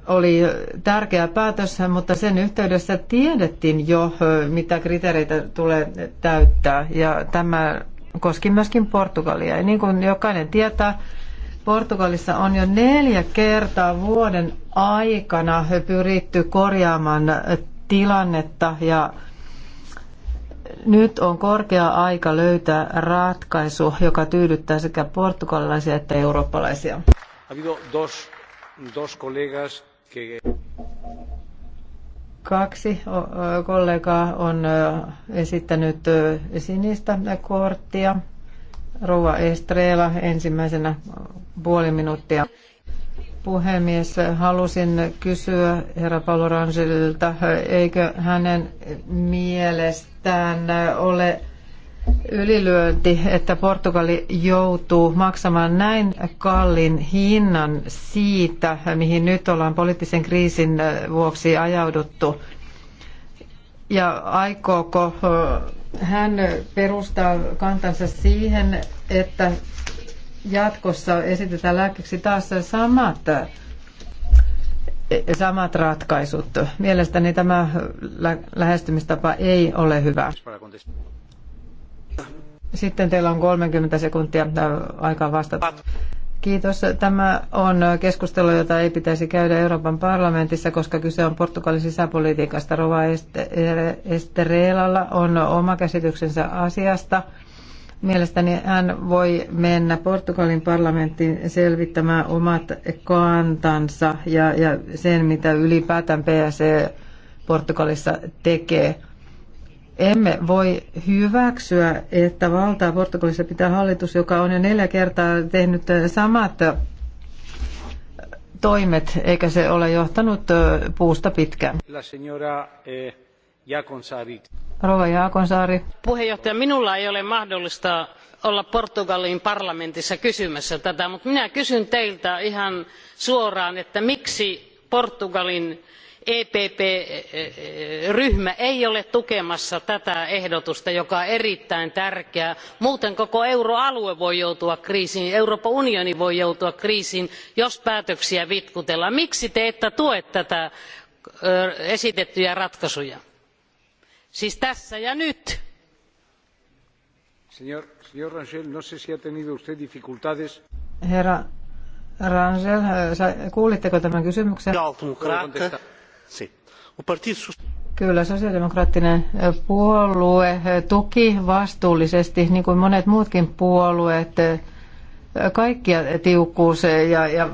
Speaker 5: oli tärkeä päätös, mutta sen yhteydessä tiedettiin jo, mitä kriteereitä tulee täyttää. Ja tämä koski myöskin Portugalia. Ja niin kuin jokainen tietää, Portugalissa on jo neljä kertaa vuoden aikana pyritty korjaamaan tilannetta ja nyt on korkea aika löytää ratkaisu, joka tyydyttää sekä portugalilaisia että eurooppalaisia.
Speaker 1: habido dos, dos colegas
Speaker 5: Kaksi kollegaa on esittänyt sinistä korttia. Rouva Estrela ensimmäisenä puoli minuuttia. Puhemies, halusin kysyä herra Palo Rangelilta, eikö hänen mielestään ole ylilyönti, että Portugali joutuu maksamaan näin kallin hinnan siitä, mihin nyt ollaan poliittisen kriisin äh, vuoksi ajauduttu. Ja aikooko äh, hän perustaa kantansa siihen, että jatkossa esitetään lääkkeeksi taas samat, äh, samat ratkaisut. Mielestäni tämä lähestymistapa ei ole hyvä. Sitten teillä on 30 sekuntia äh, aikaa vastata. Kiitos. Tämä on keskustelu, jota ei pitäisi käydä Euroopan parlamentissa, koska kyse on Portugalin sisäpolitiikasta. Rova Estereelalla on oma käsityksensä asiasta. Mielestäni hän voi mennä Portugalin parlamenttiin selvittämään omat kantansa ja, ja sen, mitä ylipäätään PSE Portugalissa tekee. Emme voi hyväksyä, että valtaa Portugalissa pitää hallitus, joka on jo neljä kertaa tehnyt äh, samat äh, toimet, eikä se ole johtanut äh, puusta pitkään.
Speaker 1: La señora, eh,
Speaker 5: Rova Jaakonsaari.
Speaker 6: Puheenjohtaja, minulla ei ole mahdollista olla Portugalin parlamentissa kysymässä tätä, mutta minä kysyn teiltä ihan suoraan, että miksi Portugalin epp eh, eh, ryhmä ei ole tukemassa tätä ehdotusta joka on erittäin tärkeä muuten koko euroalue voi joutua kriisiin euroopan unioni voi joutua kriisiin jos päätöksiä vitkutellaan. miksi te ette tue näitä eh, esitettyjä ratkaisuja siis tässä ja nyt?
Speaker 1: No
Speaker 6: herra rangel
Speaker 5: kuulitteko tämän kysymyksen? Kyllä, sosiaalidemokraattinen eh, puolue eh, tuki vastuullisesti, niin kuin monet muutkin puolueet, eh, kaikkia tiukkuus- ja, ja,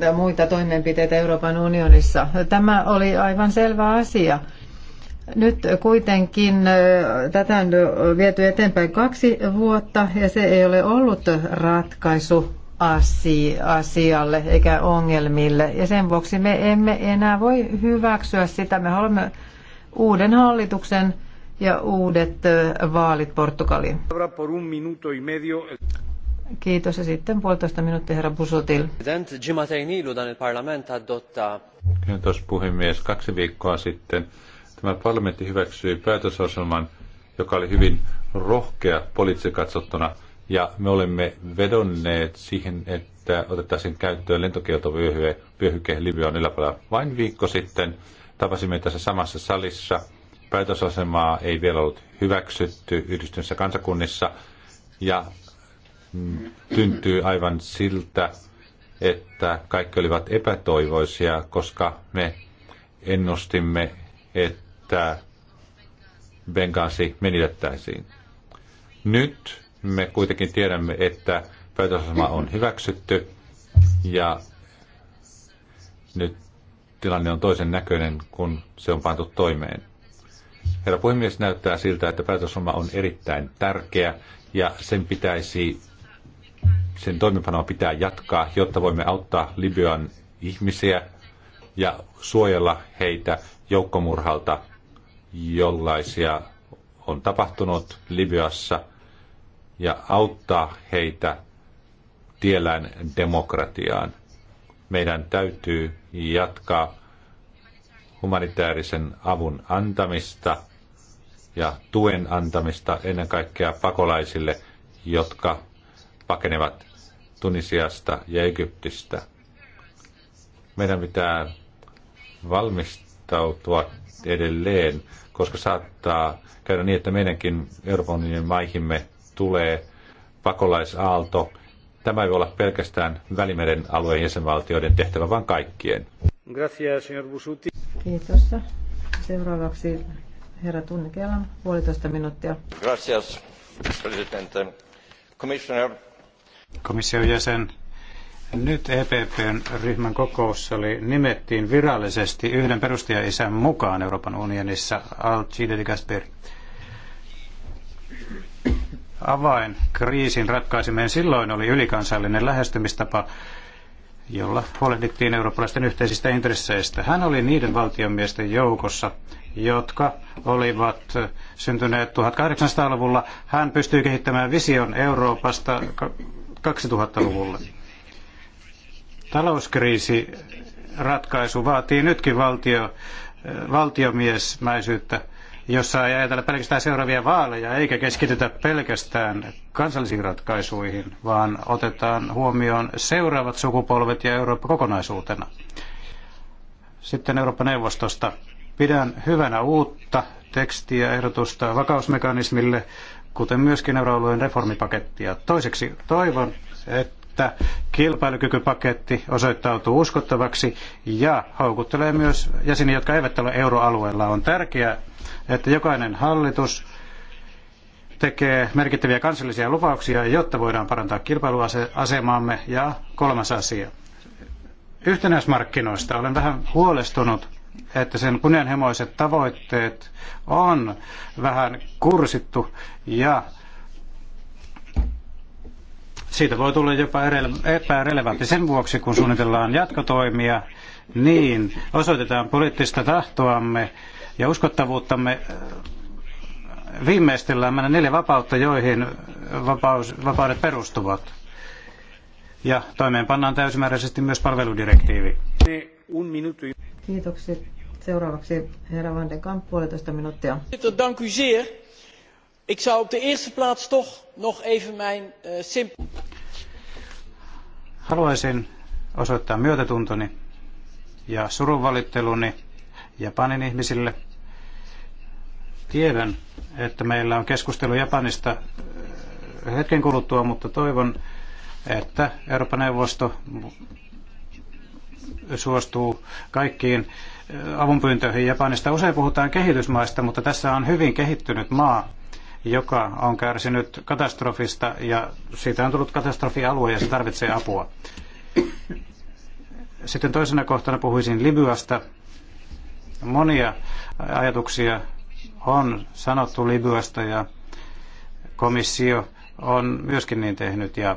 Speaker 5: ja muita toimenpiteitä Euroopan unionissa. Tämä oli aivan selvä asia. Nyt kuitenkin tätä on viety eteenpäin kaksi vuotta ja se ei ole ollut ratkaisu asialle eikä ongelmille. Ja sen vuoksi me emme enää voi hyväksyä sitä. Me haluamme uuden hallituksen ja uudet vaalit Portugaliin. Kiitos. Ja sitten puolitoista minuuttia herra Busotil.
Speaker 3: Kiitos puhemies. Kaksi viikkoa sitten tämä parlamentti hyväksyi päätösosalman, joka oli hyvin rohkea poliittisesti katsottuna – ja me olemme vedonneet siihen, että otettaisiin käyttöön lentokieltovyöhyke Libyan yläpuolella. Vain viikko sitten tapasimme tässä samassa salissa. Päätösasemaa ei vielä ollut hyväksytty yhdistyneissä kansakunnissa ja tyntyy aivan siltä, että kaikki olivat epätoivoisia, koska me ennustimme, että Benghazi menitettäisiin. Nyt me kuitenkin tiedämme, että päätösasema on hyväksytty ja nyt tilanne on toisen näköinen, kun se on pantu toimeen. Herra puhemies, näyttää siltä, että päätösasema on erittäin tärkeä ja sen pitäisi, sen toimipanoa pitää jatkaa, jotta voimme auttaa Libyan ihmisiä ja suojella heitä joukkomurhalta, jollaisia on tapahtunut Libyassa – ja auttaa heitä tiellään demokratiaan. Meidän täytyy jatkaa humanitaarisen avun antamista ja tuen antamista ennen kaikkea pakolaisille, jotka pakenevat Tunisiasta ja Egyptistä. Meidän pitää valmistautua edelleen, koska saattaa käydä niin, että meidänkin Euroopan unionin maihimme tulee pakolaisaalto. Tämä ei voi olla pelkästään Välimeren alueen jäsenvaltioiden tehtävä, vaan kaikkien.
Speaker 1: Kiitos. Seuraavaksi
Speaker 5: herra Tunnekelan puolitoista minuuttia.
Speaker 3: Gracias, presidente. Commissioner.
Speaker 1: Komission jäsen. Nyt EPPn ryhmän kokous oli, nimettiin virallisesti yhden perustajaisän mukaan Euroopan unionissa, Al Chile de Gasperi avain kriisin ratkaisemiseen silloin oli ylikansallinen lähestymistapa, jolla huolehdittiin eurooppalaisten yhteisistä intresseistä. Hän oli niiden valtionmiesten joukossa, jotka olivat syntyneet 1800-luvulla. Hän pystyi kehittämään vision Euroopasta 2000-luvulle. Talouskriisi ratkaisu vaatii nytkin valtio, eh, valtiomiesmäisyyttä jossa ei ajatella pelkästään seuraavia vaaleja, eikä keskitytä pelkästään kansallisiin ratkaisuihin, vaan otetaan huomioon seuraavat sukupolvet ja Eurooppa kokonaisuutena. Sitten Eurooppa-neuvostosta. Pidän hyvänä uutta tekstiä ehdotusta vakausmekanismille, kuten myöskin euroalueen reformipakettia. Toiseksi toivon, että että kilpailukykypaketti osoittautuu uskottavaksi ja houkuttelee myös jäseniä, jotka eivät ole euroalueella. On tärkeää, että jokainen hallitus tekee merkittäviä kansallisia lupauksia, jotta voidaan parantaa kilpailuasemaamme. Ja kolmas asia. Yhtenäismarkkinoista olen vähän huolestunut, että sen kunnianhimoiset tavoitteet on vähän kursittu ja siitä voi tulla jopa epärelevantti sen vuoksi, kun suunnitellaan jatkotoimia, niin osoitetaan poliittista tahtoamme ja uskottavuuttamme äh, viimeistellään nämä neljä vapautta, joihin vapaus, vapaudet perustuvat. Ja toimeenpannaan täysimääräisesti myös palveludirektiivi.
Speaker 5: Kiitokset. Seuraavaksi herra Van Kamp, puolitoista minuuttia
Speaker 1: ik zou op de eerste plaats toch nog even mijn eh, Haluaisin osoittaa myötätuntoni ja surunvalitteluni Japanin ihmisille. Tiedän, että meillä on keskustelu Japanista eh, hetken kuluttua, mutta toivon, että Euroopan neuvosto suostuu kaikkiin eh, avunpyyntöihin Japanista. Usein puhutaan kehitysmaista, mutta tässä on hyvin kehittynyt maa joka on kärsinyt katastrofista ja siitä on tullut katastrofialue ja se tarvitsee apua. Sitten toisena kohtana puhuisin Libyasta. Monia ajatuksia on sanottu Libyasta ja komissio on myöskin niin tehnyt ja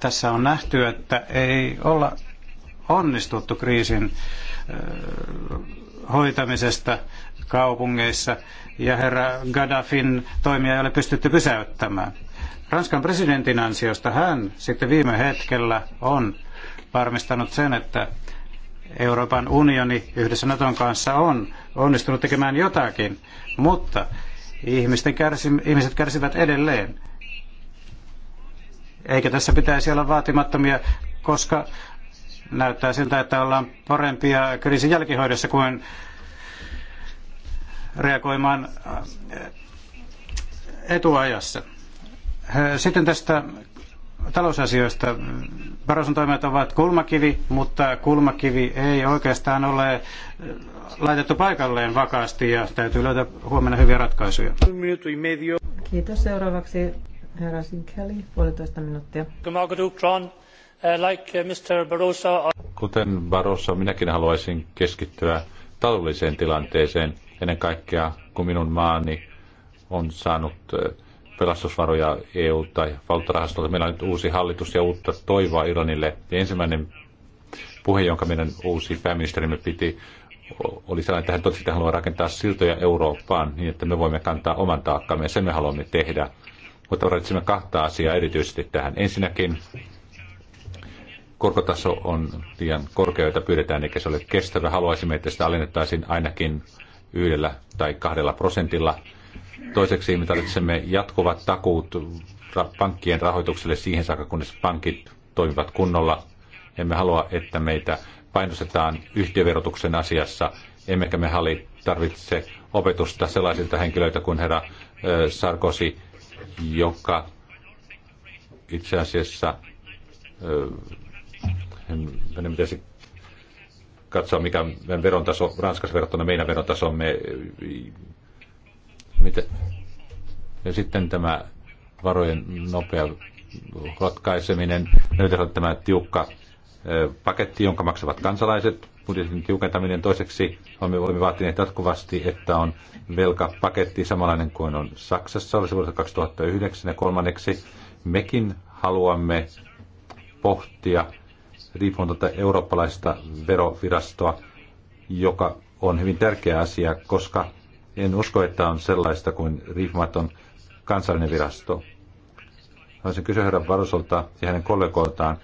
Speaker 1: tässä on nähty, että ei olla onnistuttu kriisin hoitamisesta kaupungeissa ja herra Gaddafin toimia ei ole pystytty pysäyttämään. Ranskan presidentin ansiosta hän sitten viime hetkellä on varmistanut sen, että Euroopan unioni yhdessä Naton kanssa on onnistunut tekemään jotakin, mutta ihmisten kärsi, ihmiset kärsivät edelleen. Eikä tässä pitäisi olla vaatimattomia, koska näyttää siltä, että ollaan parempia kriisin jälkihoidossa kuin reagoimaan äh, etuajassa. Äh, sitten tästä talousasioista. Baroson toimet ovat kulmakivi, mutta kulmakivi ei oikeastaan ole äh, laitettu paikalleen vakaasti ja täytyy löytää huomenna hyviä ratkaisuja.
Speaker 5: Kiitos. Seuraavaksi herra Sinkeli, puolitoista minuuttia.
Speaker 3: Kuten Barossa, minäkin haluaisin keskittyä taloudelliseen tilanteeseen ennen kaikkea kun minun maani on saanut pelastusvaroja EU- tai valtarahastolta. Meillä on nyt uusi hallitus ja uutta toivoa Iranille. Ja ensimmäinen puhe, jonka meidän uusi pääministerimme piti, oli sellainen, että hän totesi, että haluaa rakentaa siltoja Eurooppaan niin, että me voimme kantaa oman taakkamme ja sen me haluamme tehdä. Mutta tarvitsemme kahta asiaa erityisesti tähän. Ensinnäkin korkotaso on liian korkea, jota pyydetään, eikä se ole kestävä. Haluaisimme, että sitä alennettaisiin ainakin yhdellä tai kahdella prosentilla. Toiseksi me tarvitsemme jatkuvat takuut pankkien rahoitukselle siihen saakka, kunnes pankit toimivat kunnolla. Emme halua, että meitä painostetaan yhtiöverotuksen asiassa, emmekä me hali tarvitse opetusta sellaisilta henkilöiltä kuin herra Sarkosi, joka itse asiassa en, pitäisi katsoa, mikä on veron taso Ranskassa verrattuna meidän verontasomme. Eh, mitä? Ja sitten tämä varojen nopea ratkaiseminen, löytävät tämä tiukka eh, paketti, jonka maksavat kansalaiset, budjetin tiukentaminen. Toiseksi olemme, olemme vaatineet jatkuvasti, että on velkapaketti samanlainen kuin on Saksassa, olisi vuodesta 2009. Ja kolmanneksi mekin haluamme pohtia riippumatonta eurooppalaista verovirastoa, joka on hyvin tärkeä asia, koska en usko, että on sellaista kuin riippumaton kansallinen virasto. Haluaisin kysyä herran Varosolta ja hänen kollegoiltaan,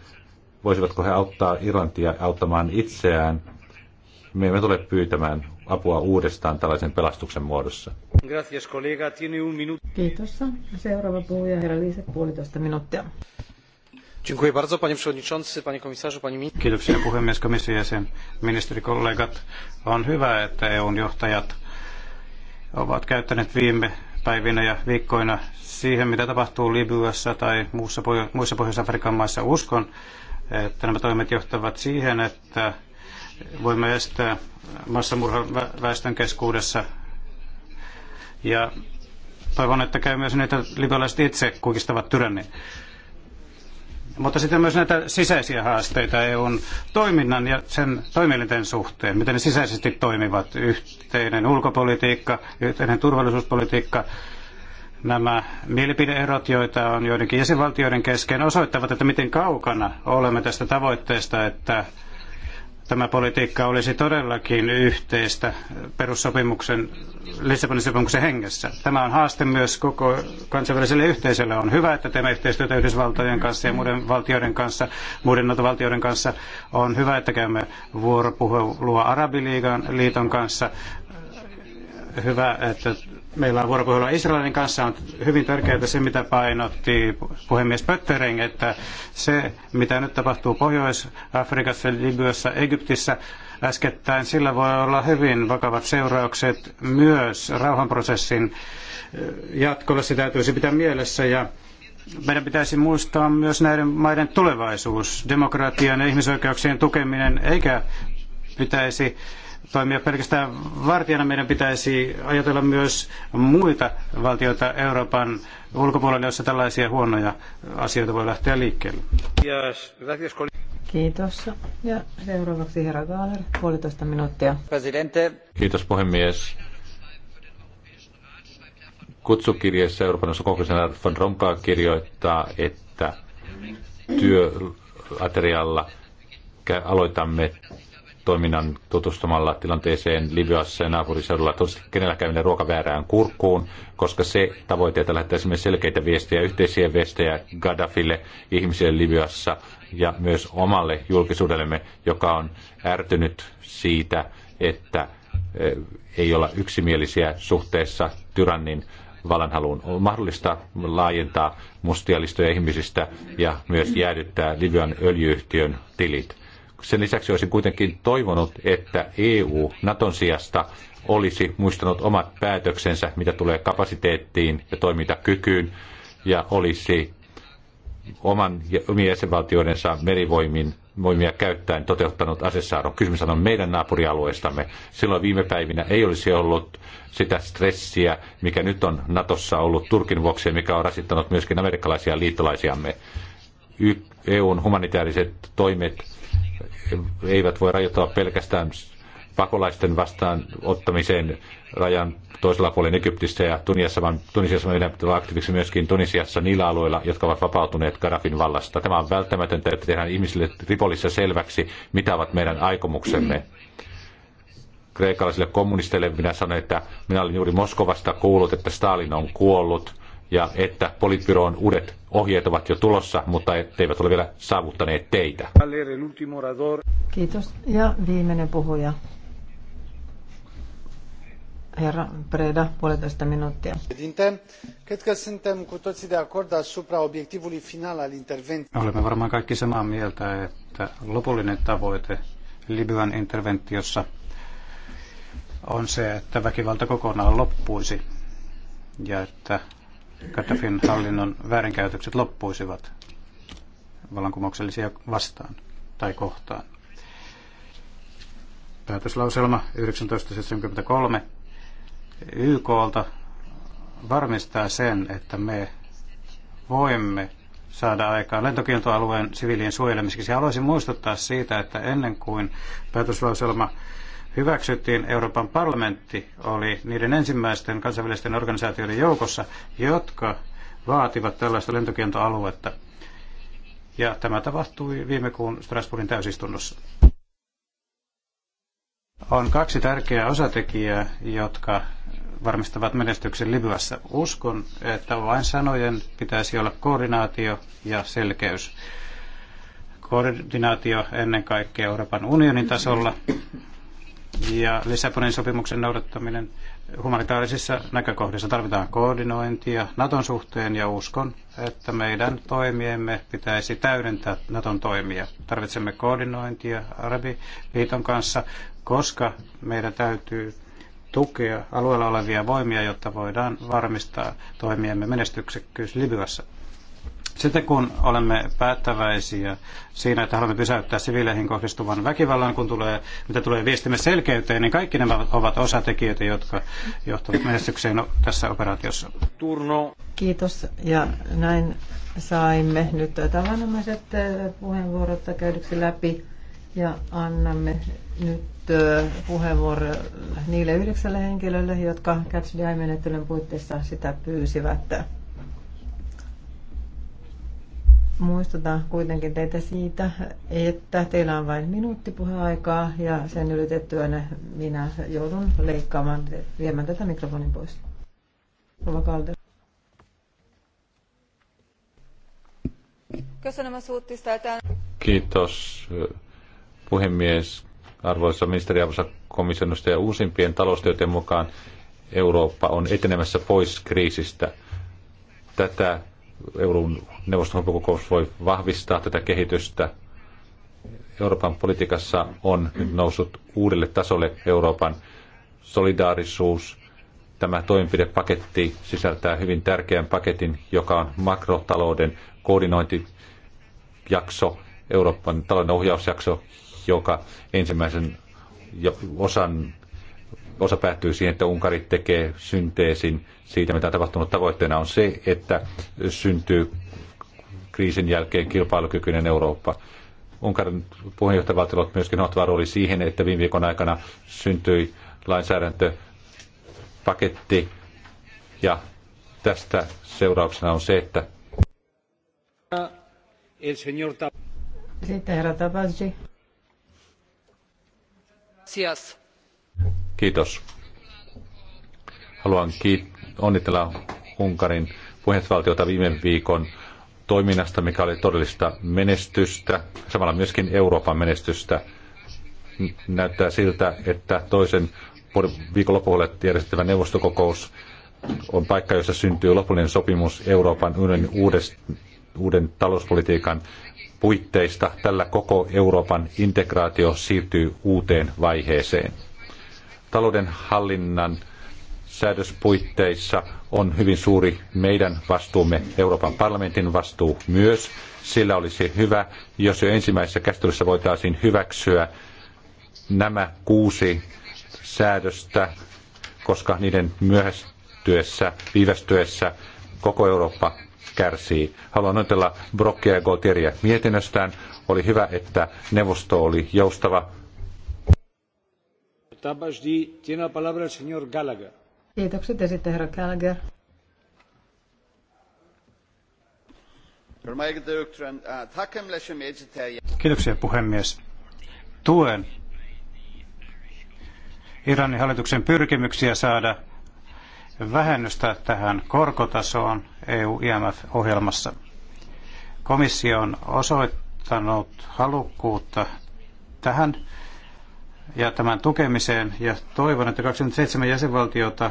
Speaker 3: voisivatko he auttaa Irlantia auttamaan itseään. Me emme tule pyytämään apua uudestaan tällaisen pelastuksen muodossa.
Speaker 1: Gracias, kollega. Tiene un minuto.
Speaker 3: Kiitos. Seuraava puhuja, herra Liise, puolitoista minuuttia.
Speaker 1: Kiitoksia puhemies, komission jäsen, ministerikollegat. On hyvä, että EUn johtajat ovat käyttäneet viime päivinä ja viikkoina siihen, mitä tapahtuu Libyassa tai muussa, muissa Pohjois-Afrikan maissa. Uskon, että nämä toimet johtavat siihen, että voimme estää massamurhan väestön keskuudessa. Ja toivon, että käy myös niitä libyalaiset itse kukistavat tyrannin. Mutta sitten myös näitä sisäisiä haasteita EUn toiminnan ja sen toimielinten suhteen, miten ne sisäisesti toimivat, yhteinen ulkopolitiikka, yhteinen turvallisuuspolitiikka, nämä mielipideerot, joita on joidenkin jäsenvaltioiden kesken, osoittavat, että miten kaukana olemme tästä tavoitteesta, että tämä politiikka olisi todellakin yhteistä perussopimuksen, Lissabonin sopimuksen hengessä. Tämä on haaste myös koko kansainväliselle yhteisölle. On hyvä, että teemme yhteistyötä Yhdysvaltojen kanssa ja muiden valtioiden kanssa, muiden NATO-valtioiden kanssa. On hyvä, että käymme vuoropuhelua Arabiliigan liiton kanssa hyvä, että meillä on vuoropuhelua Israelin kanssa. On hyvin tärkeää se, mitä painotti puhemies Pöttering, että se, mitä nyt tapahtuu Pohjois-Afrikassa, Libyassa, Egyptissä, äskettäin, sillä voi olla hyvin vakavat seuraukset myös rauhanprosessin eh, jatkolle. Se täytyisi pitää mielessä ja meidän pitäisi muistaa myös näiden maiden tulevaisuus, demokratian ja ihmisoikeuksien tukeminen, eikä pitäisi toimia pelkästään vartijana. Meidän pitäisi ajatella myös muita valtioita Euroopan ulkopuolella, joissa tällaisia huonoja asioita voi lähteä liikkeelle. Kiitos.
Speaker 5: Ja seuraavaksi herra Gaaler, puolitoista minuuttia.
Speaker 1: Presidente.
Speaker 3: Kiitos puhemies. Kutsukirjeessä Euroopan kokoisena von Romkaa kirjoittaa, että työaterialla aloitamme toiminnan tutustumalla tilanteeseen Libyassa ja naapuriseudulla, kenelläkään menee ruoka väärään kurkkuun, koska se tavoite, että lähettäisimme esimerkiksi selkeitä viestejä, yhteisiä viestejä Gaddafille, ihmisille Libyassa ja myös omalle julkisuudellemme, joka on ärtynyt siitä, että eh, ei olla yksimielisiä suhteessa tyrannin vallanhaluun. On mahdollista laajentaa mustialistoja ihmisistä ja myös jäädyttää Libyan öljyyhtiön tilit. Sen lisäksi olisin kuitenkin toivonut, että EU Naton sijasta olisi muistanut omat päätöksensä, mitä tulee kapasiteettiin ja toimintakykyyn, ja olisi oman omien jäsenvaltioidensa merivoimin voimia käyttäen toteuttanut asessaaron. Kysymys on meidän naapurialueestamme. Silloin viime päivinä ei olisi ollut sitä stressiä, mikä nyt on Natossa ollut Turkin vuoksi ja mikä on rasittanut myöskin amerikkalaisia liittolaisiamme. EUn humanitaariset toimet eivät voi rajoittaa pelkästään pakolaisten vastaanottamiseen rajan toisella puolella Egyptissä ja Tunisiassa, vaan Tunisiassa meidän pitää olla aktiiviksi myöskin Tunisiassa niillä alueilla, jotka ovat vapautuneet Gaddafin vallasta. Tämä on välttämätöntä, että tehdään ihmisille Tripolissa selväksi, mitä ovat meidän aikomuksemme. Kreikalaisille kommunisteille minä sanoin, että minä olin juuri Moskovasta kuullut, että Stalin on kuollut ja että politbyroon uudet ohjeet ovat jo tulossa, mutta etteivät ole vielä saavuttaneet teitä.
Speaker 5: Kiitos. Ja viimeinen puhuja. Herra Preda, puolitoista minuuttia.
Speaker 1: Cred că suntem cu toții de acord asupra obiectivului final al intervenției. Olemme varmaan kaikki samaa mieltä, että lopullinen tavoite Libyan interventiossa on se, että väkivalta kokonaan loppuisi ja että Gaddafin hallinnon väärinkäytökset loppuisivat vallankumouksellisia vastaan tai kohtaan. Päätöslauselma 1973 YKlta varmistaa sen, että me voimme saada aikaan lentokieltoalueen siviilien suojelemiseksi. Haluaisin muistuttaa siitä, että ennen kuin päätöslauselma hyväksyttiin, Euroopan parlamentti oli niiden ensimmäisten kansainvälisten organisaatioiden joukossa, jotka vaativat tällaista lentokieltoaluetta. Ja tämä tapahtui viime kuun Strasbourgin täysistunnossa. On kaksi tärkeää osatekijää, jotka varmistavat menestyksen Libyassa. Uskon, että vain sanojen pitäisi olla koordinaatio ja selkeys. Koordinaatio ennen kaikkea Euroopan unionin tasolla ja Lissabonin sopimuksen noudattaminen humanitaarisissa näkökohdissa tarvitaan koordinointia Naton suhteen ja uskon, että meidän toimiemme pitäisi täydentää Naton toimia. Tarvitsemme koordinointia Arabiliiton kanssa, koska meidän täytyy tukea alueella olevia voimia, jotta voidaan varmistaa toimiemme menestyksekkyys Libyassa. Sitten kun olemme päättäväisiä siinä, että haluamme pysäyttää siviileihin kohdistuvan väkivallan, kun tulee, mitä tulee viestimme selkeyteen, niin kaikki nämä ovat osatekijöitä, jotka johtavat menestykseen no, tässä operaatiossa. Turno.
Speaker 5: Kiitos ja näin saimme nyt tavanomaiset äh, puheenvuorot käydyksi läpi ja annamme nyt äh, puheenvuoro niille yhdeksälle henkilölle, jotka Catch the menettelyn puitteissa sitä pyysivät. Muistutan kuitenkin teitä siitä, että teillä on vain minuutti puheaikaa ja sen ylitettyä minä joudun leikkaamaan, viemään tätä mikrofonin pois. Rova Kalder.
Speaker 3: Kiitos puhemies. Arvoisa ministeri, arvoisa komissionusta ja uusimpien taloustyöten mukaan Eurooppa on etenemässä pois kriisistä. Tätä EUn neuvoston huippukokous voi vahvistaa tätä kehitystä. Euroopan politiikassa on nyt noussut uudelle tasolle Euroopan solidaarisuus. Tämä toimenpidepaketti sisältää hyvin tärkeän paketin, joka on makrotalouden koordinointijakso, Euroopan talouden ohjausjakso, joka ensimmäisen osan osa päättyy siihen, että Unkari tekee synteesin siitä, mitä on tapahtunut. Tavoitteena on se, että syntyy kriisin jälkeen kilpailukykyinen Eurooppa. Unkarin puheenjohtajavaltiot myöskin ottava rooli siihen, että viime viikon aikana syntyi lainsäädäntöpaketti ja tästä seurauksena on se, että
Speaker 5: sitten herra Tabazzi.
Speaker 1: Gracias.
Speaker 3: Kiitos. Haluan kiit- onnitella Unkarin puheenjohtajavaltiota viime viikon toiminnasta, mikä oli todellista menestystä, samalla myöskin Euroopan menestystä. Näyttää siltä, että toisen viikonloppupuolelle järjestettävä neuvostokokous on paikka, jossa syntyy lopullinen sopimus Euroopan unionin uuden talouspolitiikan puitteista. Tällä koko Euroopan integraatio siirtyy uuteen vaiheeseen talouden hallinnan säädöspuitteissa on hyvin suuri meidän vastuumme, Euroopan parlamentin vastuu myös. Sillä olisi hyvä, jos jo ensimmäisessä käsittelyssä voitaisiin hyväksyä nämä kuusi säädöstä, koska niiden myöhästyessä, viivästyessä koko Eurooppa kärsii. Haluan onnitella Brokkia ja Goltieria mietinnöstään. Oli hyvä, että neuvosto oli joustava
Speaker 5: Kiitokset ja sitten herra Gallagher.
Speaker 1: Kiitoksia puhemies. Tuen Iranin hallituksen pyrkimyksiä saada vähennystä tähän korkotasoon EU-IMF-ohjelmassa. Komissio on osoittanut halukkuutta tähän ja tämän tukemiseen ja toivon, että 27 jäsenvaltiota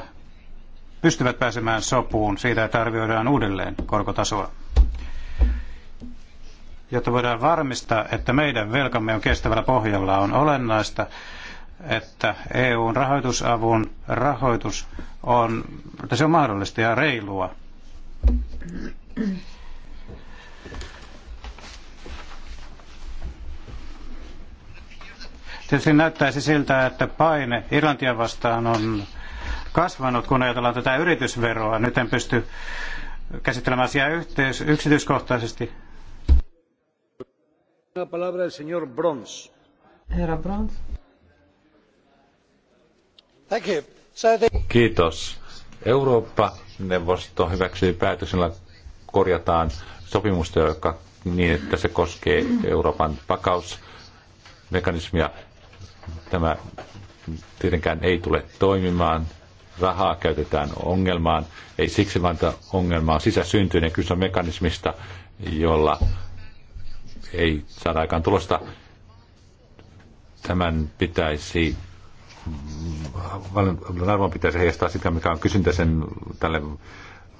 Speaker 1: pystyvät pääsemään sopuun siitä, että arvioidaan uudelleen korkotasoa, jotta voidaan varmistaa, että meidän velkamme on kestävällä pohjalla. On olennaista, että EUn rahoitusavun rahoitus on, että se on mahdollista ja reilua. Tietysti näyttäisi siltä, että paine Irlantia vastaan on kasvanut, kun ajatellaan tätä yritysveroa. Nyt en pysty käsittelemään asiaa yhteys, yksityiskohtaisesti. Herra Brons.
Speaker 3: Kiitos. Eurooppa-neuvosto hyväksyi päätöksellä korjataan sopimusta, joka niin, että se koskee Euroopan vakausmekanismia. Tämä tietenkään ei tule toimimaan. Rahaa käytetään ongelmaan. Ei siksi vaan, että ongelma on sisäsyntyinen. Kyse on mekanismista, jolla ei saada aikaan tulosta. Tämän pitäisi mm, valinnan arvon pitäisi heijastaa sitä, mikä on kysyntä sen tälle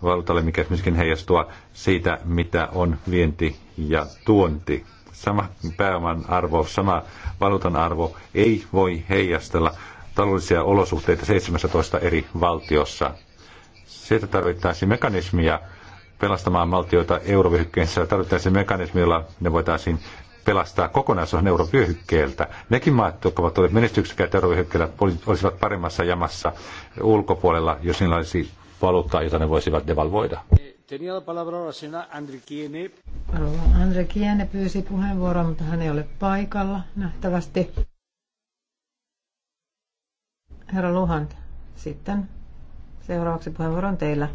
Speaker 3: valuutalle, mikä myöskin heijastua siitä, mitä on vienti ja tuonti sama pääoman arvo, sama valuutan arvo ei voi heijastella taloudellisia olosuhteita 17 eri valtiossa. Sieltä tarvittaisiin mekanismia pelastamaan valtioita eurovyöhykkeensä. Tarvittaisiin mekanismia, jolla ne voitaisiin pelastaa kokonaisuuden eurovyöhykkeeltä. Nekin maat, jotka ovat olleet menestyksekkäitä eurovyöhykkeellä, olisivat paremmassa jamassa ulkopuolella, jos niillä olisi valuuttaa, jota ne voisivat devalvoida.
Speaker 5: Andre Kiene pyysi puheenvuoroa, mutta hän ei ole paikalla nähtävästi. Herra Luhant, sitten
Speaker 3: seuraavaksi puheenvuoro teillä.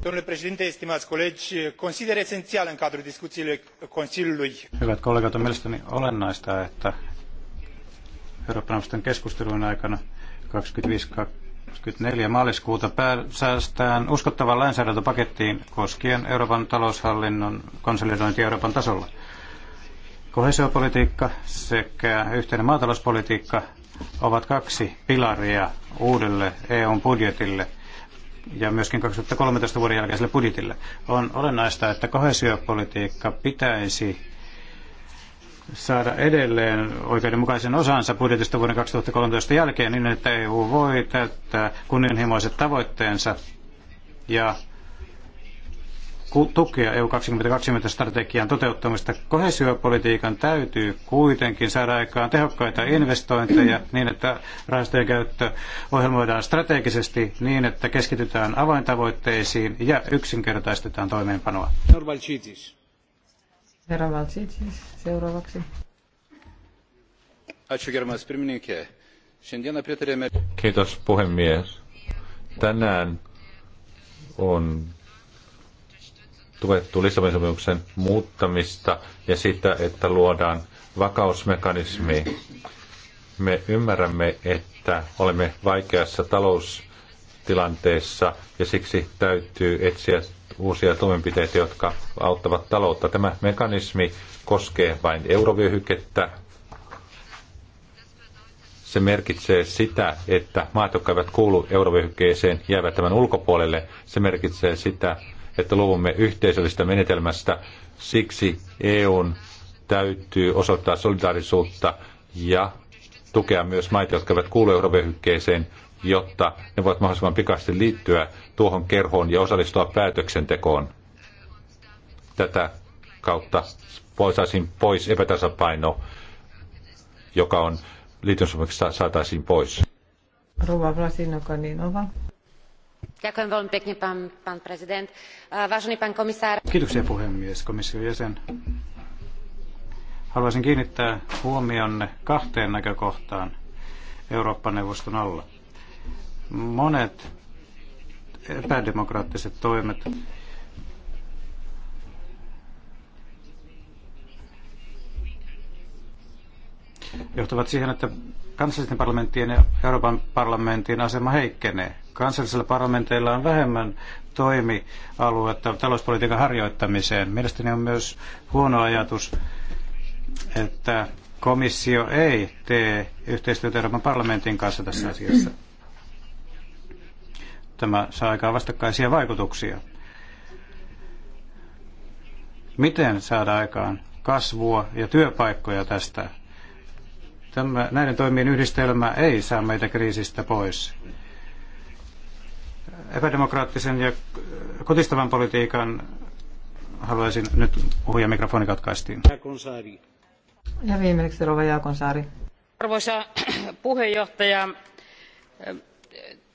Speaker 3: consider esențial în cadrul discuțiilor Consiliului.
Speaker 1: Hyvät kollegat, on mielestäni olennaista, että Euroopan keskustelujen aikana 25 24. maaliskuuta säästään uskottavan lainsäädäntöpakettiin koskien Euroopan taloushallinnon konsolidointi Euroopan tasolla. Kohesiopolitiikka sekä yhteinen maatalouspolitiikka ovat kaksi pilaria uudelle EUn budjetille ja myöskin 2013 vuoden jälkeiselle budjetille. On olennaista, että kohesiopolitiikka pitäisi saada edelleen oikeudenmukaisen osansa budjetista vuoden 2013 jälkeen niin, että EU voi täyttää kunnianhimoiset tavoitteensa ja tukea EU 2020 strategian toteuttamista. Kohesiopolitiikan täytyy kuitenkin saada aikaan tehokkaita investointeja niin, että rahastojen käyttö ohjelmoidaan strategisesti niin, että keskitytään avaintavoitteisiin ja yksinkertaistetaan toimeenpanoa. Normal
Speaker 6: Herra Valsitis seuraavaksi.
Speaker 1: Ačiū gerbiamas pirmininkė. Šiandieną pritarėme...
Speaker 3: Tänään on tuettu Lissabonin sopimuksen muuttamista ja sitä, että luodaan vakausmekanismi. Me ymmärrämme, että olemme vaikeassa taloustilanteessa ja siksi täytyy etsiä uusia toimenpiteitä, jotka auttavat taloutta. Tämä mekanismi koskee vain eurovyöhykettä. Se merkitsee sitä, että maat, jotka eivät kuulu eurovyöhykkeeseen, jäävät tämän ulkopuolelle. Se merkitsee sitä, että luovumme yhteisöllistä menetelmästä. Siksi EUn täytyy osoittaa solidaarisuutta ja tukea myös maita, jotka eivät kuulu eurovyöhykkeeseen – jotta ne voivat mahdollisimman pikaisesti liittyä tuohon kerhoon ja osallistua päätöksentekoon. Tätä kautta saisin pois epätasapaino, joka on liittymisopimuksessa saataisiin pois.
Speaker 5: Rova Vlasinova Ninova.
Speaker 6: Ďakujem
Speaker 3: Kiitoksia puhemies, komission
Speaker 1: jäsen. Haluaisin kiinnittää huomionne kahteen näkökohtaan Eurooppa-neuvoston alla monet epädemokraattiset toimet johtavat siihen, että kansallisten parlamenttien ja Euroopan parlamentin asema heikkenee. Kansallisilla parlamenteilla on vähemmän toimialuetta talouspolitiikan harjoittamiseen. Mielestäni on myös huono ajatus, että komissio ei tee yhteistyötä Euroopan parlamentin kanssa tässä asiassa. Tämä saa aikaan vastakkaisia vaikutuksia. Miten saada aikaan kasvua ja työpaikkoja tästä? Tämä, näiden toimien yhdistelmä ei saa meitä kriisistä pois. Epädemokraattisen ja kotistavan politiikan haluaisin nyt puhua mikrofoni katkaistiin.
Speaker 5: Ja viimeksi Rova Jaakonsaari.
Speaker 6: Arvoisa puheenjohtaja,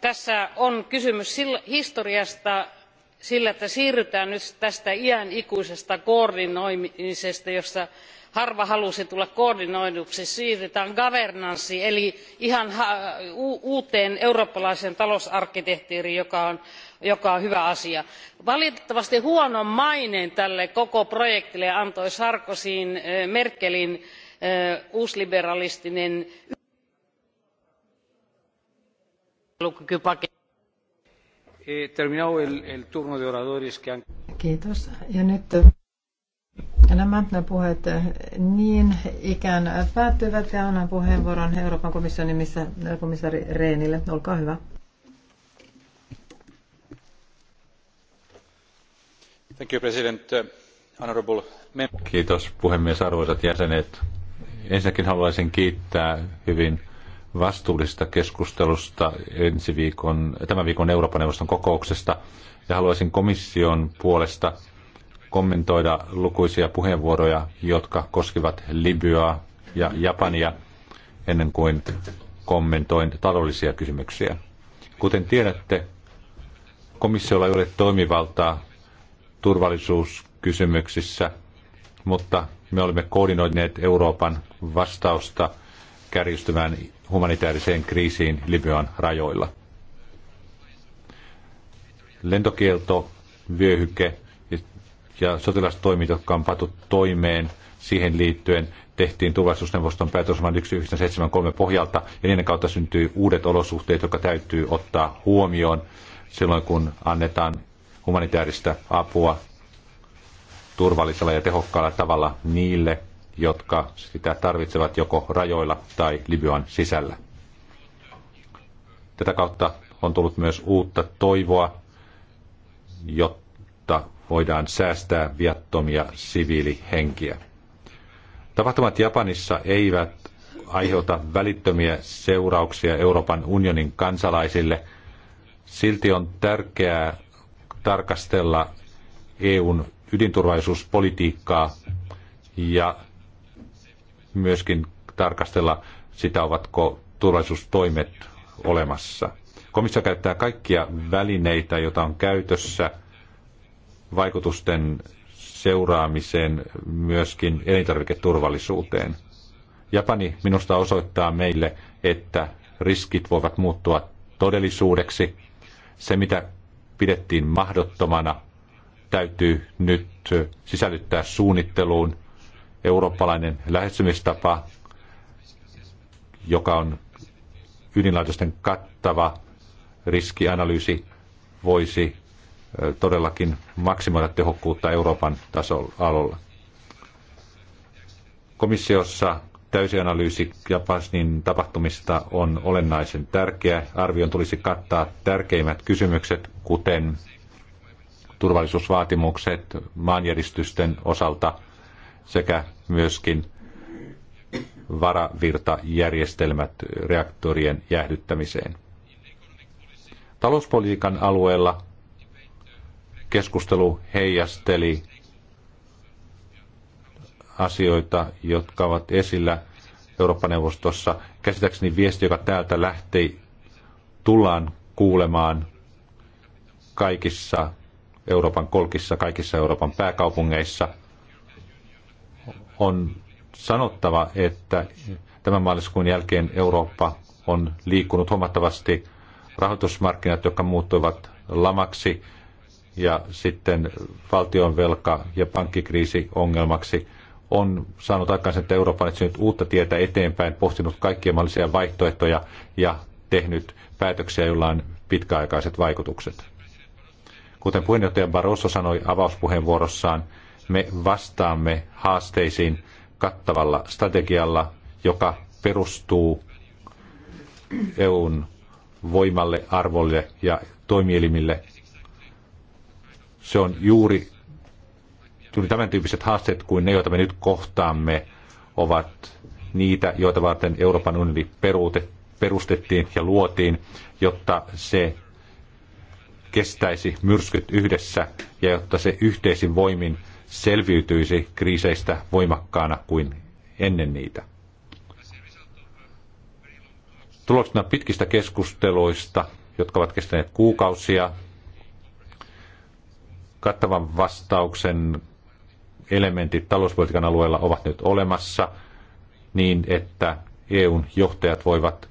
Speaker 6: tässä on kysymys historiasta sillä että siirrytään nyt tästä iänikuisesta koordinoimisesta jossa harva halusi tulla koordinoiduksi siirrytään governanceen eli ihan uuteen eurooppalaiseen talousarkkitehtuuriin joka on hyvä asia. valitettavasti huonon maineen tälle koko projektille antoi sarkozyn merkelin uusliberalistinen
Speaker 5: Kiitos. Ja nyt nämä puheet niin ikään päättyvät ja annan puheenvuoron Euroopan komission nimissä komissaari Reenille. Olkaa hyvä.
Speaker 3: Kiitos puhemies, arvoisat jäsenet. Ensinnäkin haluaisin kiittää hyvin vastuullisesta keskustelusta ensi viikon, tämän viikon Euroopan neuvoston kokouksesta. Ja haluaisin komission puolesta kommentoida lukuisia puheenvuoroja, jotka koskivat Libyaa ja Japania ennen kuin kommentoin taloudellisia kysymyksiä. Kuten tiedätte, komissiolla ei ole toimivaltaa turvallisuuskysymyksissä, mutta me olemme koordinoineet Euroopan vastausta – kärjistyvään humanitaariseen kriisiin Libyan rajoilla. Lentokielto, vyöhyke ja sotilastoimit, jotka on patu toimeen siihen liittyen, tehtiin turvallisuusneuvoston päätösman 1973 pohjalta, ja niiden kautta syntyy uudet olosuhteet, jotka täytyy ottaa huomioon silloin, kun annetaan humanitaarista apua turvallisella ja tehokkaalla tavalla niille, jotka sitä tarvitsevat joko rajoilla tai Libyan sisällä. Tätä kautta on tullut myös uutta toivoa, jotta voidaan säästää viattomia siviilihenkiä. Tapahtumat Japanissa eivät aiheuta välittömiä seurauksia Euroopan unionin kansalaisille. Silti on tärkeää tarkastella EUn ydinturvallisuuspolitiikkaa ja myöskin tarkastella sitä, ovatko turvallisuustoimet olemassa. Komissio käyttää kaikkia välineitä, joita on käytössä vaikutusten seuraamiseen, myöskin elintarviketurvallisuuteen. Japani minusta osoittaa meille, että riskit voivat muuttua todellisuudeksi. Se, mitä pidettiin mahdottomana, täytyy nyt sisällyttää suunnitteluun eurooppalainen lähestymistapa, joka on ydinlaitosten kattava riskianalyysi, voisi todellakin maksimoida tehokkuutta Euroopan tasolla. Komissiossa täysianalyysi Japanin tapahtumista on olennaisen tärkeä. Arvion tulisi kattaa tärkeimmät kysymykset, kuten turvallisuusvaatimukset maanjäristysten osalta sekä myöskin varavirtajärjestelmät reaktorien jäähdyttämiseen. Talouspolitiikan alueella keskustelu heijasteli asioita, jotka ovat esillä Eurooppa-neuvostossa. Käsitäkseni viesti, joka täältä lähti, tullaan kuulemaan kaikissa Euroopan kolkissa, kaikissa Euroopan pääkaupungeissa – on sanottava, että tämän maaliskuun jälkeen Eurooppa on liikkunut huomattavasti rahoitusmarkkinat, jotka muuttuivat lamaksi ja sitten valtionvelka ja pankkikriisi ongelmaksi on saanut aikaan että Eurooppa on etsinyt uutta tietä eteenpäin, pohtinut kaikkia mahdollisia vaihtoehtoja ja tehnyt päätöksiä, joilla on pitkäaikaiset vaikutukset. Kuten puheenjohtaja Barroso sanoi avauspuheenvuorossaan, me vastaamme haasteisiin kattavalla strategialla, joka perustuu EUn voimalle, arvolle ja toimielimille. Se on juuri, juuri tämän tyyppiset haasteet kuin ne, joita me nyt kohtaamme, ovat niitä, joita varten Euroopan unioni perustettiin ja luotiin, jotta se kestäisi myrskyt yhdessä ja jotta se yhteisin voimin selviytyisi kriiseistä voimakkaana kuin ennen niitä. Tuloksena pitkistä keskusteluista, jotka ovat kestäneet kuukausia, kattavan vastauksen elementit talouspolitiikan alueella ovat nyt olemassa niin, että EUn johtajat voivat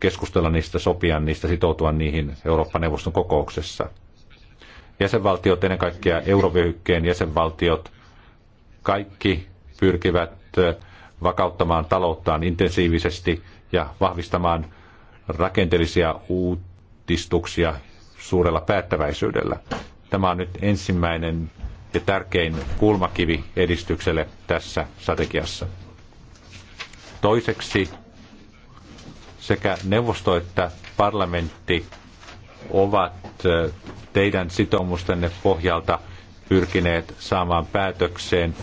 Speaker 3: keskustella niistä, sopia niistä, sitoutua niihin Eurooppa-neuvoston kokouksessa jäsenvaltiot, ennen kaikkea eurovyöhykkeen jäsenvaltiot, kaikki pyrkivät vakauttamaan talouttaan intensiivisesti ja vahvistamaan rakenteellisia uudistuksia suurella päättäväisyydellä. Tämä on nyt ensimmäinen ja tärkein kulmakivi edistykselle tässä strategiassa. Toiseksi sekä neuvosto että parlamentti ovat teidän sitoumustenne pohjalta pyrkineet saamaan päätökseen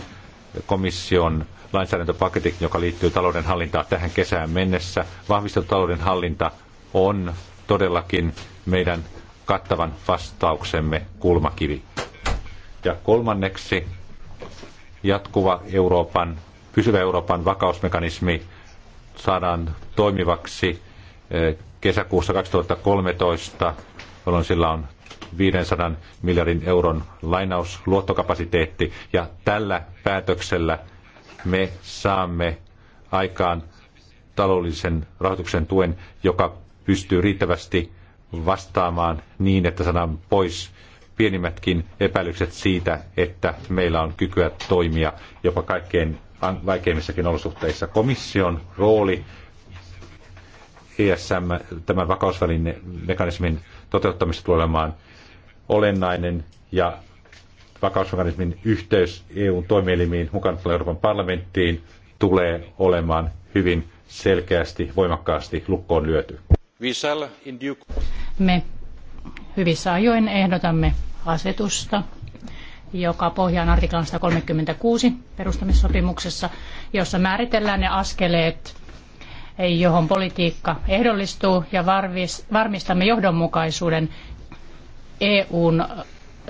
Speaker 3: komission lainsäädäntöpaketin, joka liittyy talouden hallintaan tähän kesään mennessä. Vahvistettu talouden hallinta on todellakin meidän kattavan vastauksemme kulmakivi. Ja kolmanneksi jatkuva Euroopan, pysyvä Euroopan vakausmekanismi saadaan toimivaksi eh, kesäkuussa 2013, jolloin sillä on 500 miljardin euron lainausluottokapasiteetti ja tällä päätöksellä me saamme aikaan taloudellisen rahoituksen tuen, joka pystyy riittävästi vastaamaan niin, että saadaan pois pienimmätkin epäilykset siitä, että meillä on kykyä toimia jopa kaikkein vaikeimmissakin olosuhteissa. Komission rooli ESM, tämän vakausvälinen mekanismin toteuttamista tulemaan olennainen ja vakausmekanismin yhteys eu toimielimiin mukaan Euroopan parlamenttiin tulee olemaan hyvin selkeästi, voimakkaasti lukkoon lyöty.
Speaker 2: Me hyvissä ajoin ehdotamme asetusta, joka pohjaan artiklan 136 perustamissopimuksessa, jossa määritellään ne askeleet, johon politiikka ehdollistuu ja varmistamme johdonmukaisuuden EUn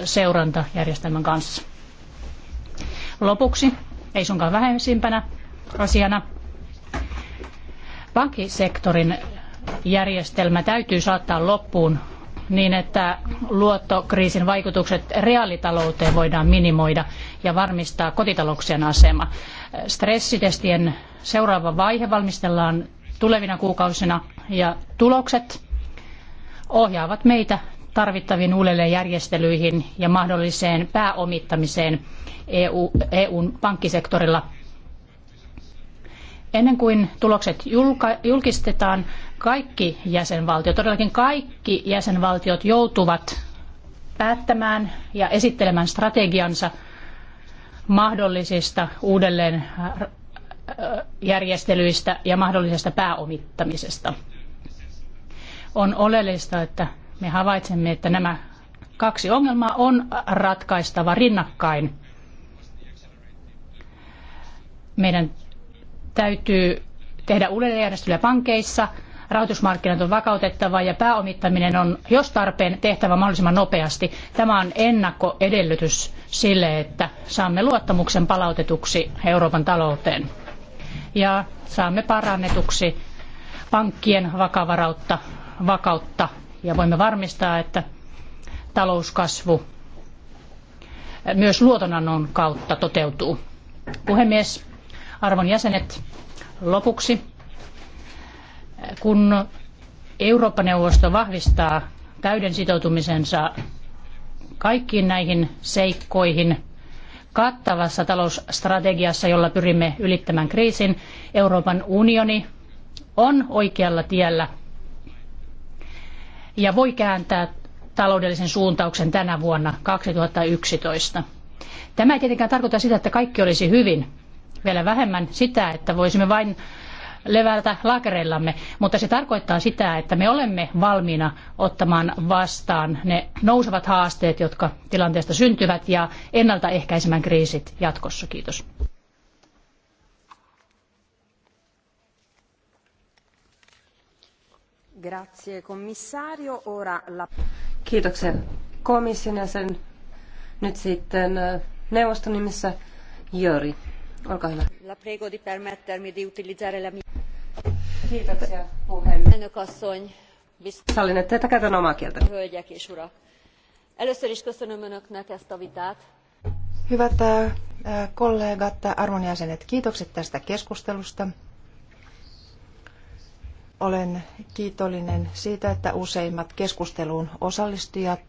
Speaker 2: seurantajärjestelmän kanssa. Lopuksi, ei sunkaan vähäisimpänä asiana, pankkisektorin järjestelmä täytyy saattaa loppuun niin, että luottokriisin vaikutukset reaalitalouteen voidaan minimoida ja varmistaa kotitalouksien asema. Stressitestien seuraava vaihe valmistellaan tulevina kuukausina ja tulokset ohjaavat meitä tarvittaviin uudelleenjärjestelyihin ja mahdolliseen pääomittamiseen EU, EUn pankkisektorilla. Ennen kuin tulokset julkistetaan, kaikki jäsenvaltiot, todellakin kaikki jäsenvaltiot joutuvat päättämään ja esittelemään strategiansa mahdollisista uudelleen äh, järjestelyistä ja mahdollisesta pääomittamisesta. On oleellista, että me havaitsemme, että nämä kaksi ongelmaa on ratkaistava rinnakkain. Meidän täytyy tehdä uudelleenjärjestelyä pankeissa, rahoitusmarkkinat on vakautettava ja pääomittaminen on, jos tarpeen, tehtävä mahdollisimman nopeasti. Tämä on ennakkoedellytys sille, että saamme luottamuksen palautetuksi Euroopan talouteen ja saamme parannetuksi pankkien vakavarautta, vakautta ja voimme varmistaa, että talouskasvu myös luotonannon kautta toteutuu. Puhemies, arvon jäsenet, lopuksi kun Eurooppa-neuvosto vahvistaa täyden sitoutumisensa kaikkiin näihin seikkoihin kattavassa talousstrategiassa, jolla pyrimme ylittämään kriisin, Euroopan unioni on oikealla tiellä – ja voi kääntää taloudellisen suuntauksen tänä vuonna 2011. Tämä ei tietenkään tarkoita sitä, että kaikki olisi hyvin. Vielä vähemmän sitä, että voisimme vain levätä laakereillamme, mutta se tarkoittaa sitä, että me olemme valmiina ottamaan vastaan ne nousevat haasteet, jotka tilanteesta syntyvät ja ennaltaehkäisemään kriisit jatkossa. Kiitos.
Speaker 6: Kiitoksia komission ja sen nyt sitten äh, neuvoston nimissä Jori. Olkaa hyvä.
Speaker 4: La prego di permettermi di utilizzare la mia... Kiitoksia puhemies. Elnök asszony, Sallin, että tätä käytän omaa kieltä. Hölgyek és urak. Először is köszönöm önöknek ezt a
Speaker 2: vitát.
Speaker 7: Hyvät äh, kollegat, arvon jäsenet, kiitokset tästä keskustelusta. Olen kiitollinen siitä, että useimmat keskusteluun osallistujat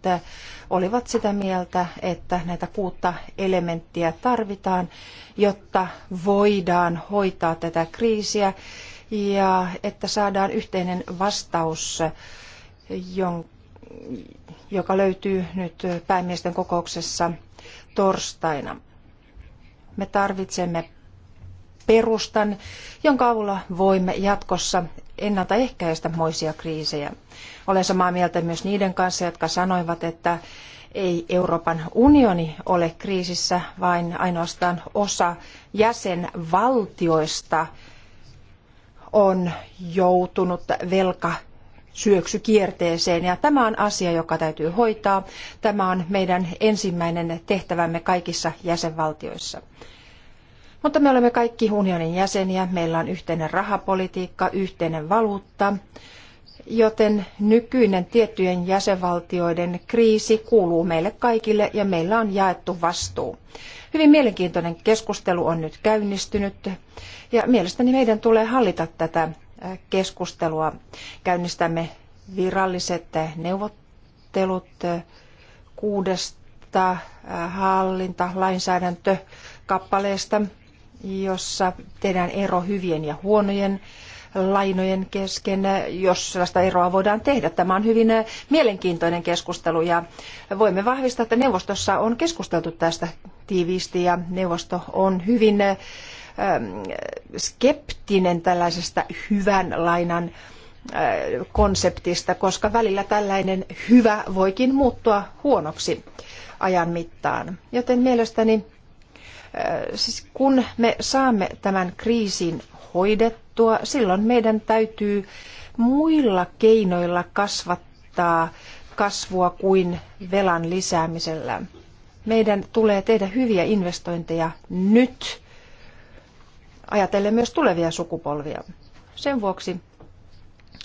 Speaker 7: olivat sitä mieltä, että näitä kuutta elementtiä tarvitaan, jotta voidaan hoitaa tätä kriisiä ja että saadaan yhteinen vastaus, joka löytyy nyt päämiesten kokouksessa torstaina. Me tarvitsemme perustan, jonka avulla voimme jatkossa ennaltaehkäistä moisia kriisejä. Olen samaa mieltä myös niiden kanssa, jotka sanoivat, että ei Euroopan unioni ole kriisissä, vaan ainoastaan osa jäsenvaltioista on joutunut velka syöksykierteeseen ja tämä on asia, joka täytyy hoitaa. Tämä on meidän ensimmäinen tehtävämme kaikissa jäsenvaltioissa. Mutta me olemme kaikki unionin jäseniä, meillä on yhteinen rahapolitiikka, yhteinen valuutta, joten nykyinen tiettyjen jäsenvaltioiden kriisi kuuluu meille kaikille ja meillä on jaettu vastuu. Hyvin mielenkiintoinen keskustelu on nyt käynnistynyt ja mielestäni meidän tulee hallita tätä äh, keskustelua. Käynnistämme viralliset neuvottelut äh, kuudesta äh, hallinta lainsäädäntökappaleesta jossa tehdään ero hyvien ja huonojen lainojen kesken, jos sellaista eroa voidaan tehdä. Tämä on hyvin mielenkiintoinen keskustelu ja voimme vahvistaa, että neuvostossa on keskusteltu tästä tiiviisti ja neuvosto on hyvin ähm, skeptinen tällaisesta hyvän lainan äh, konseptista, koska välillä tällainen hyvä voikin muuttua huonoksi ajan mittaan. Joten mielestäni siis kun me saamme tämän kriisin hoidettua, silloin meidän täytyy muilla keinoilla kasvattaa kasvua kuin velan lisäämisellä. Meidän tulee tehdä hyviä investointeja nyt, ajatellen myös tulevia sukupolvia. Sen vuoksi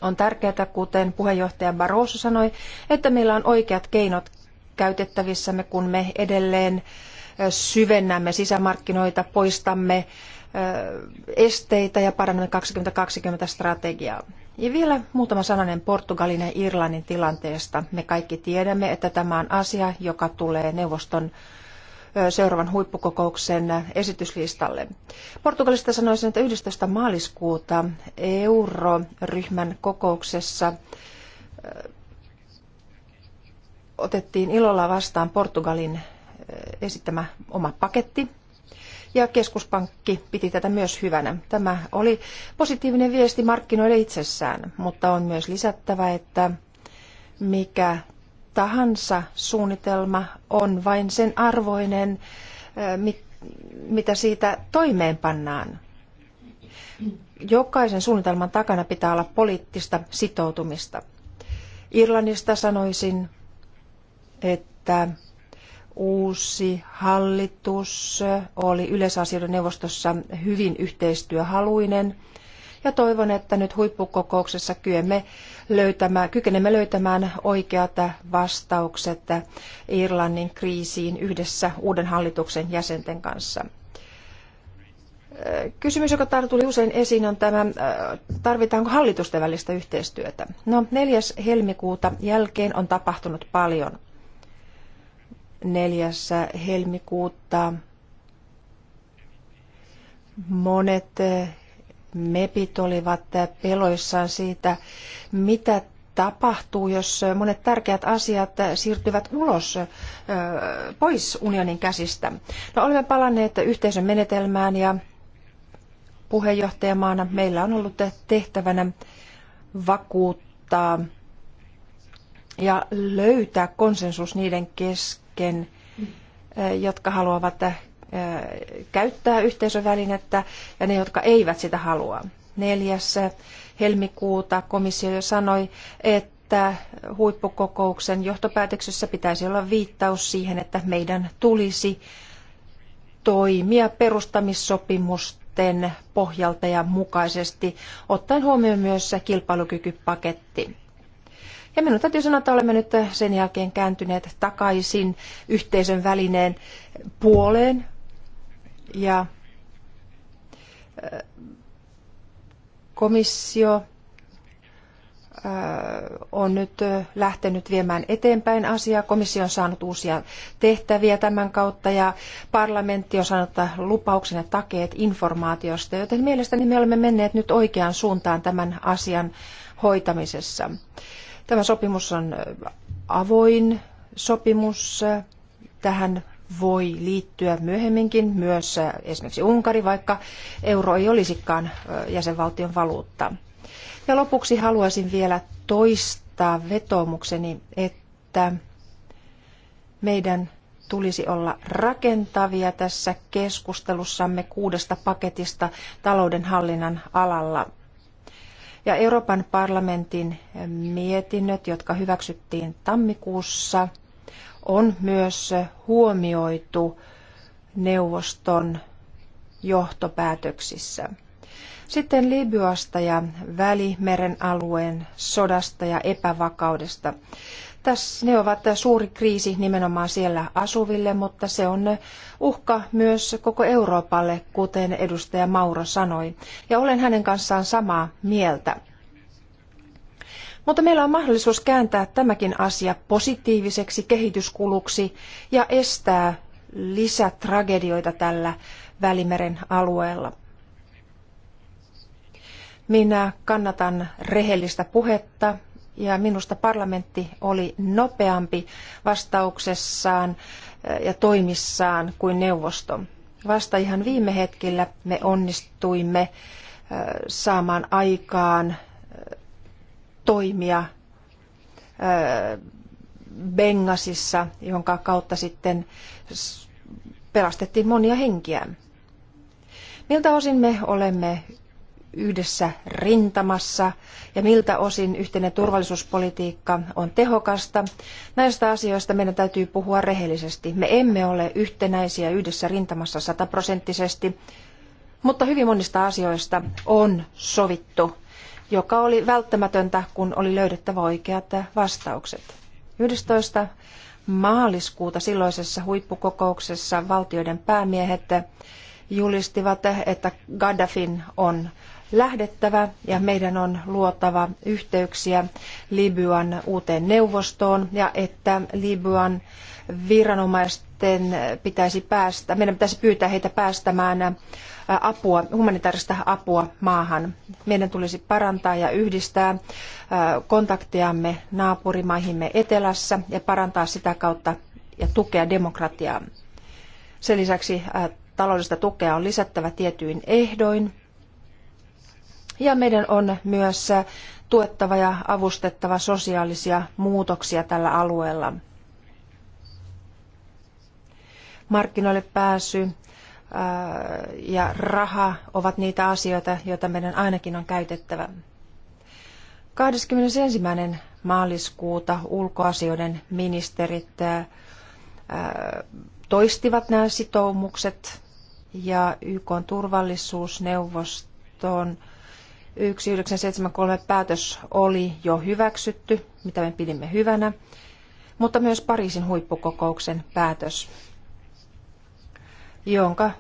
Speaker 7: on tärkeää, kuten puheenjohtaja Barroso sanoi, että meillä on oikeat keinot käytettävissämme, kun me edelleen äh, syvennämme sisämarkkinoita, poistamme esteitä ja parannamme 2020 strategiaa. Ja vielä muutama sananen Portugalin ja Irlannin tilanteesta. Me kaikki tiedämme, että tämä on asia, joka tulee neuvoston seuraavan huippukokouksen esityslistalle. Portugalista sanoisin, että 11. maaliskuuta euroryhmän kokouksessa otettiin ilolla vastaan Portugalin esittämä oma paketti. Ja keskuspankki piti tätä myös hyvänä. Tämä oli positiivinen viesti markkinoille itsessään, mutta on myös lisättävä, että mikä tahansa suunnitelma on vain sen arvoinen, mitä siitä toimeenpannaan. Jokaisen suunnitelman takana pitää olla poliittista sitoutumista. Irlannista sanoisin, että uusi hallitus oli yleisasioiden neuvostossa hyvin yhteistyöhaluinen ja toivon, että nyt huippukokouksessa kyemme löytämään, kykenemme löytämään oikeat vastaukset Irlannin kriisiin yhdessä uuden hallituksen jäsenten kanssa. Kysymys, joka tuli usein esiin, on tämä, tarvitaanko hallitusten välistä yhteistyötä. No, 4. helmikuuta jälkeen on tapahtunut paljon. 4. helmikuuta monet mepit olivat peloissaan siitä, mitä tapahtuu, jos monet tärkeät asiat siirtyvät ulos pois unionin käsistä. No, olemme palanneet yhteisön menetelmään ja puheenjohtajamaana meillä on ollut tehtävänä vakuuttaa ja löytää konsensus niiden kesken kesken, jotka haluavat käyttää yhteisövälinettä ja ne, jotka eivät sitä halua. 4. helmikuuta komissio jo sanoi, että huippukokouksen johtopäätöksessä pitäisi olla viittaus siihen, että meidän tulisi toimia perustamissopimusten pohjalta ja mukaisesti, ottaen huomioon myös kilpailukykypaketti. Ja minun täytyy sanoa, että olemme nyt sen jälkeen kääntyneet takaisin yhteisön välineen puoleen. Ja komissio on nyt lähtenyt viemään eteenpäin asiaa. Komissio on saanut uusia tehtäviä tämän kautta ja parlamentti on saanut lupauksen ja takeet informaatiosta, joten mielestäni me olemme menneet nyt oikeaan suuntaan tämän asian hoitamisessa. Tämä sopimus on avoin sopimus. Tähän voi liittyä myöhemminkin myös esimerkiksi Unkari, vaikka euro ei olisikaan jäsenvaltion valuutta. Ja lopuksi haluaisin vielä toistaa vetoomukseni, että meidän tulisi olla rakentavia tässä keskustelussamme kuudesta paketista taloudenhallinnan alalla – ja Euroopan parlamentin mietinnöt, jotka hyväksyttiin tammikuussa, on myös huomioitu neuvoston johtopäätöksissä. Sitten Libyasta ja Välimeren alueen sodasta ja epävakaudesta. Tässä ne ovat suuri kriisi nimenomaan siellä asuville, mutta se on uhka myös koko Euroopalle, kuten edustaja Mauro sanoi. Ja olen hänen kanssaan samaa mieltä. Mutta meillä on mahdollisuus kääntää tämäkin asia positiiviseksi kehityskuluksi ja estää lisätragedioita tällä Välimeren alueella. Minä kannatan rehellistä puhetta ja minusta parlamentti oli nopeampi vastauksessaan eh, ja toimissaan kuin neuvosto. Vasta ihan viime hetkellä me onnistuimme eh, saamaan aikaan eh, toimia Bengasissa, jonka kautta sitten pelastettiin monia henkiä. Miltä osin me olemme yhdessä rintamassa ja miltä osin yhteinen turvallisuuspolitiikka on tehokasta. Näistä asioista meidän täytyy puhua rehellisesti. Me emme ole yhtenäisiä yhdessä rintamassa sataprosenttisesti, mutta hyvin monista asioista on sovittu, joka oli välttämätöntä, kun oli löydettävä oikeat vastaukset. 11 maaliskuuta silloisessa huippukokouksessa valtioiden päämiehet julistivat, että Gaddafin on lähdettävä ja meidän on luotava yhteyksiä Libyan uuteen neuvostoon ja että Libyan viranomaisten pitäisi päästä, meidän pitäisi pyytää heitä päästämään apua, humanitaarista apua maahan. Meidän tulisi parantaa ja yhdistää kontaktejamme naapurimaihimme etelässä ja parantaa sitä kautta ja tukea demokratiaa. Sen lisäksi taloudellista tukea on lisättävä tietyin ehdoin ja meidän on myös tuettava ja avustettava sosiaalisia muutoksia tällä alueella. Markkinoille pääsy äh, ja raha ovat niitä asioita, joita meidän ainakin on käytettävä. 21. maaliskuuta ulkoasioiden ministerit äh, toistivat nämä sitoumukset ja YK turvallisuusneuvoston 1973 päätös oli jo hyväksytty, mitä me pidimme hyvänä, mutta myös Pariisin huippukokouksen päätös, jonka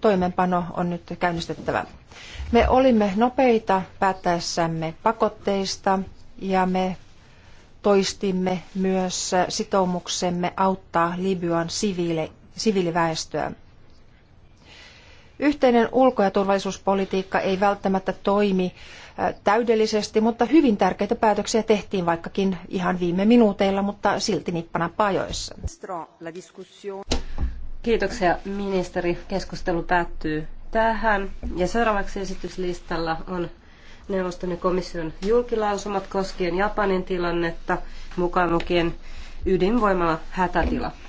Speaker 7: toimenpano on nyt käynnistettävä. Me olimme nopeita päättäessämme pakotteista ja me toistimme myös sitoumuksemme auttaa Libyan siviili, siviiliväestöä. Yhteinen ulko- ja turvallisuuspolitiikka ei välttämättä toimi täydellisesti, mutta hyvin tärkeitä päätöksiä tehtiin vaikkakin ihan viime minuuteilla, mutta silti nippana pajoissa.
Speaker 6: Kiitoksia ministeri. Keskustelu päättyy tähän. Ja seuraavaksi esityslistalla on neuvoston ja komission julkilausumat koskien Japanin tilannetta, mukaan lukien ydinvoimala hätätila.